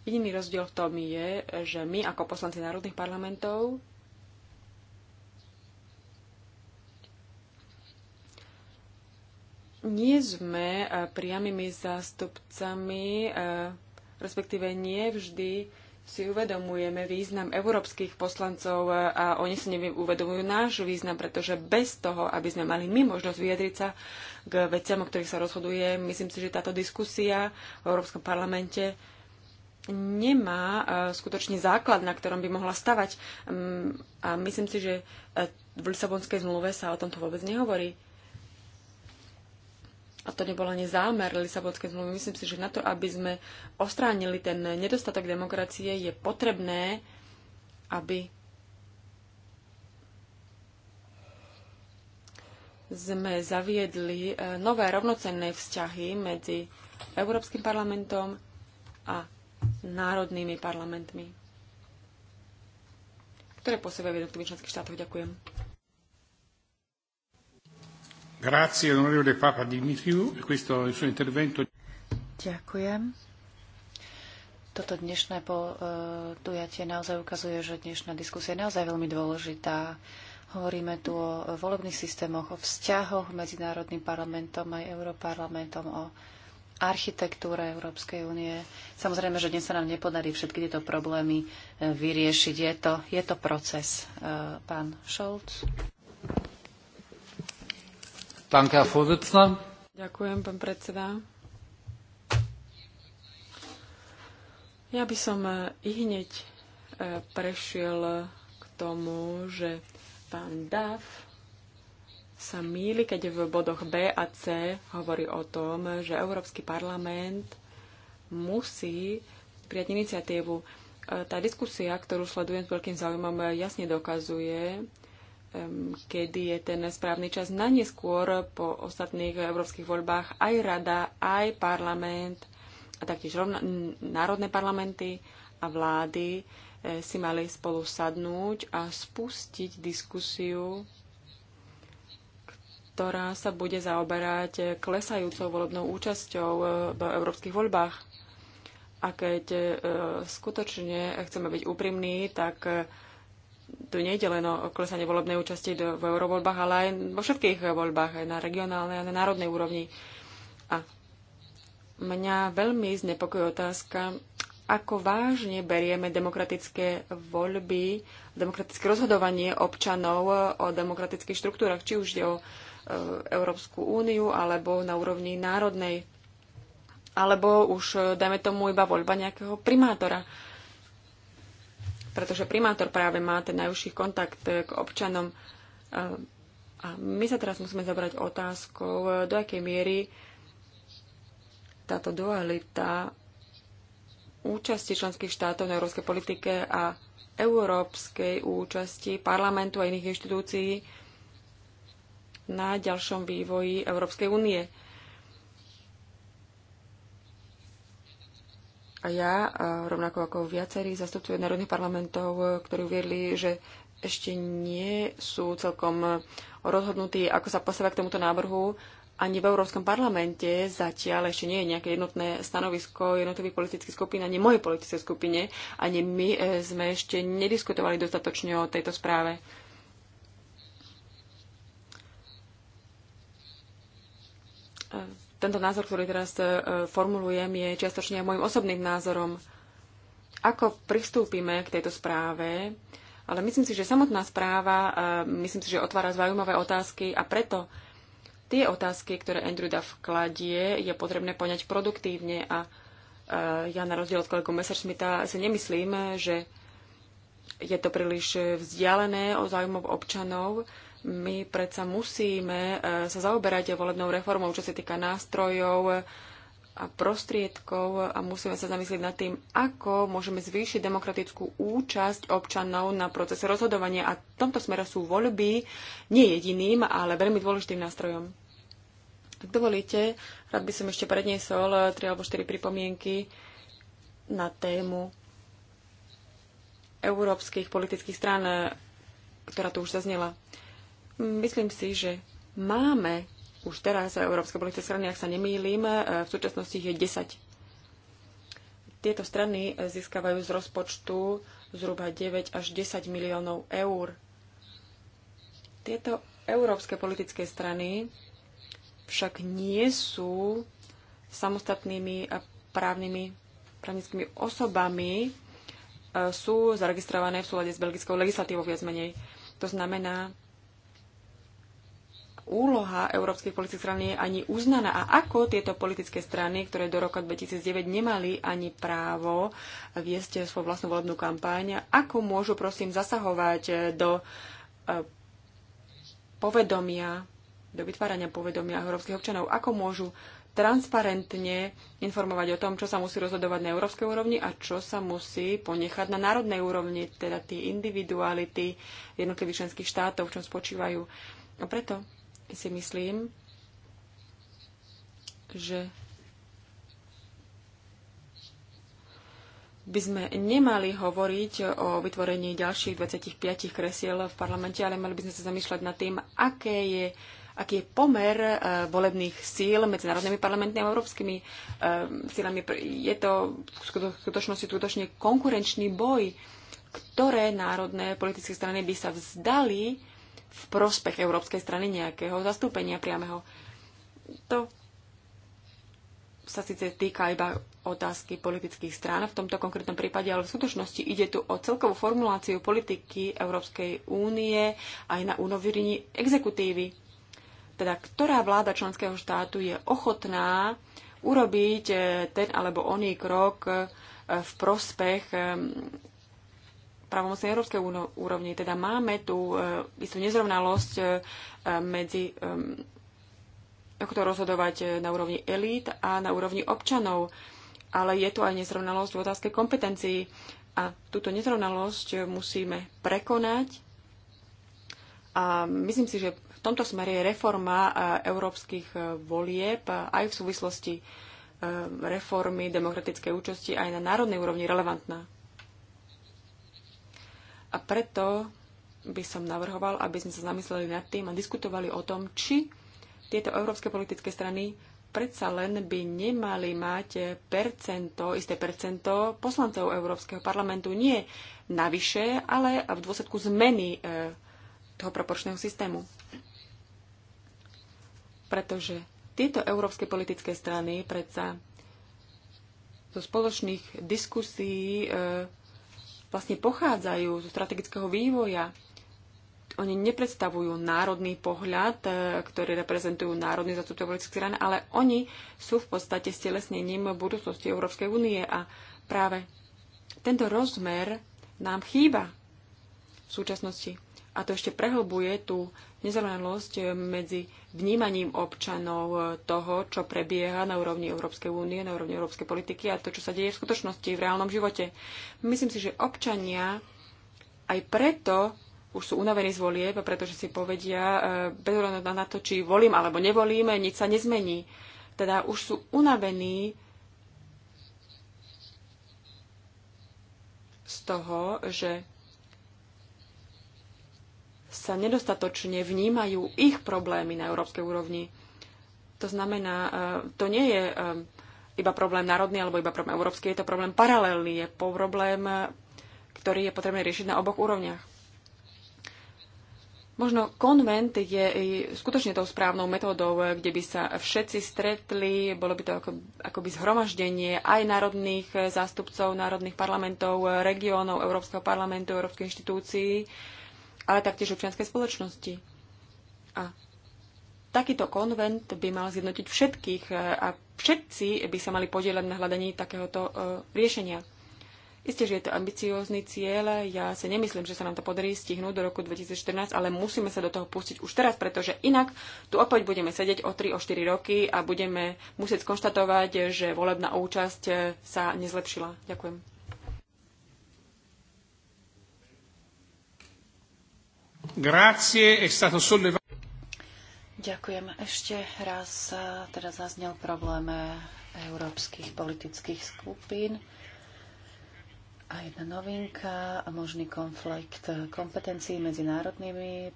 Jediný rozdiel v tom je, že my ako poslanci národných parlamentov nie sme e, priamými zástupcami, e, respektíve nie vždy si uvedomujeme význam európskych poslancov e, a oni si neuvedomujú náš význam, pretože bez toho, aby sme mali my možnosť vyjadriť sa k veciam, o ktorých sa rozhoduje, myslím si, že táto diskusia v Európskom parlamente nemá e, skutočný základ, na ktorom by mohla stavať. Mm, a myslím si, že e, v Lisabonskej zmluve sa o tomto vôbec nehovorí. A to nebol ani zámer Lisabonskej zmluvy. Myslím si, že na to, aby sme ostránili ten nedostatok demokracie, je potrebné, aby sme zaviedli e, nové rovnocenné vzťahy medzi Európskym parlamentom a národnými parlamentmi, ktoré sebe v jednotlivých členských štátoch. Ďakujem. Grazie, onorevole Papa Dimitriu. Questo il suo intervento. Ďakujem. Toto dnešné e, podujatie naozaj ukazuje, že dnešná diskusia je naozaj veľmi dôležitá. Hovoríme tu o volebných systémoch, o vzťahoch medzi Národným parlamentom aj Európarlamentom. o architektúra Európskej únie. Samozrejme, že dnes sa nám nepodarí všetky tieto problémy e, vyriešiť. Je to, je to proces. E, pán Šolc. Danke, Ďakujem, pán predseda. Ja by som e, i hneď prešiel k tomu, že pán Dav sa míli, keď v bodoch B a C hovorí o tom, že Európsky parlament musí prijať iniciatívu. E, tá diskusia, ktorú sledujem s veľkým záujmom, jasne dokazuje, kedy je ten správny čas. Na neskôr po ostatných európskych voľbách aj rada, aj parlament a taktiež rovna, národné parlamenty a vlády e, si mali spolu sadnúť a spustiť diskusiu ktorá sa bude zaoberať klesajúcou volebnou účasťou eh, v európskych voľbách. A keď eh, skutočne chceme byť úprimní, tak eh, tu nie je len o klesanie volebnej účasti v eurovoľbách, ale aj vo všetkých voľbách, aj na regionálnej a na národnej úrovni. A mňa veľmi znepokojuje otázka, ako vážne berieme demokratické voľby, demokratické rozhodovanie občanov o demokratických štruktúrach, či už je o E, Európsku úniu alebo na úrovni národnej. Alebo už, e, dajme tomu, iba voľba nejakého primátora. Pretože primátor práve má ten najúžší kontakt e, k občanom. A my sa teraz musíme zabrať otázkou, do akej miery táto dualita účasti členských štátov na európskej politike a európskej účasti parlamentu a iných inštitúcií na ďalšom vývoji Európskej únie. A ja, rovnako ako viacerí zastupcovia národných parlamentov, ktorí uviedli, že ešte nie sú celkom rozhodnutí, ako sa postavia k tomuto návrhu, ani v Európskom parlamente zatiaľ ešte nie je nejaké jednotné stanovisko jednotlivých politických skupín, ani mojej politickej skupine, ani my e, sme ešte nediskutovali dostatočne o tejto správe. tento názor, ktorý teraz e, formulujem, je čiastočne aj môjim osobným názorom. Ako pristúpime k tejto správe, ale myslím si, že samotná správa, e, myslím si, že otvára zaujímavé otázky a preto tie otázky, ktoré Andrew Duff kladie, je potrebné poňať produktívne a e, ja na rozdiel od kolegu Messerschmitta si nemyslím, že je to príliš vzdialené o záujmov občanov. My predsa musíme eh, sa zaoberať volebnou reformou, čo sa týka nástrojov eh, a prostriedkov a musíme sa zamyslieť nad tým, ako môžeme zvýšiť demokratickú účasť občanov na procese rozhodovania. A v tomto smere sú voľby nie jediným, ale veľmi dôležitým nástrojom. Ak dovolíte, rád by som ešte predniesol eh, tri alebo štyri pripomienky na tému európskych politických strán, ktorá tu už zaznela. Myslím si, že máme už teraz eh, Európske politické strany, ak sa nemýlim, eh, v súčasnosti je 10. Tieto strany eh, získavajú z rozpočtu zhruba 9 až 10 miliónov eur. Tieto európske politické strany však nie sú samostatnými a právnymi, právnickými osobami, sú zaregistrované v súlade s belgickou legislatívou viac menej. To znamená, úloha európskych politických strán nie je ani uznaná. A ako tieto politické strany, ktoré do roka 2009 nemali ani právo viesť svoju vlastnú volebnú kampáň, ako môžu prosím zasahovať do e, povedomia, do vytvárania povedomia európskych občanov, ako môžu transparentne informovať o tom, čo sa musí rozhodovať na európskej úrovni a čo sa musí ponechať na národnej úrovni, teda tie individuality jednotlivých členských štátov, v čom spočívajú. A preto si myslím, že by sme nemali hovoriť o vytvorení ďalších 25 kresiel v parlamente, ale mali by sme sa zamýšľať nad tým, aké je, aký je pomer e, volebných síl medzi národnými parlamentnými a európskymi e, sílami. Je to v skutočnosti skutočne konkurenčný boj, ktoré národné politické strany by sa vzdali v prospech európskej strany nejakého zastúpenia priameho. To sa síce týka iba otázky politických strán v tomto konkrétnom prípade, ale v skutočnosti ide tu o celkovú formuláciu politiky Európskej únie aj na úrovni exekutívy. Teda ktorá vláda členského štátu je ochotná urobiť eh, ten alebo oný krok eh, v prospech eh, právomocnej európskej úrovni. Teda máme tu e, istú nezrovnalosť e, medzi e, ako to rozhodovať na úrovni elít a na úrovni občanov. Ale je tu aj nezrovnalosť v otázke kompetencií. A túto nezrovnalosť musíme prekonať. A myslím si, že v tomto smere je reforma európskych volieb aj v súvislosti reformy demokratickej účasti aj na národnej úrovni relevantná. A preto by som navrhoval, aby sme sa zamysleli nad tým a diskutovali o tom, či tieto európske politické strany predsa len by nemali mať percento, isté percento poslancov Európskeho parlamentu. Nie navyše, ale v dôsledku zmeny e, toho proporčného systému. Pretože tieto európske politické strany predsa zo spoločných diskusí e, vlastne pochádzajú zo strategického vývoja. Oni nepredstavujú národný pohľad, e, ktorý reprezentujú národný zastupcov politických strán, ale oni sú v podstate stelesnením budúcnosti Európskej únie a práve tento rozmer nám chýba v súčasnosti. A to ešte prehlbuje tú nezrovnalosť e, medzi vnímaním občanov e, toho, čo prebieha na úrovni Európskej únie, na úrovni európskej politiky a to, čo sa deje v skutočnosti, v reálnom živote. Myslím si, že občania aj preto už sú unavení z volieb, pretože si povedia, e, bez ohľadu na to, či volím alebo nevolím, nič sa nezmení. Teda už sú unavení z toho, že sa nedostatočne vnímajú ich problémy na európskej úrovni. To znamená, e, to nie je e, iba problém národný alebo iba problém európsky, je to problém paralelný, je problém, e, ktorý je potrebné riešiť na oboch úrovniach. Možno konvent je skutočne tou správnou metódou, kde by sa všetci stretli, bolo by to ako, akoby zhromaždenie aj národných zástupcov, národných parlamentov, regiónov, Európskeho parlamentu, Európskej inštitúcií, ale taktiež občianskej spoločnosti. A takýto konvent by mal zjednotiť všetkých e, a všetci by sa mali podielať na hľadaní takéhoto e, riešenia. Isté, že je to ambiciózny cieľ, ja si nemyslím, že sa nám to podarí stihnúť do roku 2014, ale musíme sa do toho pustiť už teraz, pretože inak tu opäť budeme sedieť o 3, o 4 roky a budeme musieť skonštatovať, že volebná účasť e, sa nezlepšila. Ďakujem. Ďakujem. Ešte raz eh, teda zaznel problém eh, európskych politických skupín. A jedna novinka, možný konflikt kompetencií medzi národnými e,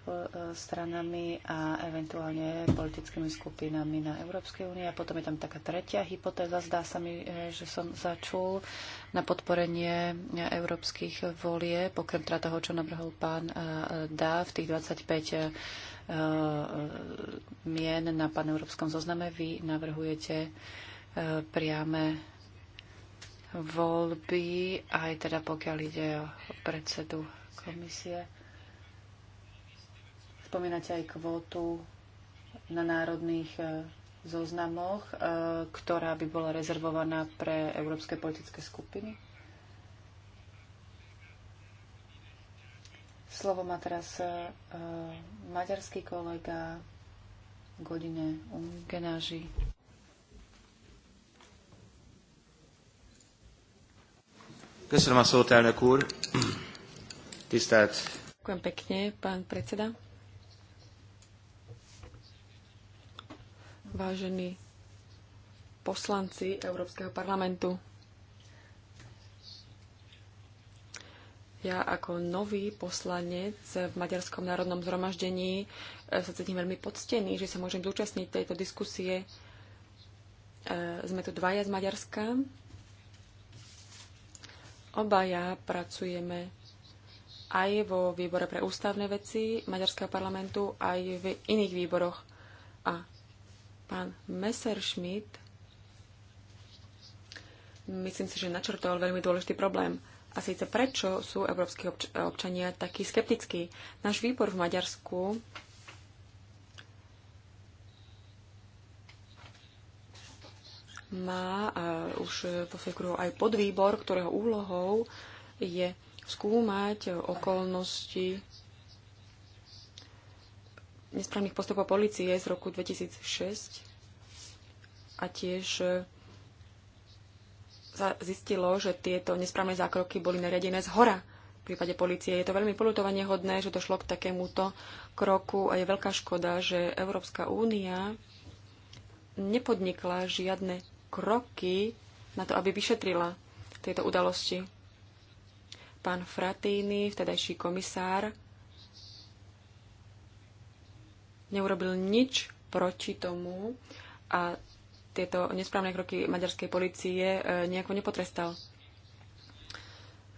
stranami a eventuálne politickými skupinami na Európskej únie. A potom je tam taká tretia hypotéza, zdá sa mi, e, že som začul, na podporenie európskych volie, pokrem teda toho, čo navrhol pán e, Dá v tých 25 mien na európskom zozname. Vy navrhujete priame voľby, aj teda pokiaľ ide o predsedu komisie. Spomínate aj kvótu na národných e, zoznamoch, e, ktorá by bola rezervovaná pre európske politické skupiny? Slovo má teraz e, maďarský kolega Godine Ungenáži. Köszönöm a szót, elnök úr. Tisztelt. Ďakujem pekne, pán predseda. Vážení poslanci Európskeho parlamentu, Ja ako nový poslanec v Maďarskom národnom zhromaždení eh, sa cítim veľmi poctený, že sa môžem zúčastniť tejto diskusie. Eh, sme tu dvaja z Maďarska, Obaja pracujeme aj vo výbore pre ústavné veci Maďarského parlamentu, aj v iných výboroch. A pán Messerschmidt, myslím si, že načrtoval veľmi dôležitý problém. A síce prečo sú európsky obč- občania takí skeptickí? Náš výbor v Maďarsku má už e, po FEKRU aj podvýbor, ktorého úlohou je skúmať okolnosti nesprávnych postupov policie z roku 2006 a tiež sa e, zistilo, že tieto nesprávne zákroky boli nariadené z hora v prípade policie. Je to veľmi polutovanie hodné, že došlo k takémuto kroku a je veľká škoda, že Európska únia nepodnikla žiadne kroky na to, aby vyšetrila tieto udalosti. Pán Fratýny, vtedajší komisár, neurobil nič proti tomu a tieto nesprávne kroky maďarskej policie e, nejako nepotrestal.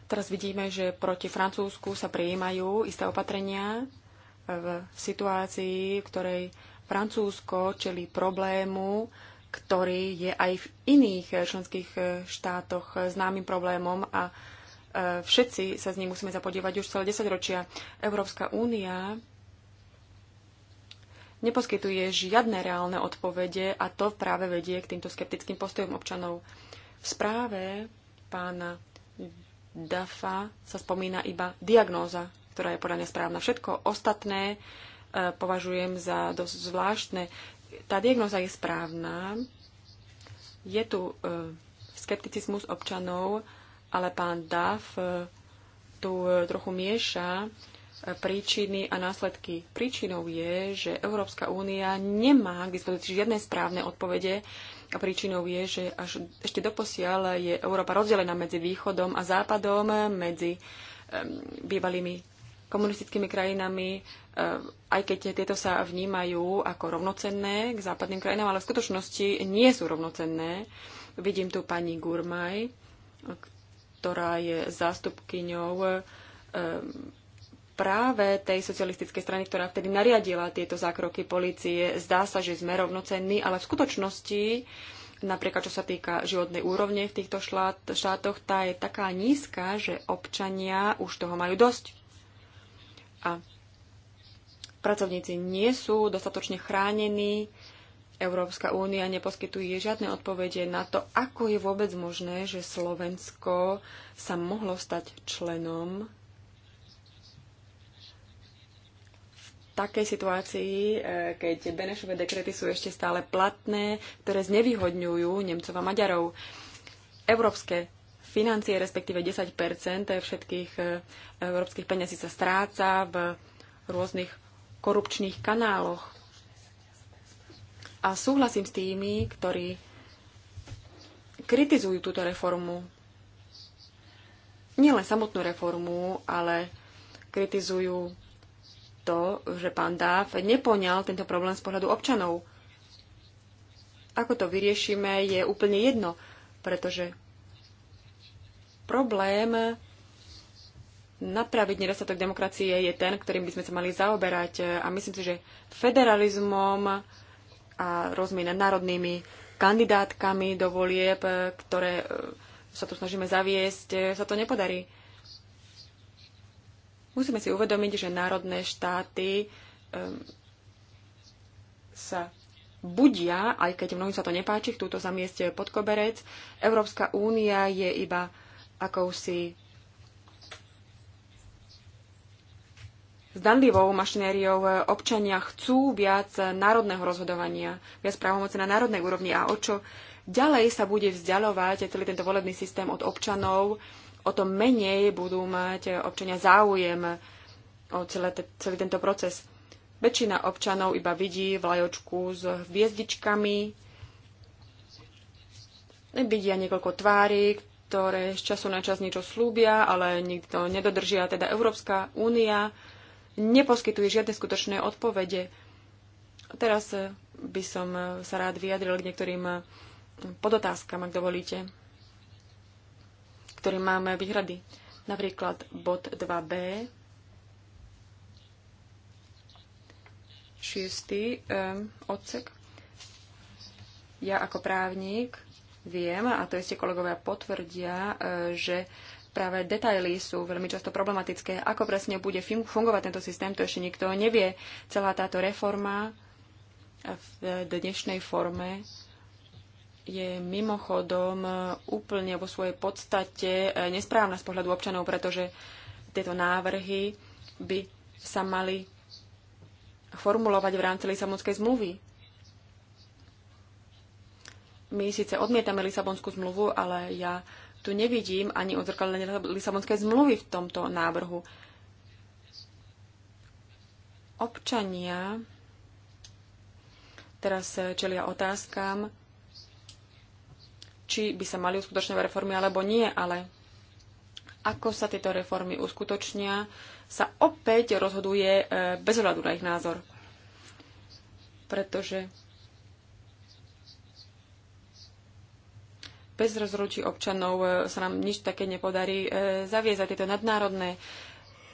Teraz vidíme, že proti Francúzsku sa prijímajú isté opatrenia v situácii, v ktorej Francúzsko čelí problému ktorý je aj v iných eh, členských eh, štátoch eh, známym problémom a všetci sa s ním musíme zapodievať už celé 10 ročia. Európska únia neposkytuje žiadne reálne odpovede a to práve vedie k týmto skeptickým postojom občanov. V správe pána DAFA sa spomína iba diagnóza, ktorá je podľa mňa správna. Všetko ostatné považujem za dosť zvláštne tá diagnoza je správna. Je tu e, skepticizmus občanov, ale pán Duff e, tu e, trochu mieša príčiny a následky. Príčinou je, že Európska únia nemá k dispozícii žiadne správne odpovede a príčinou je, že až ešte doposiaľ je Európa rozdelená medzi východom a západom, medzi bývalými komunistickými krajinami, e, aj keď tieto sa vnímajú ako rovnocenné k západným krajinám, ale v skutočnosti nie sú rovnocenné. Vidím tu pani Gurmaj, ktorá je zástupkyňou e, práve tej socialistickej strany, ktorá vtedy nariadila tieto zákroky policie. Zdá sa, že sme rovnocenní, ale v skutočnosti, napríklad čo sa týka životnej úrovne v týchto štátoch, tá je taká nízka, že občania už toho majú dosť a pracovníci nie sú dostatočne chránení. Európska únia neposkytuje žiadne odpovede na to, ako je vôbec možné, že Slovensko sa mohlo stať členom V takej situácii, e, keď Benešové dekrety sú ešte stále platné, ktoré znevýhodňujú Nemcov a Maďarov. Európske financie, respektíve 10 všetkých e, európskych peniazí sa stráca v rôznych korupčných kanáloch. A súhlasím s tými, ktorí kritizujú túto reformu. Nielen samotnú reformu, ale kritizujú to, že pán Dáv nepoňal tento problém z pohľadu občanov. Ako to vyriešime, je úplne jedno, pretože problém napraviť nedostatok demokracie je ten, ktorým by sme sa mali zaoberať. A myslím si, že federalizmom a rôznymi národnými kandidátkami do volieb, ktoré e, sa tu snažíme zaviesť, e, sa to nepodarí. Musíme si uvedomiť, že národné štáty um, sa budia, aj keď mnohým sa to nepáči, túto to zamiesť pod koberec. Európska únia je iba akousi zdanlivou mašinériou občania chcú viac národného rozhodovania, viac právomoci na národnej úrovni a o čo ďalej sa bude vzdialovať celý tento volebný systém od občanov, o to menej budú mať občania záujem o celé te, celý tento proces. Väčšina občanov iba vidí vlajočku s hviezdičkami, vidia niekoľko tvári, ktoré z času na čas niečo slúbia, ale nikto nedodržia. Teda Európska únia neposkytuje žiadne skutočné odpovede. Teraz eh, by som eh, sa rád vyjadril k niektorým eh, podotázkam, ak dovolíte, ktorým máme výhrady. Napríklad bod 2b, 6. odsek. Ja ako právnik Viem, a to iste kolegovia potvrdia, e, že práve detaily sú veľmi často problematické. Ako presne bude fungovať tento systém, to ešte nikto nevie. Celá táto reforma v dnešnej forme je mimochodom úplne vo svojej podstate e, nesprávna z pohľadu občanov, pretože tieto návrhy by sa mali formulovať v rámci Lisabonskej zmluvy my síce odmietame Lisabonskú zmluvu, ale ja tu nevidím ani odzrkadlenie Lisabonskej zmluvy v tomto návrhu. Občania teraz čelia otázkam, či by sa mali uskutočňovať reformy alebo nie, ale ako sa tieto reformy uskutočnia, sa opäť rozhoduje e, bez hľadu na ich názor. Pretože bez rozručí občanov e, sa nám nič také nepodarí e, zaviezať tieto nadnárodné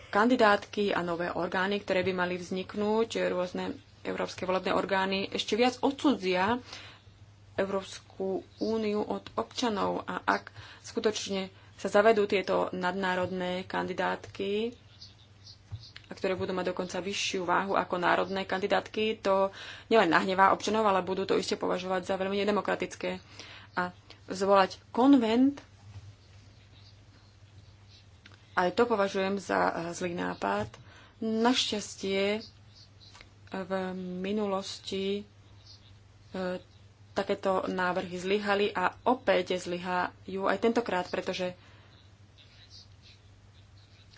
kandidátky a nové orgány, ktoré by mali vzniknúť, e, rôzne európske volebné orgány, ešte viac odsudzia Európsku úniu od občanov. A ak skutočne sa zavedú tieto nadnárodné kandidátky, a ktoré budú mať dokonca vyššiu váhu ako národné kandidátky, to nielen nahnevá občanov, ale budú to iste považovať za veľmi nedemokratické. A zvolať konvent. Aj to považujem za eh, zlý nápad. Našťastie eh, v minulosti eh, takéto návrhy zlyhali a opäť zlyhajú aj tentokrát, pretože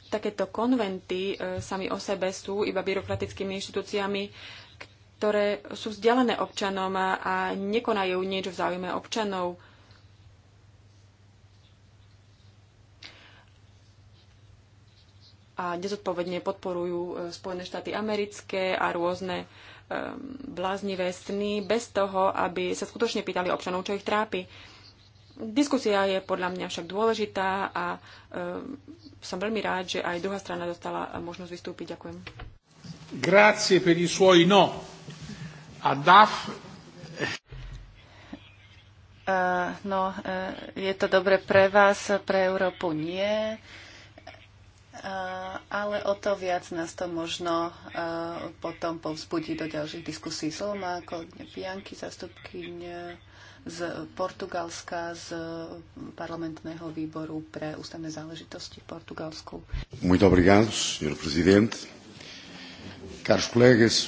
takéto konventy sami o sebe sú iba byrokratickými inštitúciami, ktoré sú vzdialené občanom a nekonajú niečo v záujme občanov. a nezodpovedne podporujú e, Spojené štáty americké a rôzne e, bláznivé sny bez toho, aby sa skutočne pýtali občanov, čo ich trápi. Diskusia je podľa mňa však dôležitá a um, som veľmi rád, že aj druhá strana dostala možnosť vystúpiť. Ďakujem. Grazie per i suoi no. A DAF... Uh, no, uh, je to dobre pre vás, pre Európu nie. Uh, ale o to viac nás to možno potom povzbudí do ďalších diskusí. Slovo má kolegyňa Bianky, zastupky z Portugalska, z parlamentného výboru pre ústavné záležitosti v Portugalsku. Muito obrigado, senhor presidente. Caros colegas,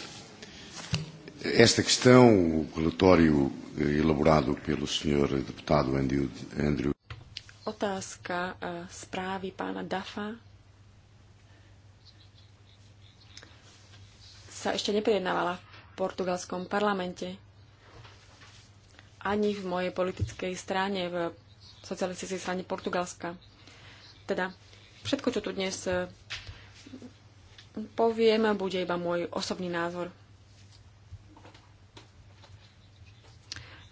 esta questão, o relatório eh, elaborado pelo senhor deputado Andrew Otázka eh, správy pána Dafa sa ešte neprejednávala v portugalskom parlamente. Ani v mojej politickej strane, v socialistickej strane Portugalska. Teda všetko, čo tu dnes eh, poviem, bude iba môj osobný názor.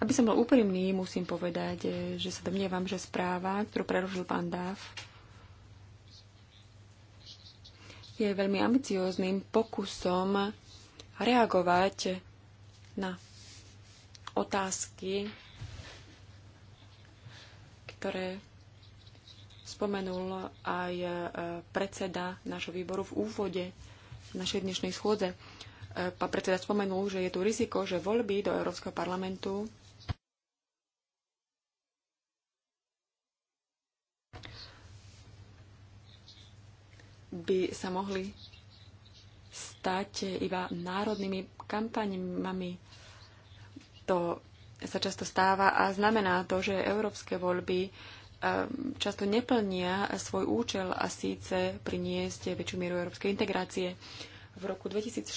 Aby som bol úprimný, musím povedať, eh, že sa domnievam, že správa, ktorú prerožil pán Dáv, je veľmi ambicióznym pokusom reagovať na otázky, ktoré spomenul aj e, predseda nášho výboru v úvode našej dnešnej schôdze. E, pán predseda spomenul, že je tu riziko, že voľby do Európskeho parlamentu by sa mohli stať iba národnými kampaňami. To sa často stáva a znamená to, že európske voľby eh, často neplnia svoj účel a síce priniesť väčšiu mieru európskej integrácie. V roku 2014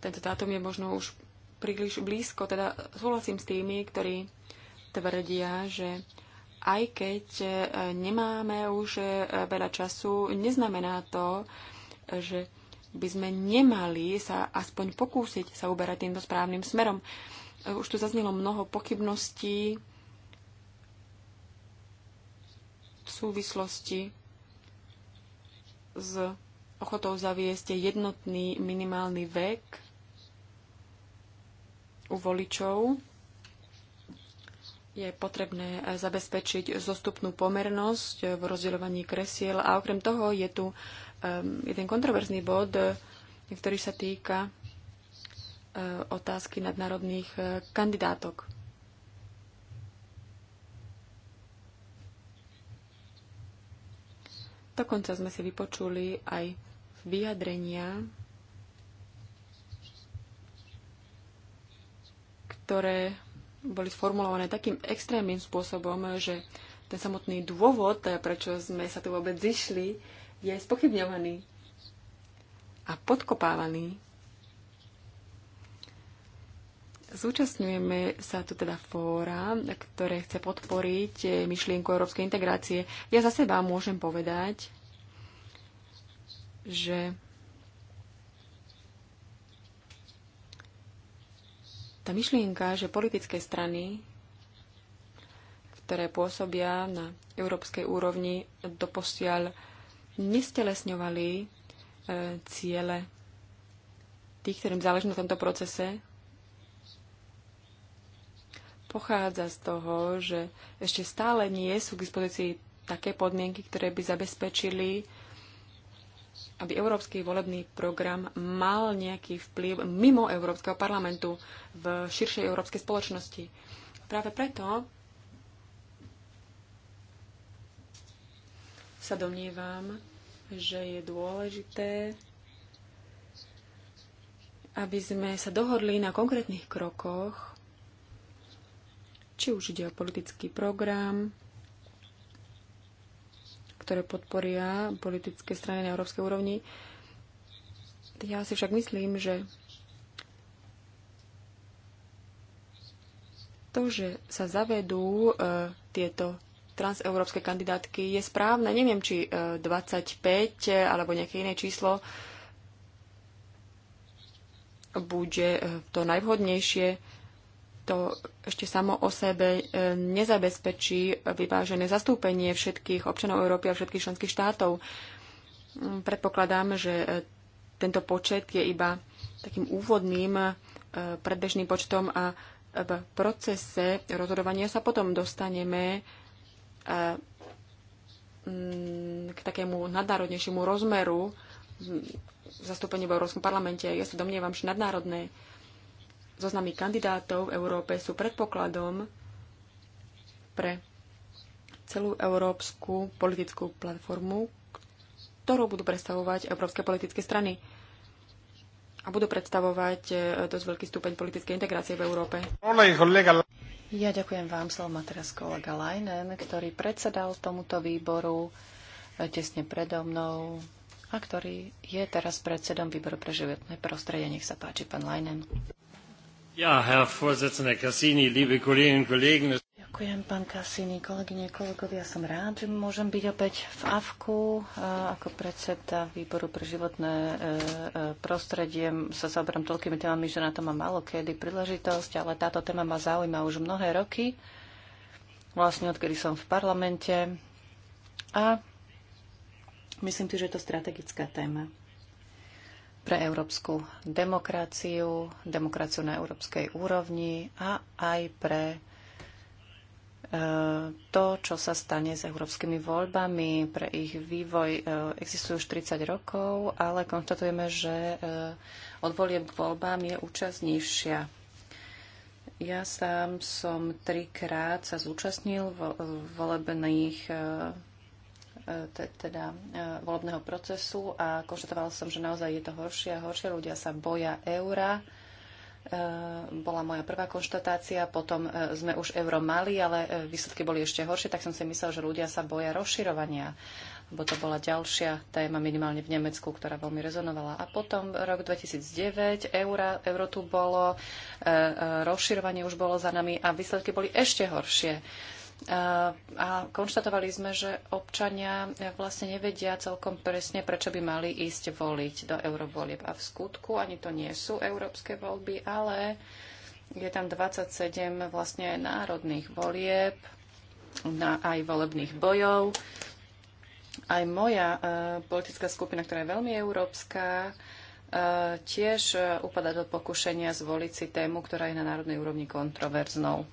tento dátum je možno už príliš blízko. Teda súhlasím s tými, ktorí tvrdia, že aj keď e, nemáme už e, veľa času, neznamená to, že by sme nemali sa aspoň pokúsiť sa uberať týmto správnym smerom. E, už tu zaznelo mnoho pochybností v súvislosti s ochotou zaviesť jednotný minimálny vek u voličov, je potrebné eh, zabezpečiť zostupnú pomernosť eh, v rozdeľovaní kresiel a okrem toho je tu ehm, jeden kontroverzný bod, eh, ktorý sa týka otázky nadnárodných kandidátok. Dokonca sme si vypočuli aj vyjadrenia ktoré boli sformulované takým extrémnym spôsobom, že ten samotný dôvod, prečo sme sa tu vôbec zišli, je spochybňovaný a podkopávaný. Zúčastňujeme sa tu teda fóra, ktoré chce podporiť myšlienku európskej integrácie. Ja za seba môžem povedať, že Tá myšlienka, že politické strany, ktoré pôsobia na európskej úrovni, doposiaľ nestelesňovali e, ciele tých, ktorým záleží na tomto procese, pochádza z toho, že ešte stále nie sú k dispozícii také podmienky, ktoré by zabezpečili aby európsky volebný program mal nejaký vplyv mimo Európskeho parlamentu v širšej európskej spoločnosti. Práve preto sa domnievam, že je dôležité, aby sme sa dohodli na konkrétnych krokoch, či už ide o politický program, ktoré podporia politické strany na európskej úrovni. Ja si však myslím, že to, že sa zavedú e, tieto transeurópske kandidátky, je správne. Neviem, či e, 25 e, alebo nejaké iné číslo bude e, to najvhodnejšie to ešte samo o sebe e, nezabezpečí vyvážené zastúpenie všetkých občanov Európy a všetkých členských štátov. Mm, predpokladám, že e, tento počet je iba takým úvodným e, predbežným počtom a v procese rozhodovania sa potom dostaneme mm, k takému nadnárodnejšiemu rozmeru mm, zastúpenie v Európskom parlamente. Ja sa domnievam, že nadnárodné zoznamy kandidátov v Európe sú predpokladom pre celú európsku politickú platformu, ktorú budú predstavovať európske politické strany a budú predstavovať e, dosť veľký stupeň politickej integrácie v Európe. Ja ďakujem vám, slovo má teraz kolega Leinen, ktorý predsedal tomuto výboru e, tesne predo mnou a ktorý je teraz predsedom výboru pre životné prostredie. Nech sa páči, pán Leinen. Ďakujem, pán Kasiny, kolegyne, kolegovia. Som rád, že môžem byť opäť v AFKu. Ako predseda výboru pre životné e, e, prostredie sa zaoberám toľkými témami, že na to mám málo kedy príležitosť, ale táto téma ma zaujíma už mnohé roky. Vlastne odkedy som v parlamente. A myslím si, že je to strategická téma pre európsku demokraciu, demokraciu na európskej úrovni a aj pre e, to, čo sa stane s európskymi voľbami, pre ich vývoj e, existujú už 30 rokov, ale konštatujeme, že e, od volieb k voľbám je účasť nižšia. Ja sám som trikrát sa zúčastnil vo volebných E, teda e, volebného procesu a konštatovala som, že naozaj je to horšie a horšie. Ľudia sa boja eura. E, bola moja prvá konštatácia, potom sme už euro mali, ale výsledky boli ešte horšie, tak som si myslel, že ľudia sa boja rozširovania lebo to bola ďalšia téma minimálne v Nemecku, ktorá veľmi rezonovala. A potom rok 2009, euro, euro tu bolo, e, e, rozširovanie už bolo za nami a výsledky boli ešte horšie a konštatovali sme, že občania vlastne nevedia celkom presne, prečo by mali ísť voliť do eurovolieb. A v skutku ani to nie sú európske voľby, ale je tam 27 vlastne národných volieb na aj volebných bojov. Aj moja e, politická skupina, ktorá je veľmi európska, e, tiež e, upada do pokušenia zvoliť si tému, ktorá je na národnej úrovni kontroverznou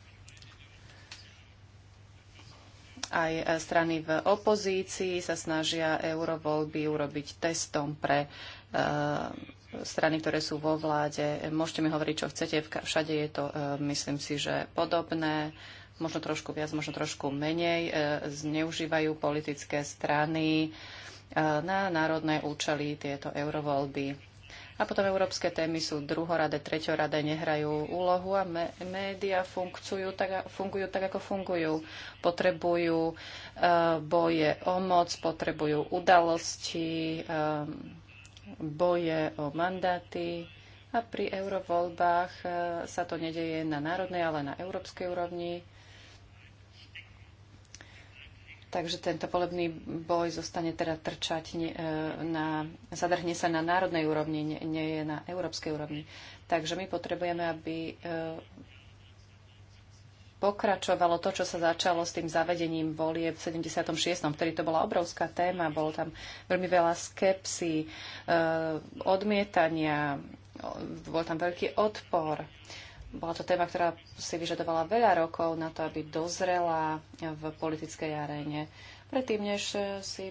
aj e, strany v opozícii sa snažia eurovoľby urobiť testom pre e, strany, ktoré sú vo vláde. Môžete mi hovoriť, čo chcete, všade je to, e, myslím si, že podobné možno trošku viac, možno trošku menej, zneužívajú politické strany na národné účely tieto eurovoľby. A potom európske témy sú druhoradé, treťoradé, nehrajú úlohu a me- médiá tak, fungujú tak, ako fungujú. Potrebujú e, boje o moc, potrebujú udalosti, e, boje o mandáty. A pri eurovoľbách e, sa to nedeje na národnej, ale na európskej úrovni Takže tento volebný boj zostane teda trčať, ne, e, na, zadrhne sa na národnej úrovni, nie, nie je na európskej úrovni. Takže my potrebujeme, aby e, pokračovalo to, čo sa začalo s tým zavedením volie v 76. vtedy to bola obrovská téma, bolo tam veľmi veľa skepsy, e, odmietania, bol tam veľký odpor. Bola to téma, ktorá si vyžadovala veľa rokov na to, aby dozrela v politickej aréne. Predtým, než si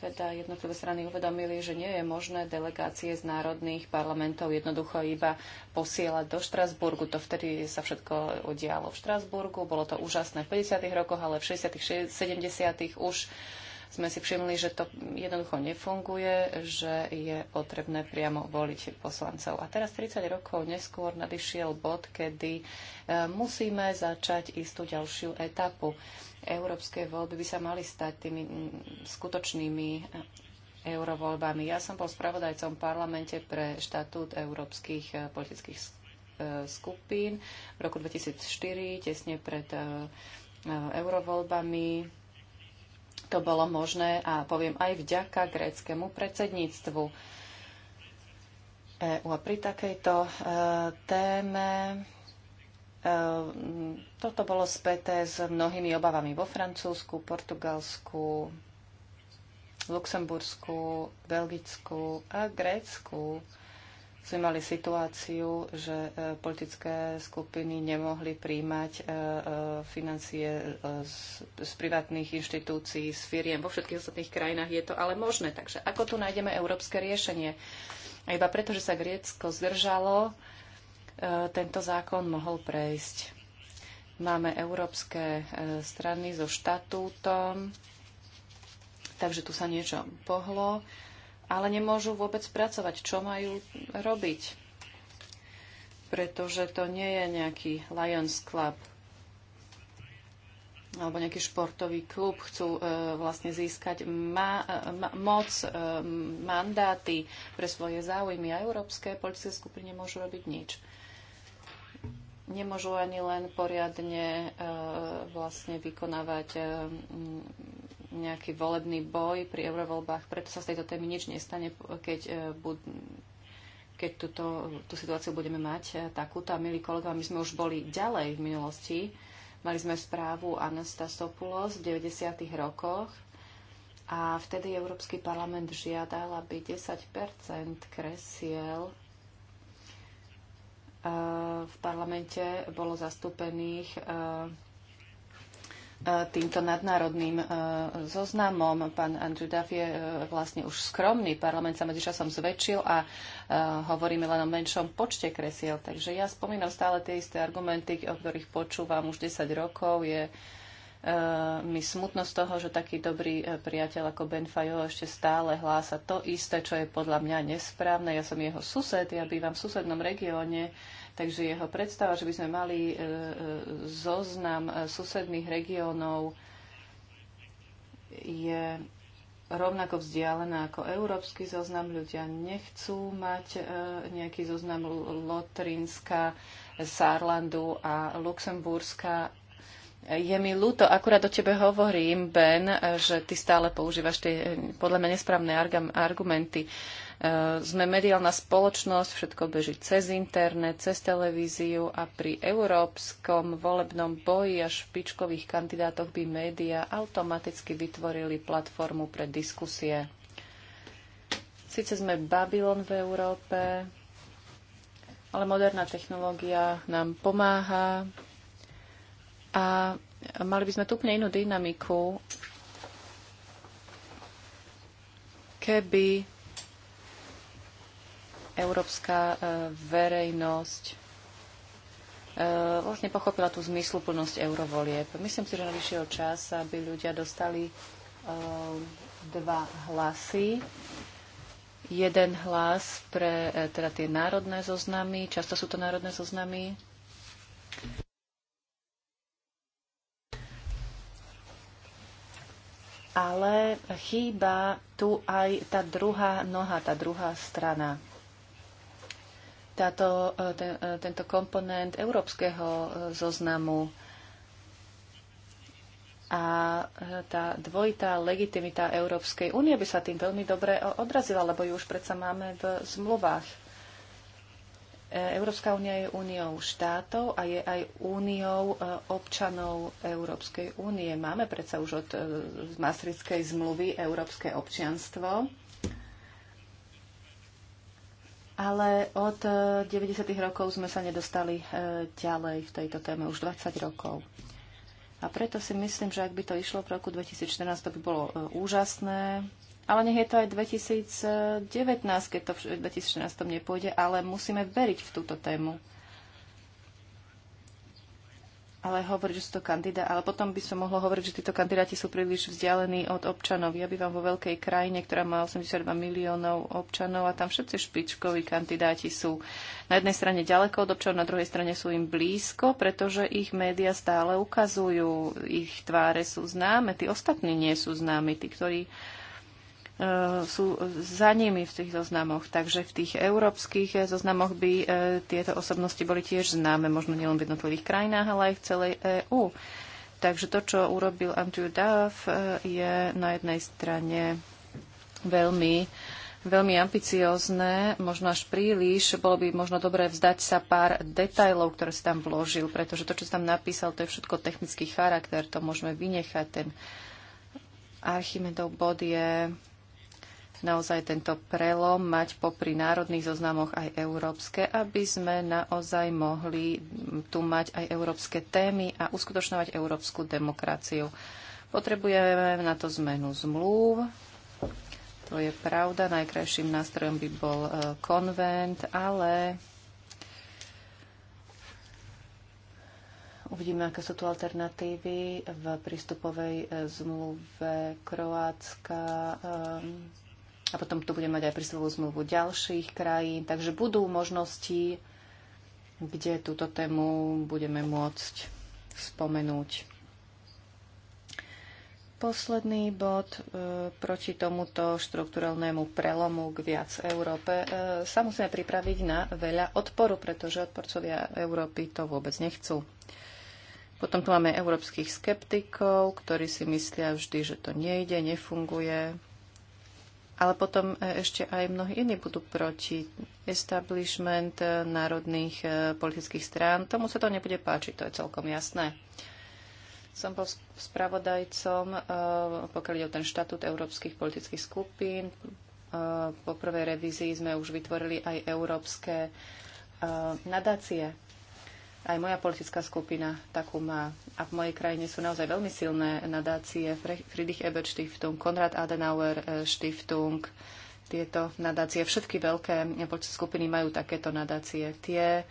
teda jednotlivé strany uvedomili, že nie je možné delegácie z národných parlamentov jednoducho iba posielať do Štrasburgu. To vtedy sa všetko udialo v Štrasburgu. Bolo to úžasné v 50. rokoch, ale v 60. 70. už sme si všimli, že to jednoducho nefunguje, že je potrebné priamo voliť poslancov. A teraz 30 rokov neskôr nadišiel bod, kedy e, musíme začať istú ďalšiu etapu. Európske voľby by sa mali stať tými skutočnými e, eurovoľbami. Ja som bol spravodajcom v parlamente pre štatút európskych e, politických skupín v roku 2004, tesne pred eurovoľbami to bolo možné a poviem aj vďaka gréckému predsedníctvu. EU. A pri takejto e, téme e, toto bolo späté s mnohými obavami vo Francúzsku, Portugalsku, Luxembursku, Belgicku a Grécku sme mali situáciu, že e, politické skupiny nemohli príjmať e, e, financie z, privátnych inštitúcií, z firiem. Vo všetkých ostatných krajinách je to ale možné. Takže ako tu nájdeme európske riešenie? A iba preto, že sa Grécko zdržalo, tento zákon mohol prejsť. Máme európske strany so štatútom, takže tu sa niečo pohlo ale nemôžu vôbec pracovať. Čo majú robiť? Pretože to nie je nejaký Lions Club alebo nejaký športový klub. Chcú e, vlastne získať ma, e, ma, moc, e, mandáty pre svoje záujmy. A európske politické skupiny nemôžu robiť nič nemôžu ani len poriadne e, vlastne vykonávať e, nejaký volebný boj pri eurovoľbách, preto sa z tejto témy nič nestane, keď, e, keď túto, tú situáciu budeme mať e, takúto. A milí kolegovia, my sme už boli ďalej v minulosti. Mali sme správu Anastasopoulos v 90. rokoch a vtedy Európsky parlament žiadal, aby 10 kresiel e, v parlamente bolo zastúpených Eh, týmto nadnárodným eh, zoznamom. Pán Andrew Duff je eh, vlastne už skromný, parlament sa medzičasom zväčšil a hovoríme len o menšom počte kresiel. Takže ja spomínam stále tie isté argumenty, o ktorých počúvam už 10 rokov. Je mi smutno z toho, že taký dobrý priateľ ako Ben Fajo ešte stále hlása to isté, čo je podľa mňa nesprávne. Ja som jeho sused, ja bývam v susednom regióne Takže jeho predstava, že by sme mali e, e, zoznam e, susedných regiónov, je rovnako vzdialená ako európsky zoznam. Ľudia nechcú mať nejaký zoznam Lotrinska, Sárlandu a Luxemburska. Je mi ľúto, akurát do tebe hovorím, Ben, že ty stále používaš tie podľa mňa nesprávne argumenty. Eh, sme mediálna spoločnosť, všetko beží cez internet, cez televíziu a pri európskom volebnom boji a špičkových kandidátoch by média automaticky vytvorili platformu pre diskusie. Sice sme Babylon v Európe, ale moderná technológia nám pomáha a mali by sme tu úplne inú dynamiku, keby európska e, verejnosť e, vlastne pochopila tú zmysluplnosť eurovolieb. Myslím si, že najvyššieho čas, aby ľudia dostali e, dva hlasy. Jeden hlas pre teda tie národné zoznamy, často sú to národné zoznamy. Ale chýba tu aj tá druhá noha, tá druhá strana táto, e, ten, e, tento komponent európskeho e, zoznamu a tá dvojitá legitimita Európskej únie by sa tým veľmi dobre odrazila, lebo ju už predsa máme v zmluvách. Európska únia je úniou štátov a je aj úniou občanov Európskej únie. Máme predsa už od Maastrichtskej zmluvy európske občianstvo ale od 90. Eh, rokov sme sa nedostali eh, ďalej v tejto téme, už 20 rokov. A preto si myslím, že ak by to išlo v roku 2014, to by bolo eh, úžasné. Ale nech je to aj 2019, keď to v 2014 nepôjde, ale musíme veriť v túto tému ale hovorí, že sú to kandidáti, ale potom by som mohlo hovoriť, že títo kandidáti sú príliš vzdialení od občanov. Ja bývam vo veľkej krajine, ktorá má 82 miliónov občanov a tam všetci špičkoví kandidáti sú na jednej strane ďaleko od občanov, na druhej strane sú im blízko, pretože ich médiá stále ukazujú, ich tváre sú známe, tí ostatní nie sú známi, tí, ktorí E, sú za nimi v tých zoznamoch. Takže v tých európskych e, zoznamoch by e, tieto osobnosti boli tiež známe, možno nielen v jednotlivých krajinách, ale aj v celej EÚ. Takže to, čo urobil Andrew Duff, je na jednej strane veľmi veľmi ambiciozne, možno až príliš. Bolo by možno dobré vzdať sa pár detajlov, ktoré si tam vložil, pretože to, čo si tam napísal, to je všetko technický charakter, to môžeme vynechať. Ten Archimedov bod je naozaj tento prelom mať popri národných zoznamoch aj európske, aby sme naozaj mohli tu mať aj európske témy a uskutočňovať európsku demokraciu. Potrebujeme na to zmenu zmluv, to je pravda, najkrajším nástrojom by bol e, konvent, ale Uvidíme, aké sú tu alternatívy v prístupovej e, zmluve Kroácka. Um, e, a potom tu budeme mať aj prísľovú zmluvu ďalších krajín, takže budú možnosti, kde túto tému budeme môcť spomenúť. Posledný bod e, proti tomuto štruktúralnému prelomu k viac Európe e, sa musíme pripraviť na veľa odporu, pretože odporcovia Európy to vôbec nechcú. Potom tu máme európskych skeptikov, ktorí si myslia vždy, že to nejde, nefunguje, ale potom e, ešte aj mnohí iní budú proti establishment e, národných e, politických strán. Tomu sa to nebude páčiť, to je celkom jasné. Som bol spravodajcom, pokiaľ ide o ten štatút európskych politických skupín. Po prvej revízii sme už vytvorili aj európske nadácie aj moja politická skupina takú má. A v mojej krajine sú naozaj veľmi silné nadácie Friedrich Ebert Stiftung, Konrad Adenauer eh, Stiftung. Tieto nadácie, všetky veľké politické skupiny majú takéto nadácie. Tie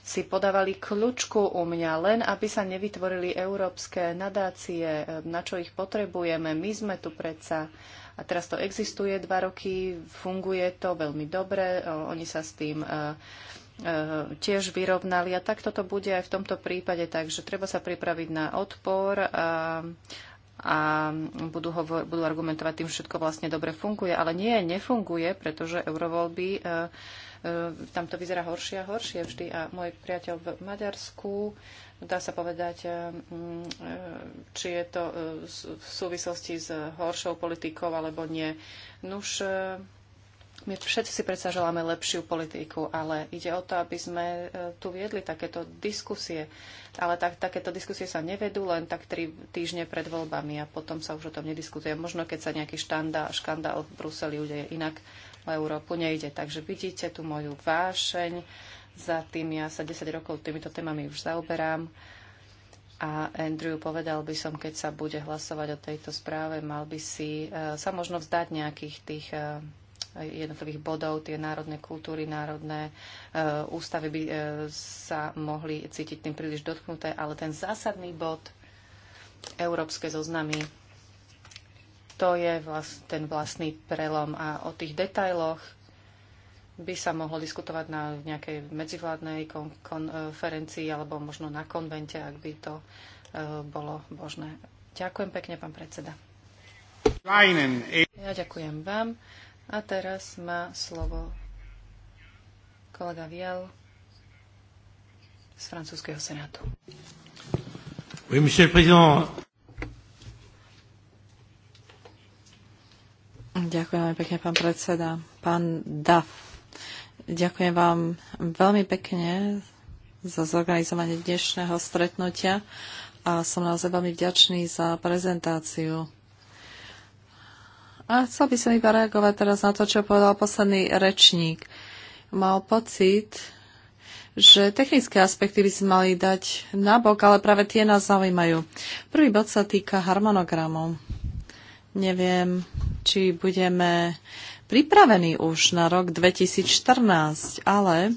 si podávali kľúčku u mňa, len aby sa nevytvorili európske nadácie, eh, na čo ich potrebujeme. My sme tu predsa. A teraz to existuje dva roky, funguje to veľmi dobre, eh, oni sa s tým uh, E, tiež vyrovnali. A tak toto bude aj v tomto prípade, takže treba sa pripraviť na odpor a, a budú, hovor, budú argumentovať tým, že všetko vlastne dobre funguje. Ale nie, nefunguje, pretože eurovoľby, e, e, tam to vyzerá horšie a horšie vždy. A môj priateľ v Maďarsku, dá sa povedať, či je to v súvislosti s horšou politikou alebo nie. Nuž, my všetci si predsa želáme lepšiu politiku, ale ide o to, aby sme e, tu viedli takéto diskusie. Ale tak, takéto diskusie sa nevedú len tak tri týždne pred voľbami a potom sa už o tom nediskutuje. Možno keď sa nejaký štandál, škandál v Bruseli udeje inak, o Európu nejde. Takže vidíte tu moju vášeň za tým. Ja sa 10 rokov týmito témami už zaoberám. A Andrew, povedal by som, keď sa bude hlasovať o tejto správe, mal by si e, sa možno vzdať nejakých tých e, jednotlivých bodov, tie národné kultúry, národné e, ústavy by e, sa mohli cítiť tým príliš dotknuté, ale ten zásadný bod, európske zoznamy, to je vlast, ten vlastný prelom a o tých detailoch by sa mohlo diskutovať na nejakej medzivládnej kon- konferencii alebo možno na konvente, ak by to e, bolo možné. Ďakujem pekne, pán predseda. E- ja ďakujem vám. A teraz má slovo kolega Vial z francúzského senátu. Oui, monsieur le président. Ďakujem pekne, pán predseda. Pán Daf, ďakujem vám veľmi pekne za zorganizovanie dnešného stretnutia a som naozaj veľmi vďačný za prezentáciu. A chcel by som iba reagovať teraz na to, čo povedal posledný rečník. Mal pocit, že technické aspekty by sme mali dať nabok, ale práve tie nás zaujímajú. Prvý bod sa týka harmonogramov. Neviem, či budeme pripravení už na rok 2014, ale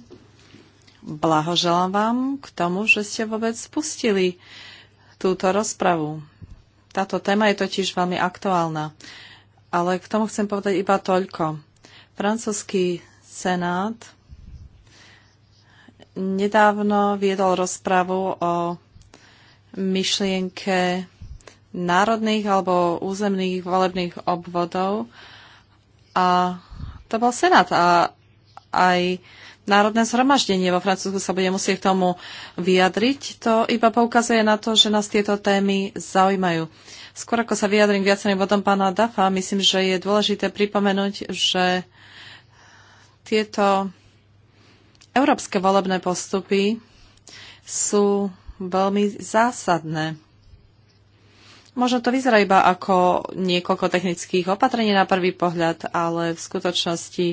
blahoželám vám k tomu, že ste vôbec spustili túto rozpravu. Táto téma je totiž veľmi aktuálna ale k tomu chcem povedať iba toľko. Francúzsky senát nedávno viedol rozpravu o myšlienke národných alebo územných volebných obvodov a to bol senát a aj Národné zhromaždenie vo Francúzsku sa bude musieť k tomu vyjadriť. To iba poukazuje na to, že nás tieto témy zaujímajú. Skôr ako sa vyjadrím k viacerým bodom pána Dafa, myslím, že je dôležité pripomenúť, že tieto európske volebné postupy sú veľmi zásadné. Možno to vyzerá iba ako niekoľko technických opatrení na prvý pohľad, ale v skutočnosti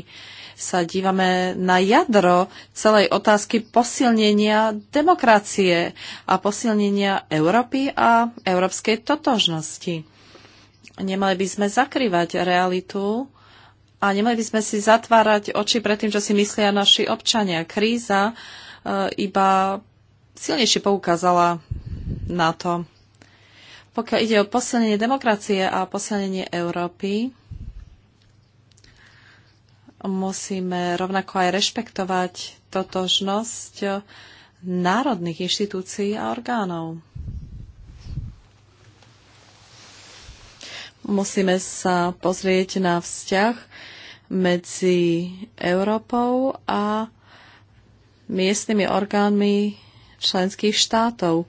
sa dívame na jadro celej otázky posilnenia demokracie a posilnenia Európy a európskej totožnosti. Nemali by sme zakrývať realitu a nemali by sme si zatvárať oči pred tým, čo si myslia naši občania. Kríza e, iba silnejšie poukázala na to. Pokiaľ ide o posilnenie demokracie a posilnenie Európy, musíme rovnako aj rešpektovať totožnosť národných inštitúcií a orgánov. Musíme sa pozrieť na vzťah medzi Európou a miestnymi orgánmi členských štátov.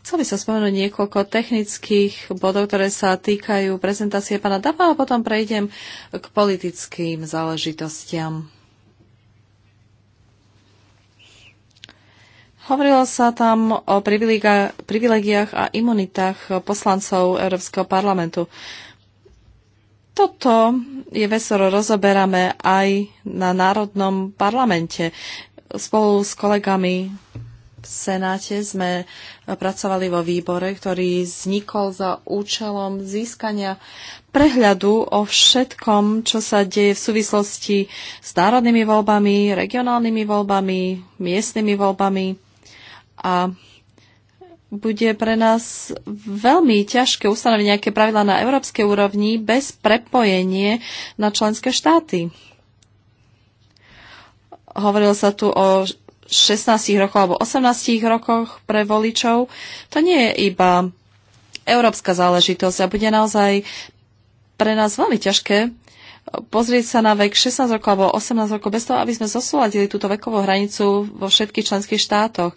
Chcel by sa spomenúť niekoľko technických bodov, ktoré sa týkajú prezentácie pána Dava a potom prejdem k politickým záležitostiam. Hovorilo sa tam o privilegiách a imunitách poslancov Európskeho parlamentu. Toto je vesoro rozoberáme aj na Národnom parlamente spolu s kolegami v Senáte sme eh, pracovali vo výbore, ktorý vznikol za účelom získania prehľadu o všetkom, čo sa deje v súvislosti s národnými voľbami, regionálnymi voľbami, miestnymi voľbami. A bude pre nás veľmi ťažké ustanoviť nejaké pravidla na európskej úrovni bez prepojenie na členské štáty. Hovorilo sa tu o 16 rokoch alebo 18 rokoch pre voličov. To nie je iba európska záležitosť a bude naozaj pre nás veľmi ťažké pozrieť sa na vek 16 rokov alebo 18 rokov bez toho, aby sme zosúladili túto vekovú hranicu vo všetkých členských štátoch.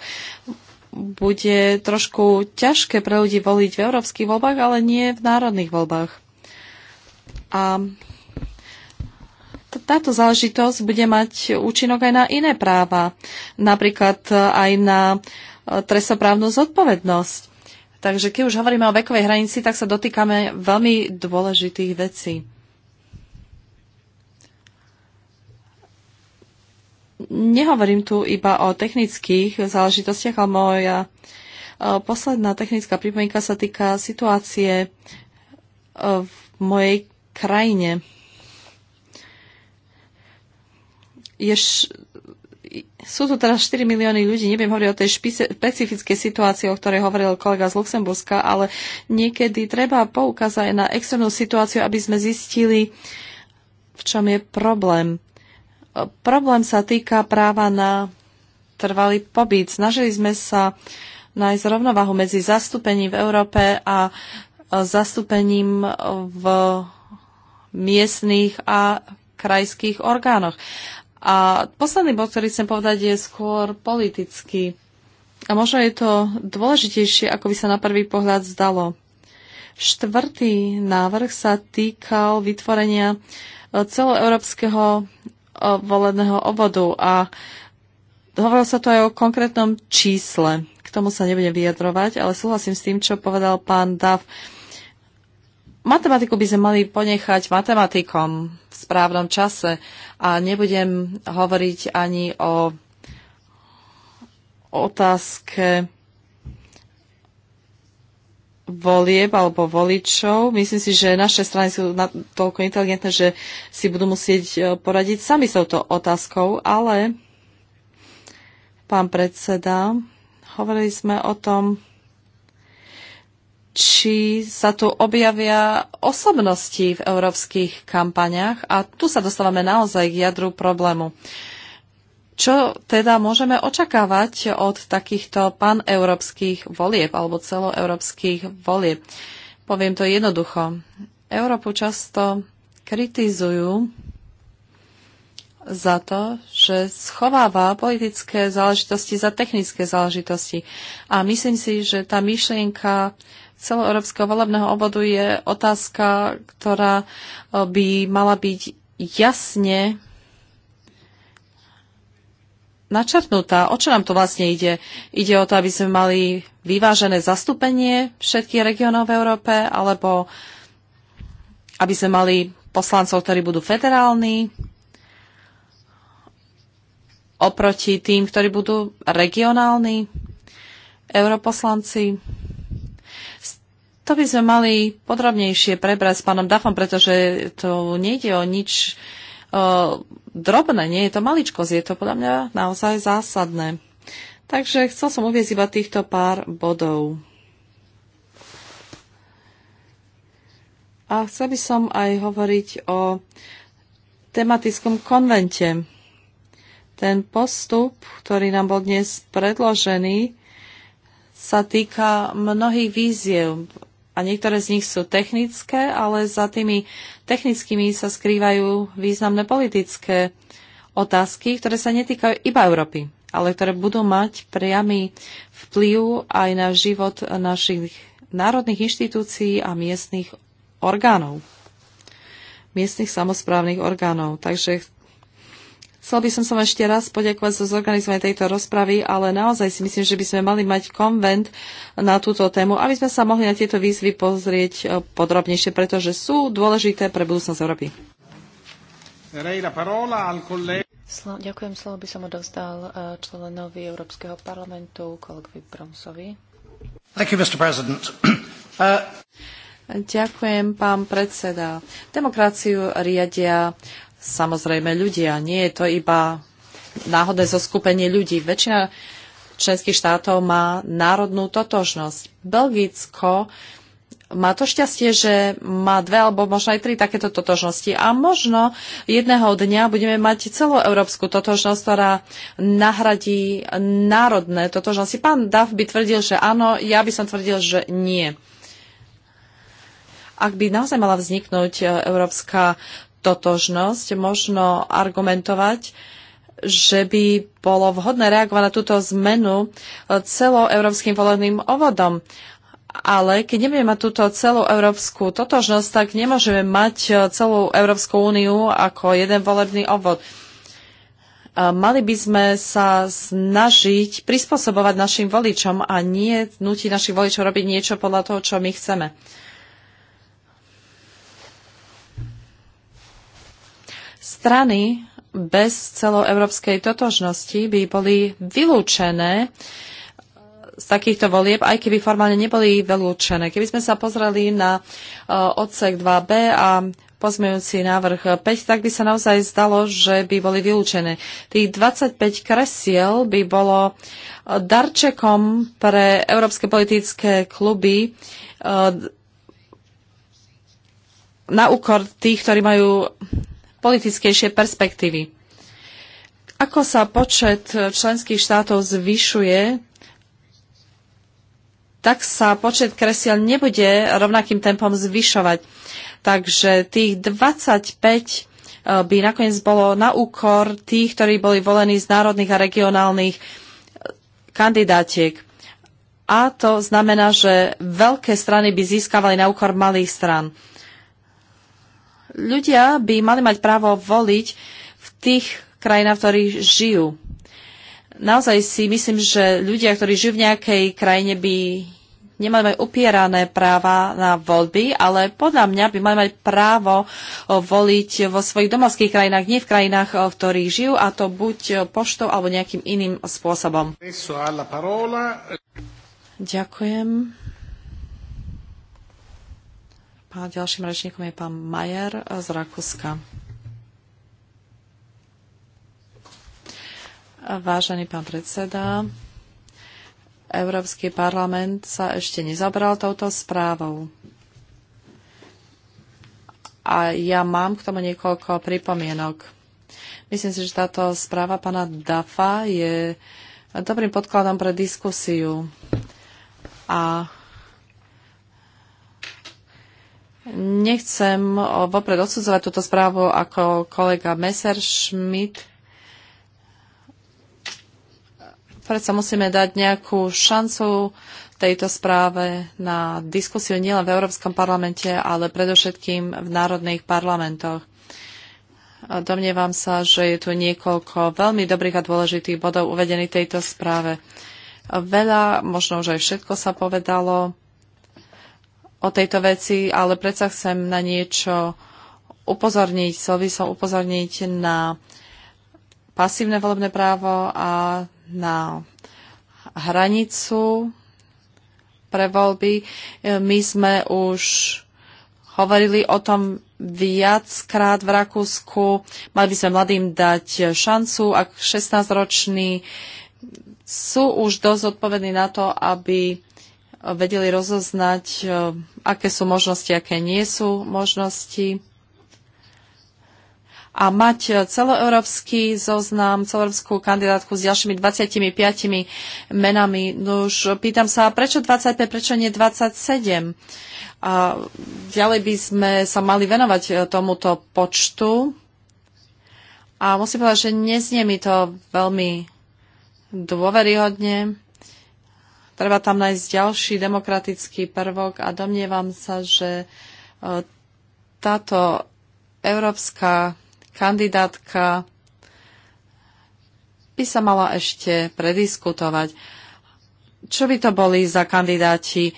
Bude trošku ťažké pre ľudí voliť v európskych voľbách, ale nie v národných voľbách. A táto záležitosť bude mať účinok aj na iné práva, napríklad e, aj na e, trestoprávnu zodpovednosť. Takže keď už hovoríme o vekovej hranici, tak sa dotýkame veľmi dôležitých vecí. Nehovorím tu iba o technických záležitostiach, ale moja e, posledná technická pripomienka sa týka situácie v mojej krajine. je š... sú tu teraz 4 milióny ľudí, neviem hovoriť o tej špecifické špecifickej situácii, o ktorej hovoril kolega z Luxemburska, ale niekedy treba poukázať na externú situáciu, aby sme zistili, v čom je problém. Problém sa týka práva na trvalý pobyt. Snažili sme sa nájsť rovnovahu medzi zastúpením v Európe a zastúpením v miestných a krajských orgánoch. A posledný bod, ktorý chcem povedať, je skôr politický. A možno je to dôležitejšie, ako by sa na prvý pohľad zdalo. Štvrtý návrh sa týkal vytvorenia e, celoeurópskeho e, voleného obvodu a hovorilo sa to aj o konkrétnom čísle. K tomu sa nebudem vyjadrovať, ale súhlasím s tým, čo povedal pán Dav. Matematiku by sme mali ponechať matematikom v správnom čase a nebudem hovoriť ani o otázke volieb alebo voličov. Myslím si, že naše strany sú toľko inteligentné, že si budú musieť e, poradiť sami s touto otázkou, ale pán predseda, hovorili sme o tom, či sa tu objavia osobnosti v európskych kampaniach a tu sa dostávame naozaj k jadru problému. Čo teda môžeme očakávať od takýchto paneurópskych volieb alebo celoeurópskych volieb? Poviem to jednoducho. Európu často kritizujú za to, že schováva politické záležitosti za technické záležitosti. A myslím si, že tá myšlienka celoeurópskeho volebného obvodu je otázka, ktorá e, by mala byť jasne načrtnutá. O čo nám to vlastne ide? Ide o to, aby sme mali vyvážené zastúpenie všetkých regiónov v Európe, alebo aby sme mali poslancov, ktorí budú federálni, oproti tým, ktorí budú regionálni europoslanci. To by sme mali podrobnejšie prebrať s pánom Dafom, pretože to nejde o nič o, drobné, nie je to maličkosť, je to podľa mňa naozaj zásadné. Takže chcel som uvieť iba týchto pár bodov. A chcel by som aj hovoriť o tematickom konvente. Ten postup, ktorý nám bol dnes predložený, sa týka mnohých víziev a niektoré z nich sú technické, ale za tými technickými sa skrývajú významné politické otázky, ktoré sa netýkajú iba Európy, ale ktoré budú mať priamy vplyv aj na život našich národných inštitúcií a miestnych orgánov miestnych samozprávnych orgánov. Takže Chcel by som sa vám ešte raz poďakovať za zorganizovanie tejto rozpravy, ale naozaj si myslím, že by sme mali mať konvent na túto tému, aby sme sa mohli na tieto výzvy pozrieť e, podrobnejšie, pretože sú dôležité pre budúcnosť Európy. Slo- ďakujem, slovo by som odovzdal e, členovi Európskeho parlamentu, kolegovi Bromsovi. Thank you, Mr. President. Uh... Ďakujem, pán predseda. Demokraciu riadia samozrejme ľudia. Nie je to iba náhodné zoskupenie ľudí. Väčšina členských štátov má národnú totožnosť. Belgicko má to šťastie, že má dve alebo možno aj tri takéto totožnosti. A možno jedného dňa budeme mať celú európsku totožnosť, ktorá nahradí národné totožnosti. Pán Dav by tvrdil, že áno, ja by som tvrdil, že nie. Ak by naozaj mala vzniknúť e, európska totožnosť, možno argumentovať, že by bolo vhodné reagovať na túto zmenu e, celou európskym volebným obvodom. Ale keď nebudeme mať túto celú európsku totožnosť, tak nemôžeme mať e, celú Európsku úniu ako jeden volebný obvod. E, mali by sme sa snažiť prispôsobovať našim voličom a nie nutiť našich voličov robiť niečo podľa toho, čo my chceme. strany bez celoeurópskej totožnosti by boli vylúčené z takýchto volieb, aj keby formálne neboli vylúčené. Keby sme sa pozreli na e, odsek 2b a pozmejúci návrh 5, tak by sa naozaj zdalo, že by boli vylúčené. Tých 25 kresiel by bolo e, darčekom pre európske politické kluby e, na úkor tých, ktorí majú politickejšie perspektívy. Ako sa počet členských štátov zvyšuje, tak sa počet kresiel nebude rovnakým tempom zvyšovať. Takže tých 25 eh, by nakoniec bolo na úkor tých, ktorí boli volení z národných a regionálnych eh, kandidátiek. A to znamená, že veľké strany by získavali na úkor malých stran ľudia by mali mať právo voliť v tých krajinách, v ktorých žijú. Naozaj si myslím, že ľudia, ktorí žijú v nejakej krajine, by nemali mať upierané práva na voľby, ale podľa mňa by mali mať právo voliť vo svojich domovských krajinách, nie v krajinách, v ktorých žijú, a to buď poštou alebo nejakým iným spôsobom. Ďakujem. A ďalším rečníkom je pán Majer z Rakúska. Vážený pán predseda, Európsky parlament sa ešte nezabral touto správou. A ja mám k tomu niekoľko pripomienok. Myslím si, že táto správa pána Dafa je dobrým podkladom pre diskusiu. A Nechcem vopred odsudzovať túto správu ako kolega Messerschmidt. Predsa musíme dať nejakú šancu tejto správe na diskusiu nielen v Európskom parlamente, ale predovšetkým v národných parlamentoch. Domnievam sa, že je tu niekoľko veľmi dobrých a dôležitých bodov uvedených tejto správe. Veľa, možno už aj všetko sa povedalo o tejto veci, ale predsa chcem na niečo upozorniť. Chcel by som upozorniť na pasívne volebné právo a na hranicu pre voľby. My sme už hovorili o tom viackrát v Rakúsku. Mali by sme mladým dať šancu, ak 16-roční sú už dosť odpovední na to, aby vedeli rozoznať, e, aké sú možnosti, aké nie sú možnosti a mať e, celoeurópsky zoznam, celoeurópsku kandidátku s ďalšími 25 menami. No už pýtam sa, prečo 25, prečo nie 27? A ďalej by sme sa mali venovať e, tomuto počtu. A musím povedať, že neznie mi to veľmi dôveryhodne. Treba tam nájsť ďalší demokratický prvok a domnievam sa, že e, táto európska kandidátka by sa mala ešte prediskutovať. Čo by to boli za kandidáti? E,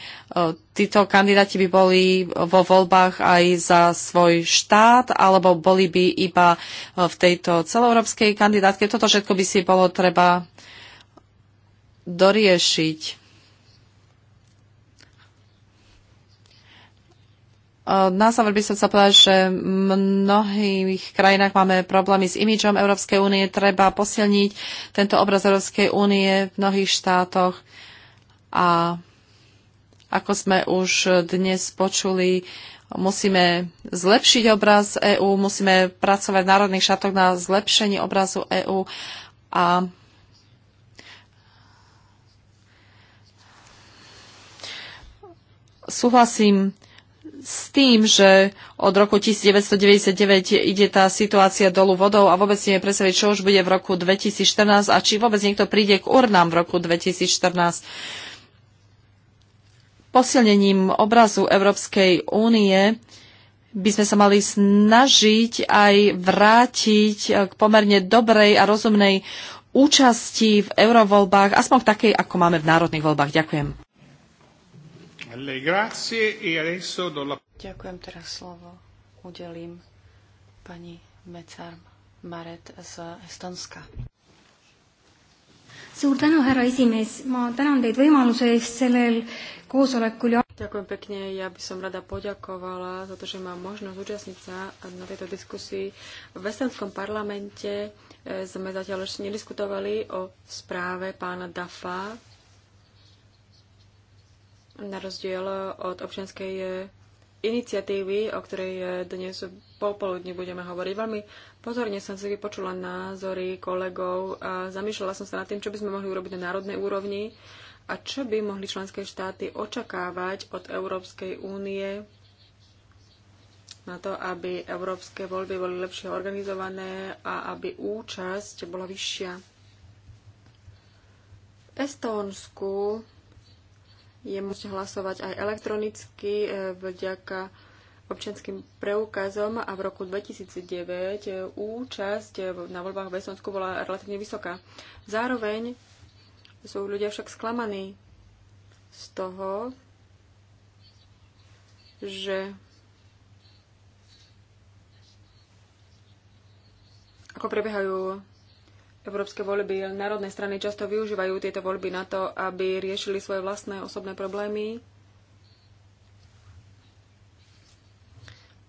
títo kandidáti by boli vo voľbách aj za svoj štát, alebo boli by iba e, v tejto celoeurópskej kandidátke? Toto všetko by si bolo treba doriešiť. Eh, na záver by som sa povedať, že v mnohých krajinách máme problémy s imidžom Európskej únie. Treba posilniť tento obraz Európskej únie v mnohých štátoch. A ako sme už dnes počuli, musíme zlepšiť obraz EÚ, musíme pracovať v národných štátoch na zlepšení obrazu EÚ a súhlasím s tým, že od roku 1999 ide tá situácia dolu vodou a vôbec nie nepredstaviť, čo už bude v roku 2014 a či vôbec niekto príde k urnám v roku 2014. Posilnením obrazu Európskej únie by sme sa mali snažiť aj vrátiť k pomerne dobrej a rozumnej účasti v eurovoľbách, aspoň v takej, ako máme v národných voľbách. Ďakujem. E Ďakujem, teraz slovo udelím pani Mecar Maret z Estonska. Suur tänu, härra esimees. Ma tänan teid võimaluse eest sellel koosolekul Ďakujem pekne. Ja by som rada poďakovala za to, že mám možnosť účastniť sa na tejto diskusii. V Estonskom parlamente eh, sme zatiaľ ešte nediskutovali o správe pána Dafa, na rozdiel od občianskej eh, iniciatívy, o ktorej eh, dnes popoludne budeme hovoriť. Veľmi pozorne som si vypočula názory kolegov a zamýšľala som sa nad tým, čo by sme mohli urobiť na národnej úrovni a čo by mohli členské štáty očakávať od Európskej únie na to, aby európske voľby boli lepšie organizované a aby účasť bola vyššia. V Estónsku je možné hlasovať aj elektronicky e, vďaka občianským preukazom a v roku 2009 e, účasť e, na voľbách v Estonsku bola relatívne vysoká. Zároveň sú ľudia však sklamaní z toho, že ako prebiehajú Európske voľby národné strany často využívajú tieto voľby na to, aby riešili svoje vlastné osobné problémy.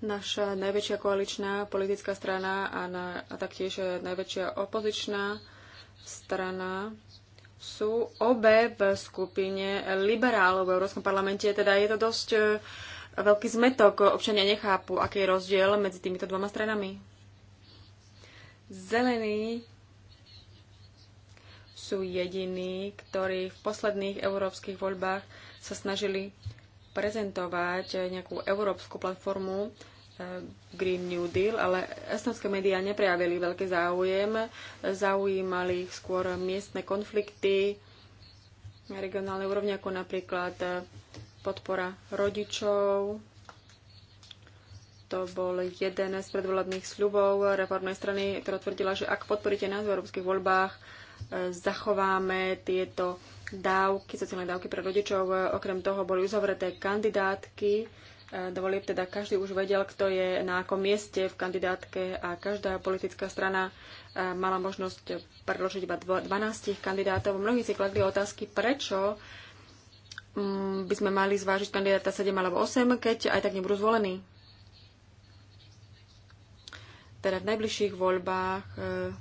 Naša najväčšia koaličná politická strana a, na, a taktiež najväčšia opozičná strana sú obe v skupine liberálov v Európskom parlamente. Teda je to dosť e, veľký zmetok. Občania nechápu, aký je rozdiel medzi týmito dvoma stranami. Zelení sú jediní, ktorí v posledných európskych voľbách sa snažili prezentovať nejakú európsku platformu eh, Green New Deal, ale estonské médiá neprejavili veľký záujem. Zaujímali ich skôr miestne konflikty na regionálnej úrovni, ako napríklad eh, podpora rodičov. To bol jeden z predvolebných sľubov reformnej strany, ktorá tvrdila, že ak podporíte nás v európskych voľbách, zachováme tieto dávky, sociálne dávky pre rodičov. Okrem toho boli uzavreté kandidátky dovolí, teda každý už vedel, kto je na akom mieste v kandidátke a každá politická strana eh, mala možnosť predložiť iba 12 kandidátov. Mnohí si kladli otázky, prečo mm, by sme mali zvážiť kandidáta 7 alebo 8, keď aj tak nebudú zvolení. Teda v najbližších voľbách eh,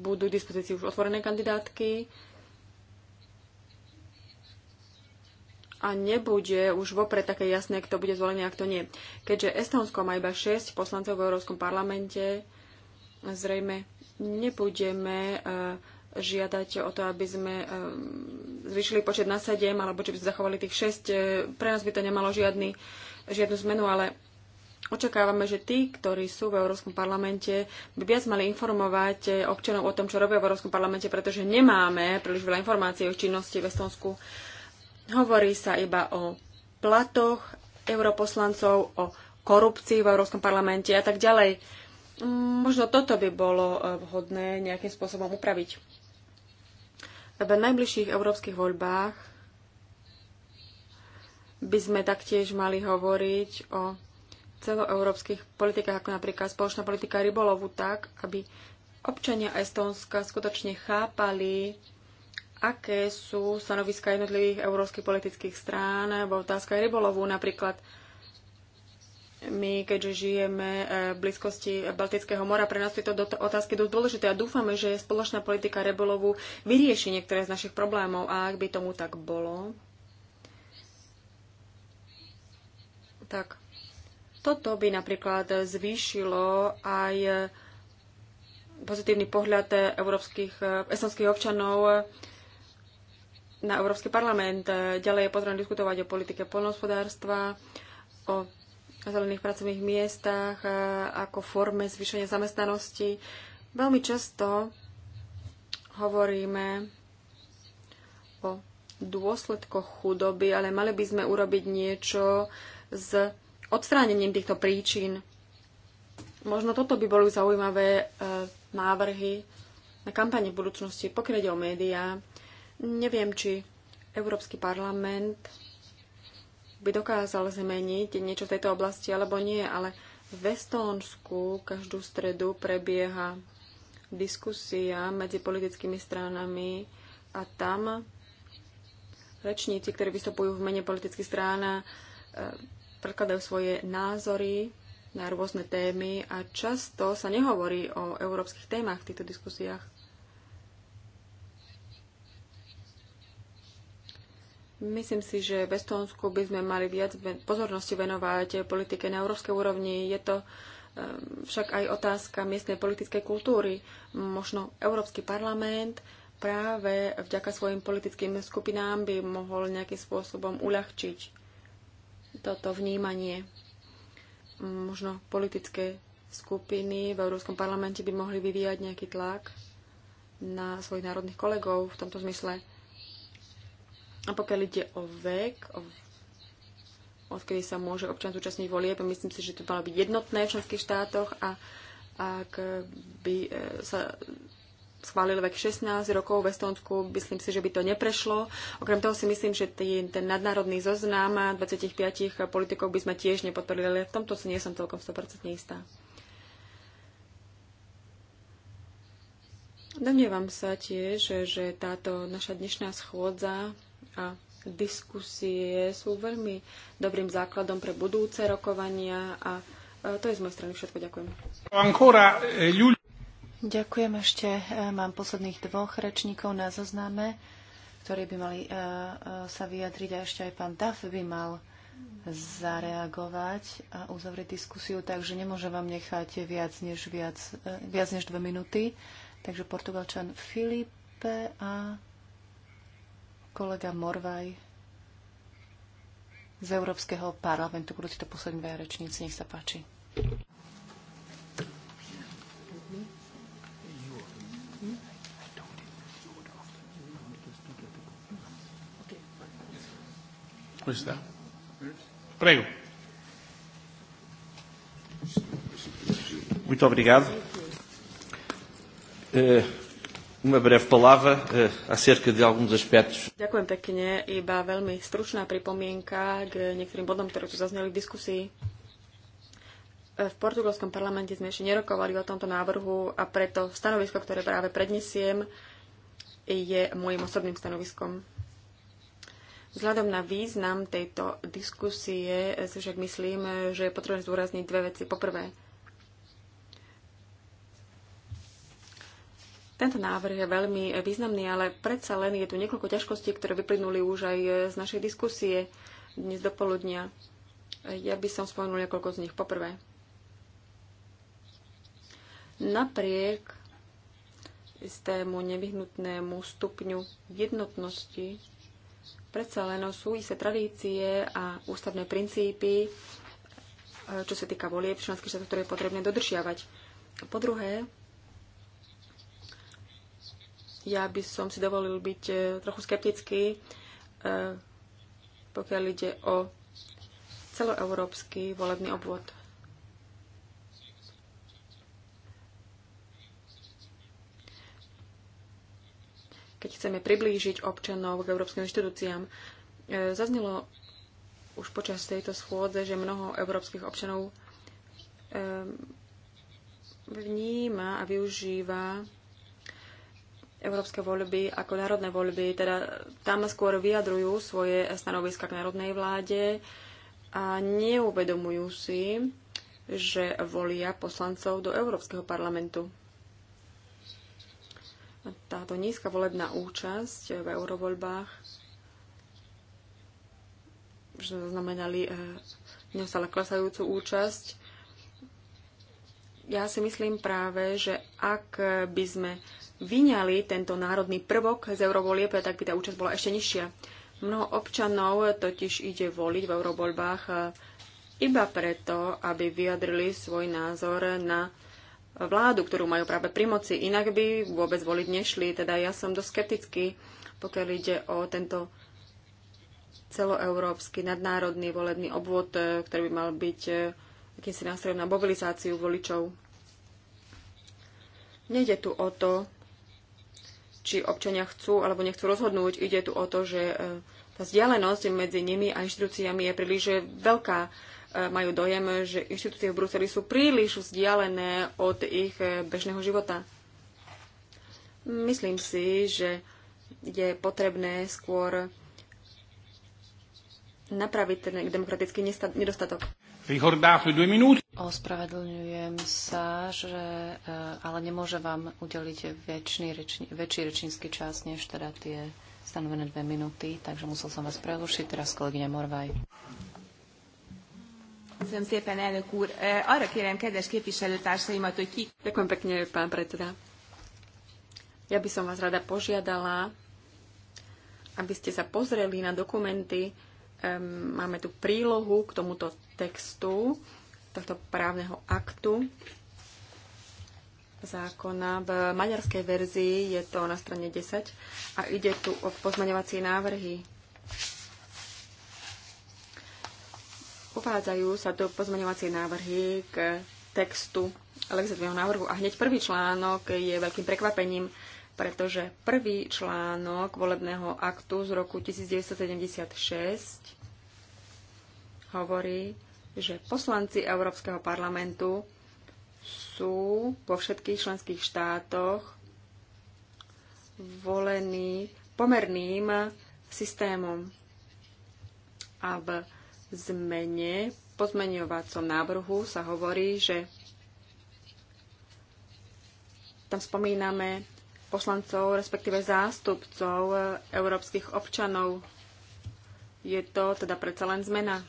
budú k dispozícii už otvorené kandidátky a nebude už vopred také jasné, kto bude zvolený a kto nie. Keďže Estonsko má iba 6 poslancov v Európskom parlamente, zrejme nebudeme eh, žiadať o to, aby sme eh, zvýšili počet na 7, alebo či by sme zachovali tých 6. Eh, pre nás by to nemalo žiadny, žiadnu zmenu, ale Očakávame, že tí, ktorí sú v Európskom parlamente, by viac mali informovať občanov o tom, čo robia v Európskom parlamente, pretože nemáme príliš veľa informácií o činnosti v Estonsku. Hovorí sa iba o platoch europoslancov, o korupcii v Európskom parlamente a tak ďalej. Mm, možno toto by bolo e, vhodné nejakým spôsobom upraviť. V najbližších európskych voľbách by sme taktiež mali hovoriť o celoeurópskych politikách, ako napríklad spoločná politika rybolovu, tak, aby občania Estónska skutočne chápali, aké sú stanoviska jednotlivých európskych politických strán vo otázkach rybolovu. Napríklad my, keďže žijeme e, v blízkosti Baltického mora, pre nás tieto otázky dosť dôležité a dúfame, že spoločná politika rybolovu vyrieši niektoré z našich problémov. A ak by tomu tak bolo, tak toto by napríklad zvýšilo aj pozitívny pohľad európskych, estonských občanov na Európsky parlament. Ďalej je potrebné diskutovať o politike polnohospodárstva, o zelených pracovných miestach, ako forme zvýšenia zamestnanosti. Veľmi často hovoríme o dôsledkoch chudoby, ale mali by sme urobiť niečo s odstránením týchto príčin. Možno toto by boli zaujímavé e, návrhy na kampane v budúcnosti, pokiaľ ide o médiá. Neviem, či Európsky parlament by dokázal zmeniť niečo v tejto oblasti alebo nie, ale v Estónsku každú stredu prebieha diskusia medzi politickými stranami a tam rečníci, ktorí vystupujú v mene politických strán, e, predkladajú svoje názory na rôzne témy a často sa nehovorí o európskych témach v týchto diskusiách. Myslím si, že v Estónsku by sme mali viac pozornosti venovať politike na európskej úrovni. Je to um, však aj otázka miestnej politickej kultúry. Možno Európsky parlament práve vďaka svojim politickým skupinám by mohol nejakým spôsobom uľahčiť toto vnímanie. Možno politické skupiny v Európskom parlamente by mohli vyvíjať nejaký tlak na svojich národných kolegov v tomto zmysle. A pokiaľ ide o vek, o odkedy sa môže občan zúčastniť volieb, myslím si, že to malo byť jednotné v členských štátoch a ak by e, sa schválil vek 16 rokov v Estonsku, myslím si, že by to neprešlo. Okrem toho si myslím, že tý, ten nadnárodný zoznam 25 politikov by sme tiež nepodporili, ale v tomto si nie som celkom 100% istá. Domnievam sa tiež, že táto naša dnešná schôdza a diskusie sú veľmi dobrým základom pre budúce rokovania a e, to je z mojej strany všetko. Ďakujem. Eh, Ďakujem ešte. E, mám posledných dvoch rečníkov na zozname, ktorí by mali e, e, sa vyjadriť a ešte aj pán Daf by mal zareagovať a uzavrieť diskusiu, takže nemôžem vám nechať viac než, viac, viac než dve minúty. Takže Portugalčan Filipe a kolega Morvaj z Európskeho parlamentu budú títo poslední dvaja rečníci. Nech sa páči. questa. Prego. Muito obrigado. Eh, uma breve palavra eh, acerca de alguns aspectos. Ďakujem pekne, iba veľmi stručná pripomienka k niektorým bodom, ktoré tu zazneli v diskusii. Eh, v portugalskom parlamente sme ešte nerokovali o tomto návrhu a preto stanovisko, ktoré práve prednesiem, je môjim osobným stanoviskom. Vzhľadom na význam tejto diskusie si však myslím, že je potrebné zdôrazniť dve veci. Poprvé, Tento návrh je veľmi významný, ale predsa len je tu niekoľko ťažkostí, ktoré vyplynuli už aj z našej diskusie dnes do poludnia. Ja by som spomenul niekoľko z nich. Poprvé, napriek istému nevyhnutnému stupňu jednotnosti Predsa len sú isté tradície a ústavné princípy, e, čo sa týka volieb členských štátov, ktoré je potrebné dodržiavať. Po druhé, ja by som si dovolil byť e, trochu skeptický, e, pokiaľ ide o celoeurópsky volebný obvod keď chceme priblížiť občanov k európskym inštitúciám. E, zaznelo už počas tejto schôdze, že mnoho európskych občanov e, vníma a využíva európske voľby ako národné voľby, teda tam skôr vyjadrujú svoje stanoviska k národnej vláde a neuvedomujú si, že volia poslancov do Európskeho parlamentu táto nízka volebná účasť v eurovoľbách že zaznamenali eh, neustále klesajúcu účasť. Ja si myslím práve, že ak by sme vyňali tento národný prvok z eurovolieb, tak by tá účasť bola ešte nižšia. Mnoho občanov totiž ide voliť v eurovoľbách eh, iba preto, aby vyjadrili svoj názor na vládu, ktorú majú práve pri moci. Inak by vôbec voliť nešli. Teda ja som dosť skeptický, pokiaľ ide o tento celoeurópsky nadnárodný volebný obvod, e, ktorý by mal byť e, akýmsi nástrojom na mobilizáciu voličov. Nejde tu o to, či občania chcú alebo nechcú rozhodnúť. Ide tu o to, že e, tá vzdialenosť medzi nimi a inštitúciami je príliš veľká majú dojem, že inštitúcie v Bruseli sú príliš vzdialené od ich eh, bežného života. Myslím si, že je potrebné skôr napraviť ten demokratický nedostatok. Ospravedlňujem sa, že, eh, ale nemôže vám udeliť väčší, rečni, väčší rečnícky čas, než teda tie stanovené dve minúty, takže musel som vás prerušiť. Teraz kolegyňa Morvaj. Köszönöm szépen, elnök úr. Arra kérem kedves képviselőtársaimat, hogy ki... Ďakujem pekne, pán predseda. Ja by som vás rada požiadala, aby ste sa pozreli na dokumenty. Máme tu prílohu k tomuto textu, tohto právneho aktu zákona. V maďarskej verzii je to na strane 10 a ide tu o pozmaňovacie návrhy. Uvádzajú sa do pozmeňovacie návrhy k textu legislatívneho návrhu a hneď prvý článok je veľkým prekvapením, pretože prvý článok volebného aktu z roku 1976 hovorí, že poslanci Európskeho parlamentu sú vo všetkých členských štátoch volení pomerným systémom. A v zmene pozmeňovacom návrhu sa hovorí, že tam spomíname poslancov, respektíve zástupcov eh, európskych občanov. Je to teda predsa len zmena.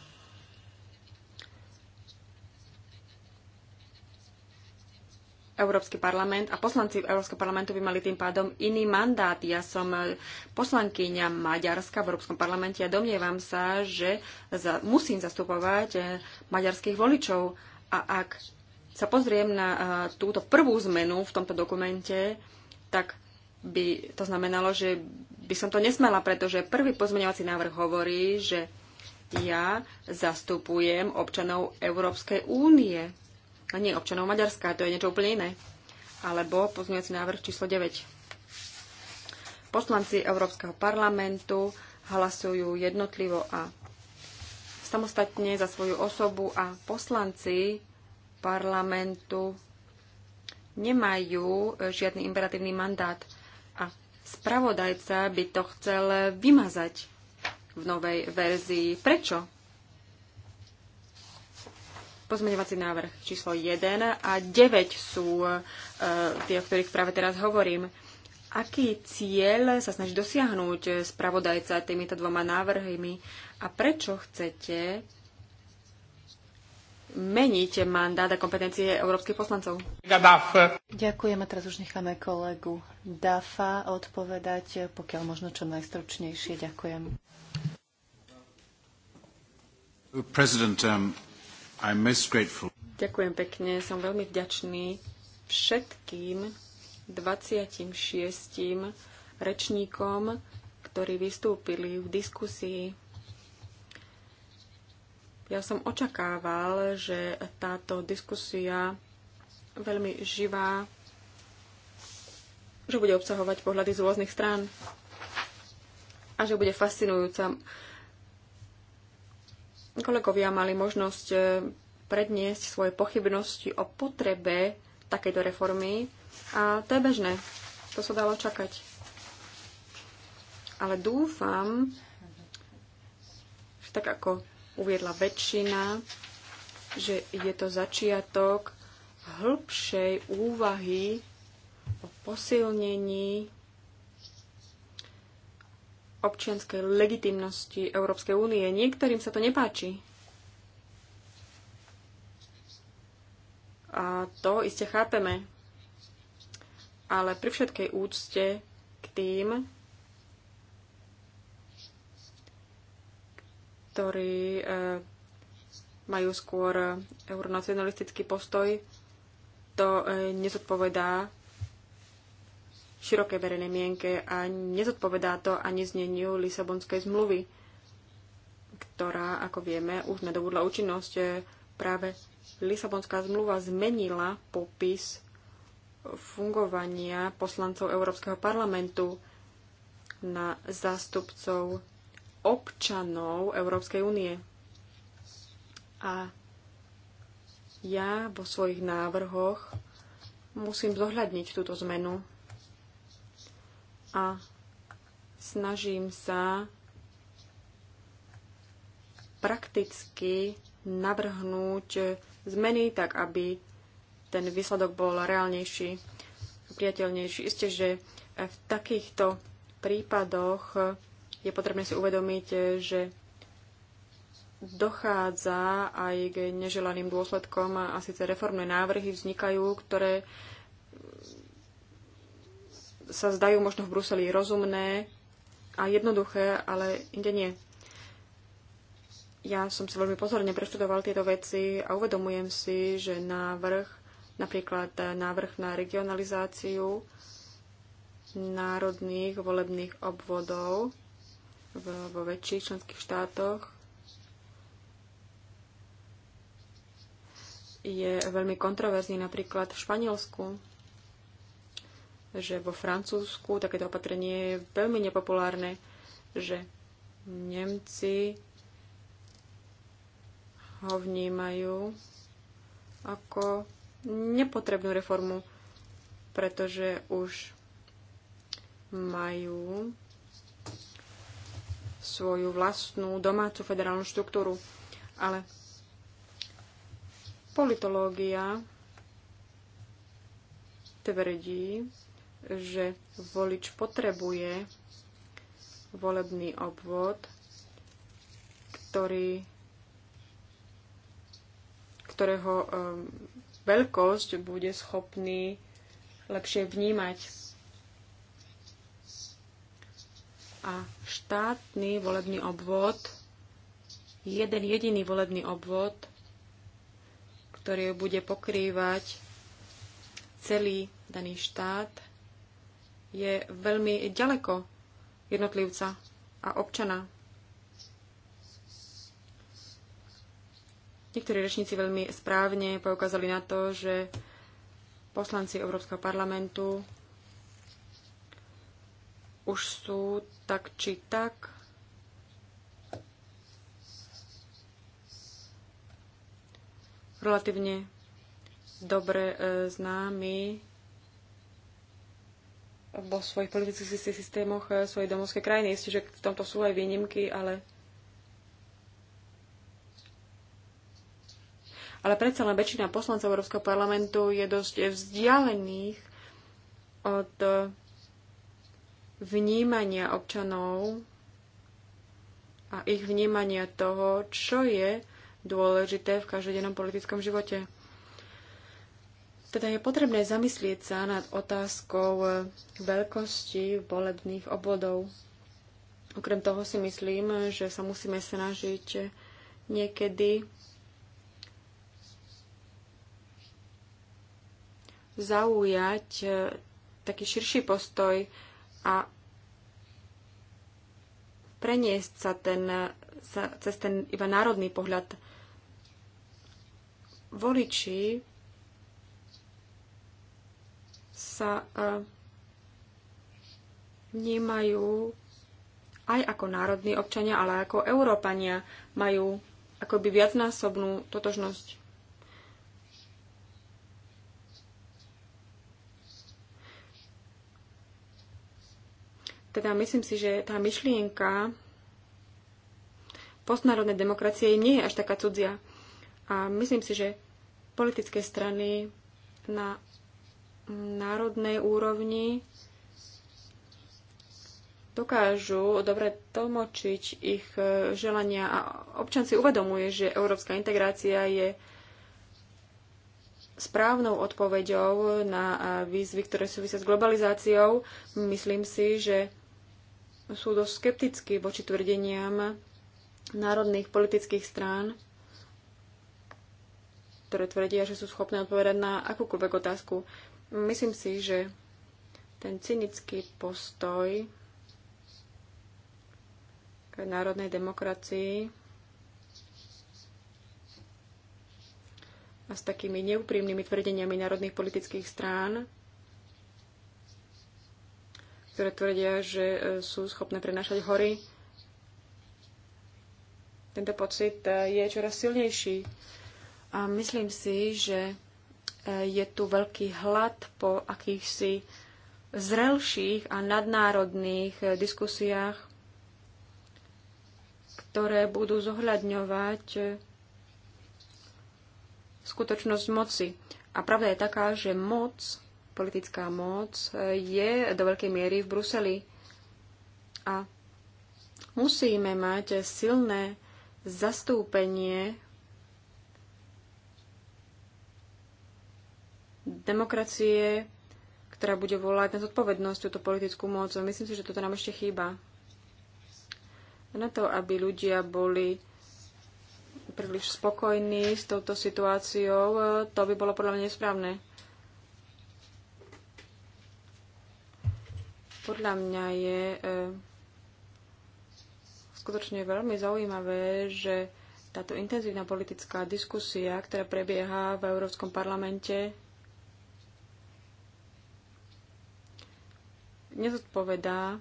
Európsky parlament a poslanci Európskeho parlamentu by mali tým pádom iný mandát. Ja som eh, poslankyňa Maďarska v Európskom parlamente a domnievam sa, že za, musím zastupovať eh, maďarských voličov. A ak sa pozriem na eh, túto prvú zmenu v tomto dokumente, tak by to znamenalo, že by som to nesmela, pretože prvý pozmeňovací návrh hovorí, že ja zastupujem občanov Európskej únie a nie občanov Maďarska, to je niečo úplne iné. Alebo pozmeňujúci návrh číslo 9. Poslanci Európskeho parlamentu hlasujú jednotlivo a samostatne za svoju osobu a poslanci parlamentu nemajú žiadny imperatívny mandát a spravodajca by to chcel vymazať v novej verzii. Prečo? Pozmeňovací návrh číslo 1 a 9 sú e, tie, o ktorých práve teraz hovorím. Aký cieľ sa snaží dosiahnuť spravodajca týmito dvoma návrhmi a prečo chcete meniť mandát a kompetencie európskych poslancov. Ďakujem a teraz už necháme kolegu Dafa odpovedať, pokiaľ možno čo najstručnejšie. Ďakujem. Um... I'm most grateful. Ďakujem pekne, som veľmi vďačný všetkým 26 rečníkom, ktorí vystúpili v diskusii. Ja som očakával, že táto diskusia veľmi živá, že bude obsahovať pohľady z rôznych strán a že bude fascinujúca. Kolegovia mali možnosť e, predniesť svoje pochybnosti o potrebe takejto reformy a to je bežné. To sa dalo čakať. Ale dúfam, že tak ako uviedla väčšina, že je to začiatok hĺbšej úvahy o posilnení občianskej legitimnosti Európskej únie. Niektorým sa to nepáči. A to iste chápeme. Ale pri všetkej úcte k tým, ktorí e, majú skôr euronacionalistický postoj, to e, nezodpovedá širokej verejnej mienke a nezodpovedá to ani zneniu Lisabonskej zmluvy, ktorá, ako vieme, už nedobudla účinnosť. Práve Lisabonská zmluva zmenila popis fungovania poslancov Európskeho parlamentu na zástupcov občanov Európskej únie. A ja vo svojich návrhoch musím zohľadniť túto zmenu a snažím sa prakticky navrhnúť zmeny tak, aby ten výsledok bol reálnejší, priateľnejší. Isté, že v takýchto prípadoch je potrebné si uvedomiť, že dochádza aj k neželaným dôsledkom a síce reformné návrhy vznikajú, ktoré sa zdajú možno v Bruseli rozumné a jednoduché, ale inde nie. Ja som si veľmi pozorne preštudoval tieto veci a uvedomujem si, že návrh, napríklad návrh na regionalizáciu národných volebných obvodov vo väčších členských štátoch je veľmi kontroverzný napríklad v Španielsku že vo Francúzsku takéto opatrenie je veľmi nepopulárne, že Nemci ho vnímajú ako nepotrebnú reformu, pretože už majú svoju vlastnú domácu federálnu štruktúru. Ale politológia tvrdí, že volič potrebuje volebný obvod, ktorý, ktorého um, veľkosť bude schopný lepšie vnímať. A štátny volebný obvod, jeden jediný volebný obvod, ktorý bude pokrývať celý daný štát, je veľmi ďaleko jednotlivca a občana. Niektorí rečníci veľmi správne poukázali na to, že poslanci Európskeho parlamentu už sú tak či tak relatívne dobre e, známi vo svojich politických systémoch eh, svojej domovskej krajiny. Isté, že v tomto sú aj výnimky, ale ale predsa len väčšina poslancov Európskeho parlamentu je dosť vzdialených od eh, vnímania občanov a ich vnímania toho, čo je dôležité v každodennom politickom živote. Teda je potrebné zamyslieť sa nad otázkou e, veľkosti volebných obvodov. Okrem toho si myslím, že sa musíme snažiť niekedy zaujať e, taký širší postoj a preniesť sa, ten, e, sa cez ten iba národný pohľad. Voliči sa e, vnímajú aj ako národní občania, ale ako Európania majú akoby viacnásobnú totožnosť. Teda myslím si, že tá myšlienka postnárodnej demokracie nie je až taká cudzia. A myslím si, že politické strany na národnej úrovni dokážu dobre tlmočiť ich e, želania a občan si uvedomuje, že európska integrácia je správnou odpoveďou na e, výzvy, ktoré súvisia s globalizáciou. Myslím si, že sú dosť skeptickí voči tvrdeniam národných politických strán, ktoré tvrdia, že sú schopné odpovedať na akúkoľvek otázku. Myslím si, že ten cynický postoj k národnej demokracii a s takými neúprimnými tvrdeniami národných politických strán, ktoré tvrdia, že e, sú schopné prenašať hory. Tento pocit e, je čoraz silnejší. A myslím si, že Eh, je tu veľký hlad po akýchsi zrelších a nadnárodných eh, diskusiách, ktoré budú zohľadňovať eh, skutočnosť moci. A pravda je taká, že moc, politická moc, je do veľkej miery v Bruseli. A musíme mať silné zastúpenie demokracie, ktorá bude volať na zodpovednosť túto politickú moc. Myslím si, že toto nám ešte chýba. Na to, aby ľudia boli príliš spokojní s touto situáciou, e, to by bolo podľa mňa nesprávne. Podľa mňa je e, skutočne veľmi zaujímavé, že táto intenzívna politická diskusia, ktorá prebieha v Európskom parlamente, nezodpovedá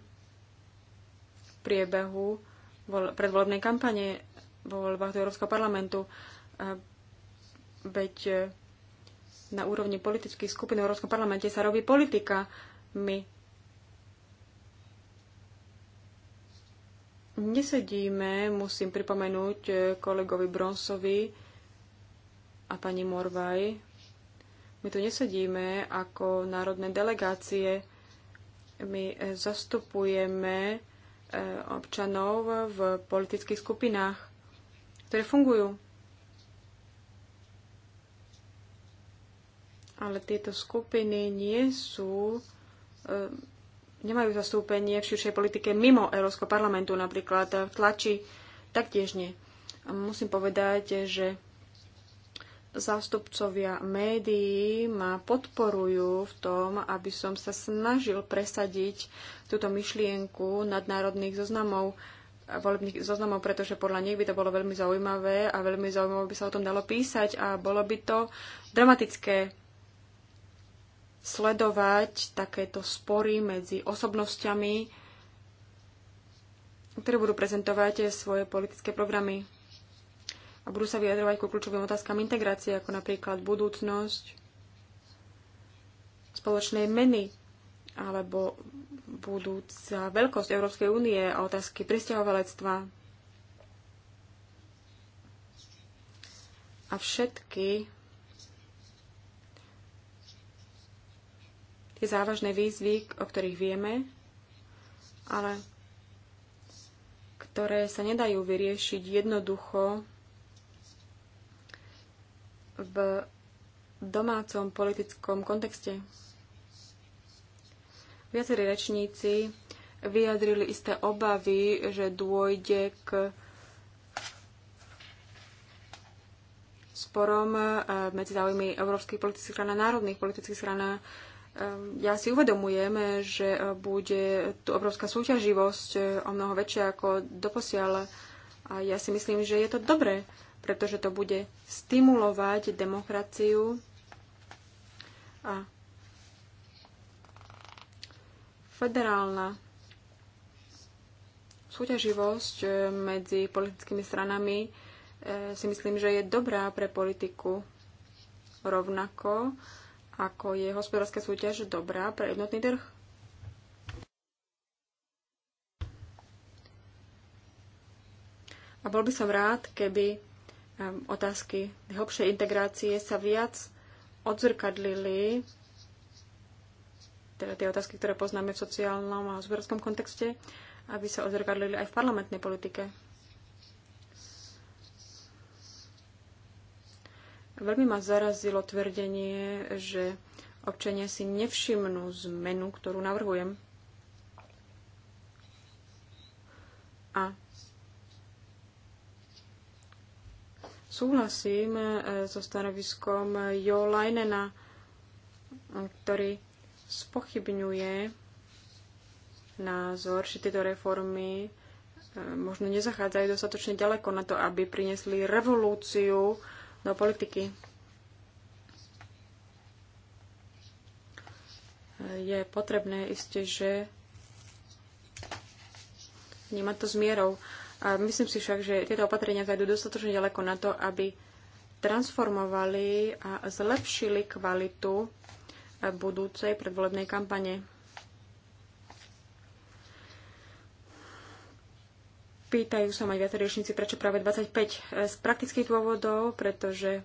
priebehu predvolebnej kampane vo voľbách do Európskeho parlamentu. Veď e, na úrovni politických skupín v Európskom parlamente sa robí politika. My nesedíme, musím pripomenúť e, kolegovi Bronsovi a pani Morvaj, my tu nesedíme ako národné delegácie my e, zastupujeme e, občanov v politických skupinách, ktoré fungujú. Ale tieto skupiny nie sú, e, nemajú zastúpenie v širšej politike mimo Európskeho parlamentu, napríklad v tlači, taktiež nie. A musím povedať, že zástupcovia médií ma podporujú v tom, aby som sa snažil presadiť túto myšlienku nadnárodných zoznamov volebných zoznamov, pretože podľa nich by to bolo veľmi zaujímavé a veľmi zaujímavé by sa o tom dalo písať a bolo by to dramatické sledovať takéto spory medzi osobnosťami, ktoré budú prezentovať svoje politické programy a budú sa vyjadrovať ku kľúčovým otázkam integrácie, ako napríklad budúcnosť spoločnej meny alebo budúca veľkosť Európskej únie a otázky pristahovalectva. A všetky tie závažné výzvy, o ktorých vieme, ale ktoré sa nedajú vyriešiť jednoducho v domácom politickom kontexte. Viacerí rečníci vyjadrili isté obavy, že dôjde k sporom e, medzi záujmy európskych politických strán a národných politických strán. E, ja si uvedomujem, že e, bude tu obrovská súťaživosť o mnoho väčšia ako doposiaľ. A ja si myslím, že je to dobré pretože to bude stimulovať demokraciu a federálna súťaživosť eh, medzi politickými stranami eh, si myslím, že je dobrá pre politiku rovnako, ako je hospodárska súťaž dobrá pre jednotný trh. A bol by som rád, keby otázky hlbšej integrácie sa viac odzrkadlili, teda tie otázky, ktoré poznáme v sociálnom a hospodárskom kontexte, aby sa odzrkadlili aj v parlamentnej politike. Veľmi ma zarazilo tvrdenie, že občania si nevšimnú zmenu, ktorú navrhujem. A Súhlasím e, so stanoviskom Jo Leinena, ktorý spochybňuje názor, že tieto reformy e, možno nezachádzajú dostatočne ďaleko na to, aby priniesli revolúciu do politiky. Je potrebné isté, že nemá to s mierou. A myslím si však, že tieto opatrenia zajdu dostatočne ďaleko na to, aby transformovali a zlepšili kvalitu eh, budúcej predvolebnej kampane. Pýtajú sa ma viacerí riešnici, prečo práve 25 eh, z praktických dôvodov, pretože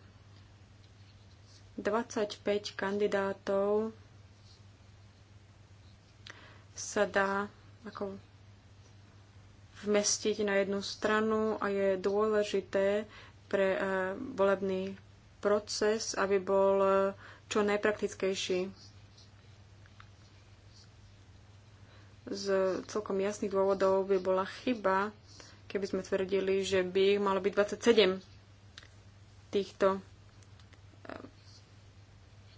25 kandidátov sa dá ako vmestiť na jednu stranu a je dôležité pre eh, volebný proces, aby bol eh, čo najpraktickejší. Z celkom jasných dôvodov by bola chyba, keby sme tvrdili, že by ich malo byť 27 týchto eh,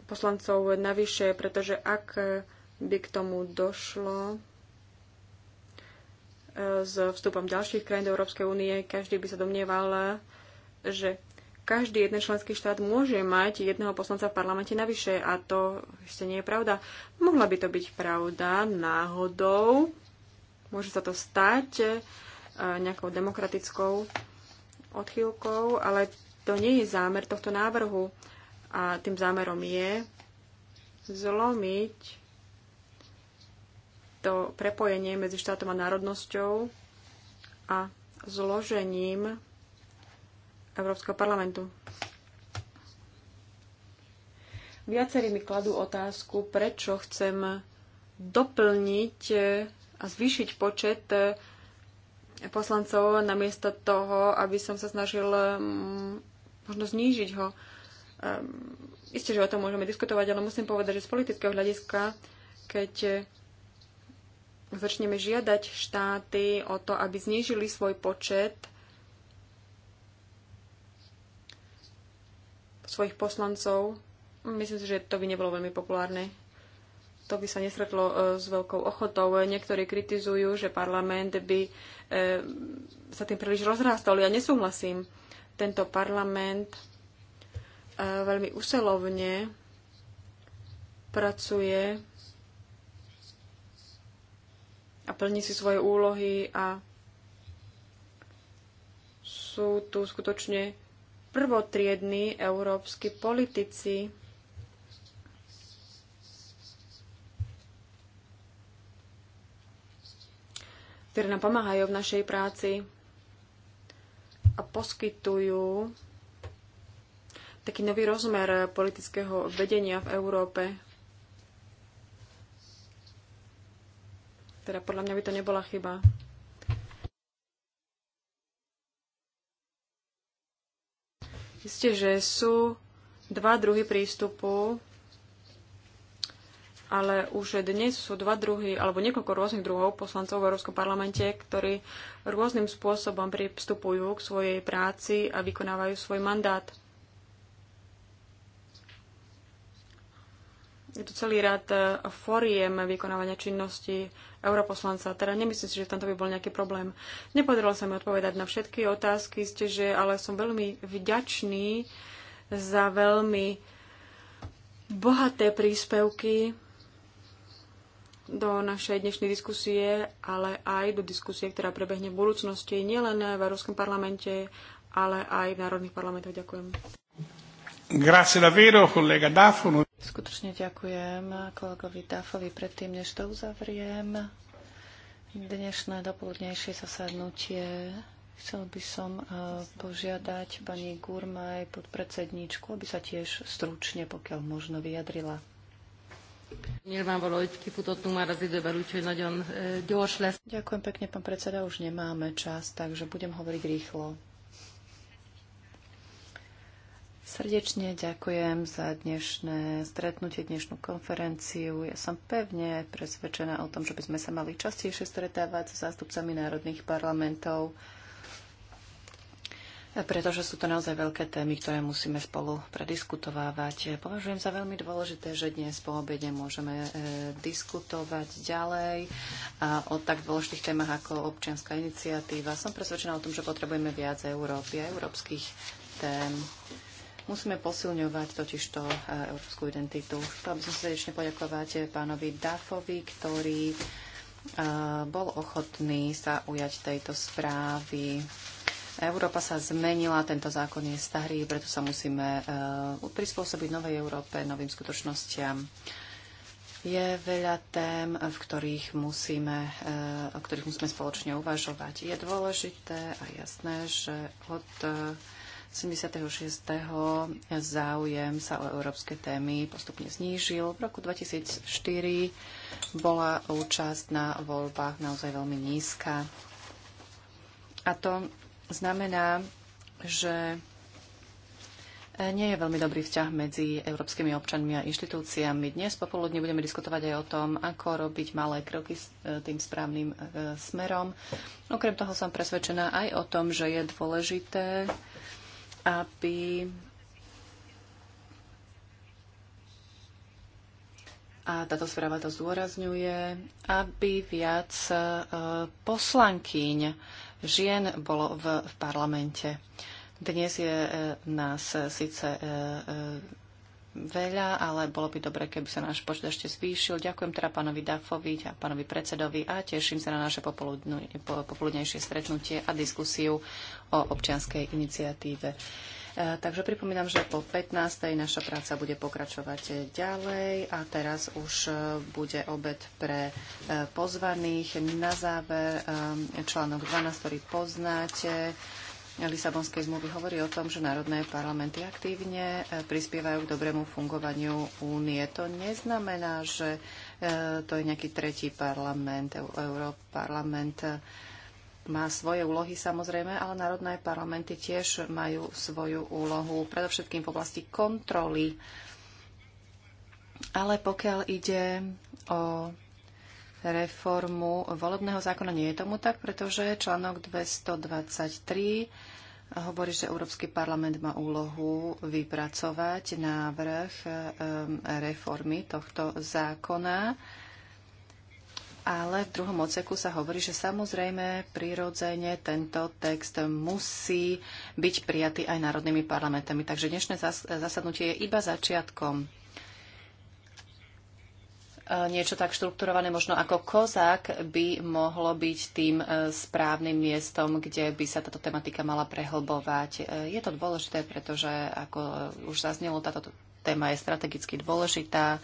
poslancov navyše, pretože ak by k tomu došlo, s vstupom ďalších krajín do Európskej únie, každý by sa domnieval, že každý jeden členský štát môže mať jedného poslanca v parlamente navyše a to ešte nie je pravda. Mohla by to byť pravda náhodou, môže sa to stať eh, nejakou demokratickou odchýlkou, ale to nie je zámer tohto návrhu. A tým zámerom je zlomiť to prepojenie medzi štátom a národnosťou a zložením Európskeho parlamentu. Viacerí mi kladú otázku, prečo chcem doplniť a zvýšiť počet poslancov namiesto toho, aby som sa snažil mm, možno znížiť ho. Ehm, isté, že o tom môžeme diskutovať, ale musím povedať, že z politického hľadiska, keď začneme žiadať štáty o to, aby znížili svoj počet svojich poslancov, myslím si, že to by nebolo veľmi populárne. To by sa nesretlo e, s veľkou ochotou. Niektorí kritizujú, že parlament by e, sa tým príliš rozrástol. Ja nesúhlasím. Tento parlament e, veľmi uselovne pracuje a plní si svoje úlohy a sú tu skutočne prvotriední európsky politici. ktoré nám pomáhajú v našej práci a poskytujú taký nový rozmer politického vedenia v Európe. Teda podľa mňa by to nebola chyba. Isté, že sú dva druhy prístupu, ale už dnes sú dva druhy, alebo niekoľko rôznych druhov poslancov v Európskom parlamente, ktorí rôznym spôsobom pristupujú k svojej práci a vykonávajú svoj mandát. Je tu celý rad foriem vykonávania činnosti europoslanca. Teda nemyslím si, že tam to by bol nejaký problém. Nepodarilo sa mi odpovedať na všetky otázky, ste, že ale som veľmi vďačný za veľmi bohaté príspevky do našej dnešnej diskusie, ale aj do diskusie, ktorá prebehne v budúcnosti nielen v Európskom parlamente, ale aj v národných parlamentoch. Ďakujem. Grazie davvero, collega Dafono. Skutočne ďakujem kolegovi Dafovi predtým, než to uzavriem. Dnešné dopoludnejšie zasadnutie chcel by som eh, požiadať pani Gurmaj podpredsedníčku, aby sa tiež stručne, pokiaľ možno, vyjadrila. hogy már az időben, úgyhogy nagyon eh, gyors lesz. Ďakujem pekne, pán predseda, už nemáme čas, takže budem hovoriť rýchlo. Srdečne ďakujem za dnešné stretnutie, dnešnú konferenciu. Ja som pevne presvedčená o tom, že by sme sa mali častejšie stretávať s zástupcami národných parlamentov, pretože sú to naozaj veľké témy, ktoré musíme spolu prediskutovávať. Považujem za veľmi dôležité, že dnes po obede môžeme e, diskutovať ďalej a o tak dôležitých témach ako občianská iniciatíva. Som presvedčená o tom, že potrebujeme viac Európy a európskych tém. Musíme posilňovať totižto eh, európsku identitu. Chcel by som srdečne poďakovať eh, pánovi Dafovi, ktorý eh, bol ochotný sa ujať tejto správy. Európa sa zmenila, tento zákon je starý, preto sa musíme prispôsobiť novej Európe, novým skutočnostiam. Je veľa tém, v ktorých musíme, o ktorých musíme spoločne uvažovať. Je dôležité a jasné, že od 76. záujem sa o európske témy postupne znížil. V roku 2004 bola účasť na voľbách naozaj veľmi nízka. A to znamená, že nie je veľmi dobrý vzťah medzi európskymi občanmi a inštitúciami. Dnes popoludne budeme diskutovať aj o tom, ako robiť malé kroky s e, tým správnym e, smerom. Okrem toho som presvedčená aj o tom, že je dôležité aby a táto správa to zdôrazňuje, aby viac e, poslankyň žien bolo v, v parlamente. Dnes je e, nás síce e, veľa, ale bolo by dobre, keby sa náš počet ešte zvýšil. Ďakujem teda pánovi Dafovi a pánovi predsedovi a teším sa na naše popoludnejšie stretnutie a diskusiu o občianskej iniciatíve. E, takže pripomínam, že po 15. naša práca bude pokračovať ďalej a teraz už e, bude obed pre e, pozvaných. Na záver článok 12, ktorý poznáte. Lisabonskej zmluvy hovorí o tom, že národné parlamenty aktívne e, prispievajú k dobrému fungovaniu únie. To neznamená, že e, to je nejaký tretí parlament, Európarlament e, má svoje úlohy samozrejme, ale národné parlamenty tiež majú svoju úlohu, predovšetkým v oblasti kontroly. Ale pokiaľ ide o reformu volebného zákona. Nie je tomu tak, pretože článok 223 hovorí, že Európsky parlament má úlohu vypracovať návrh ehm, reformy tohto zákona. Ale v druhom odseku sa hovorí, že samozrejme prirodzene tento text musí byť prijatý aj národnými parlamentami. Takže dnešné zasadnutie je iba začiatkom niečo tak štrukturované, možno ako kozák, by mohlo byť tým e, správnym miestom, kde by sa táto tematika mala prehlbovať. E, je to dôležité, pretože, ako e, už zaznelo, táto téma je strategicky dôležitá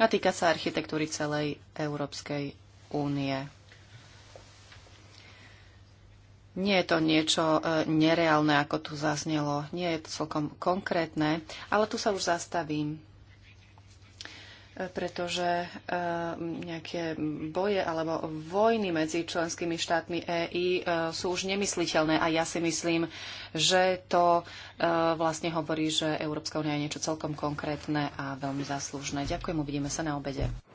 a týka sa architektúry celej Európskej únie. Nie je to niečo nereálne, ako tu zaznelo. Nie je to celkom konkrétne, ale tu sa už zastavím pretože e, nejaké boje alebo vojny medzi členskými štátmi EI e, sú už nemysliteľné a ja si myslím, že to e, vlastne hovorí, že Európska únia je niečo celkom konkrétne a veľmi záslužné. Ďakujem, uvidíme sa na obede.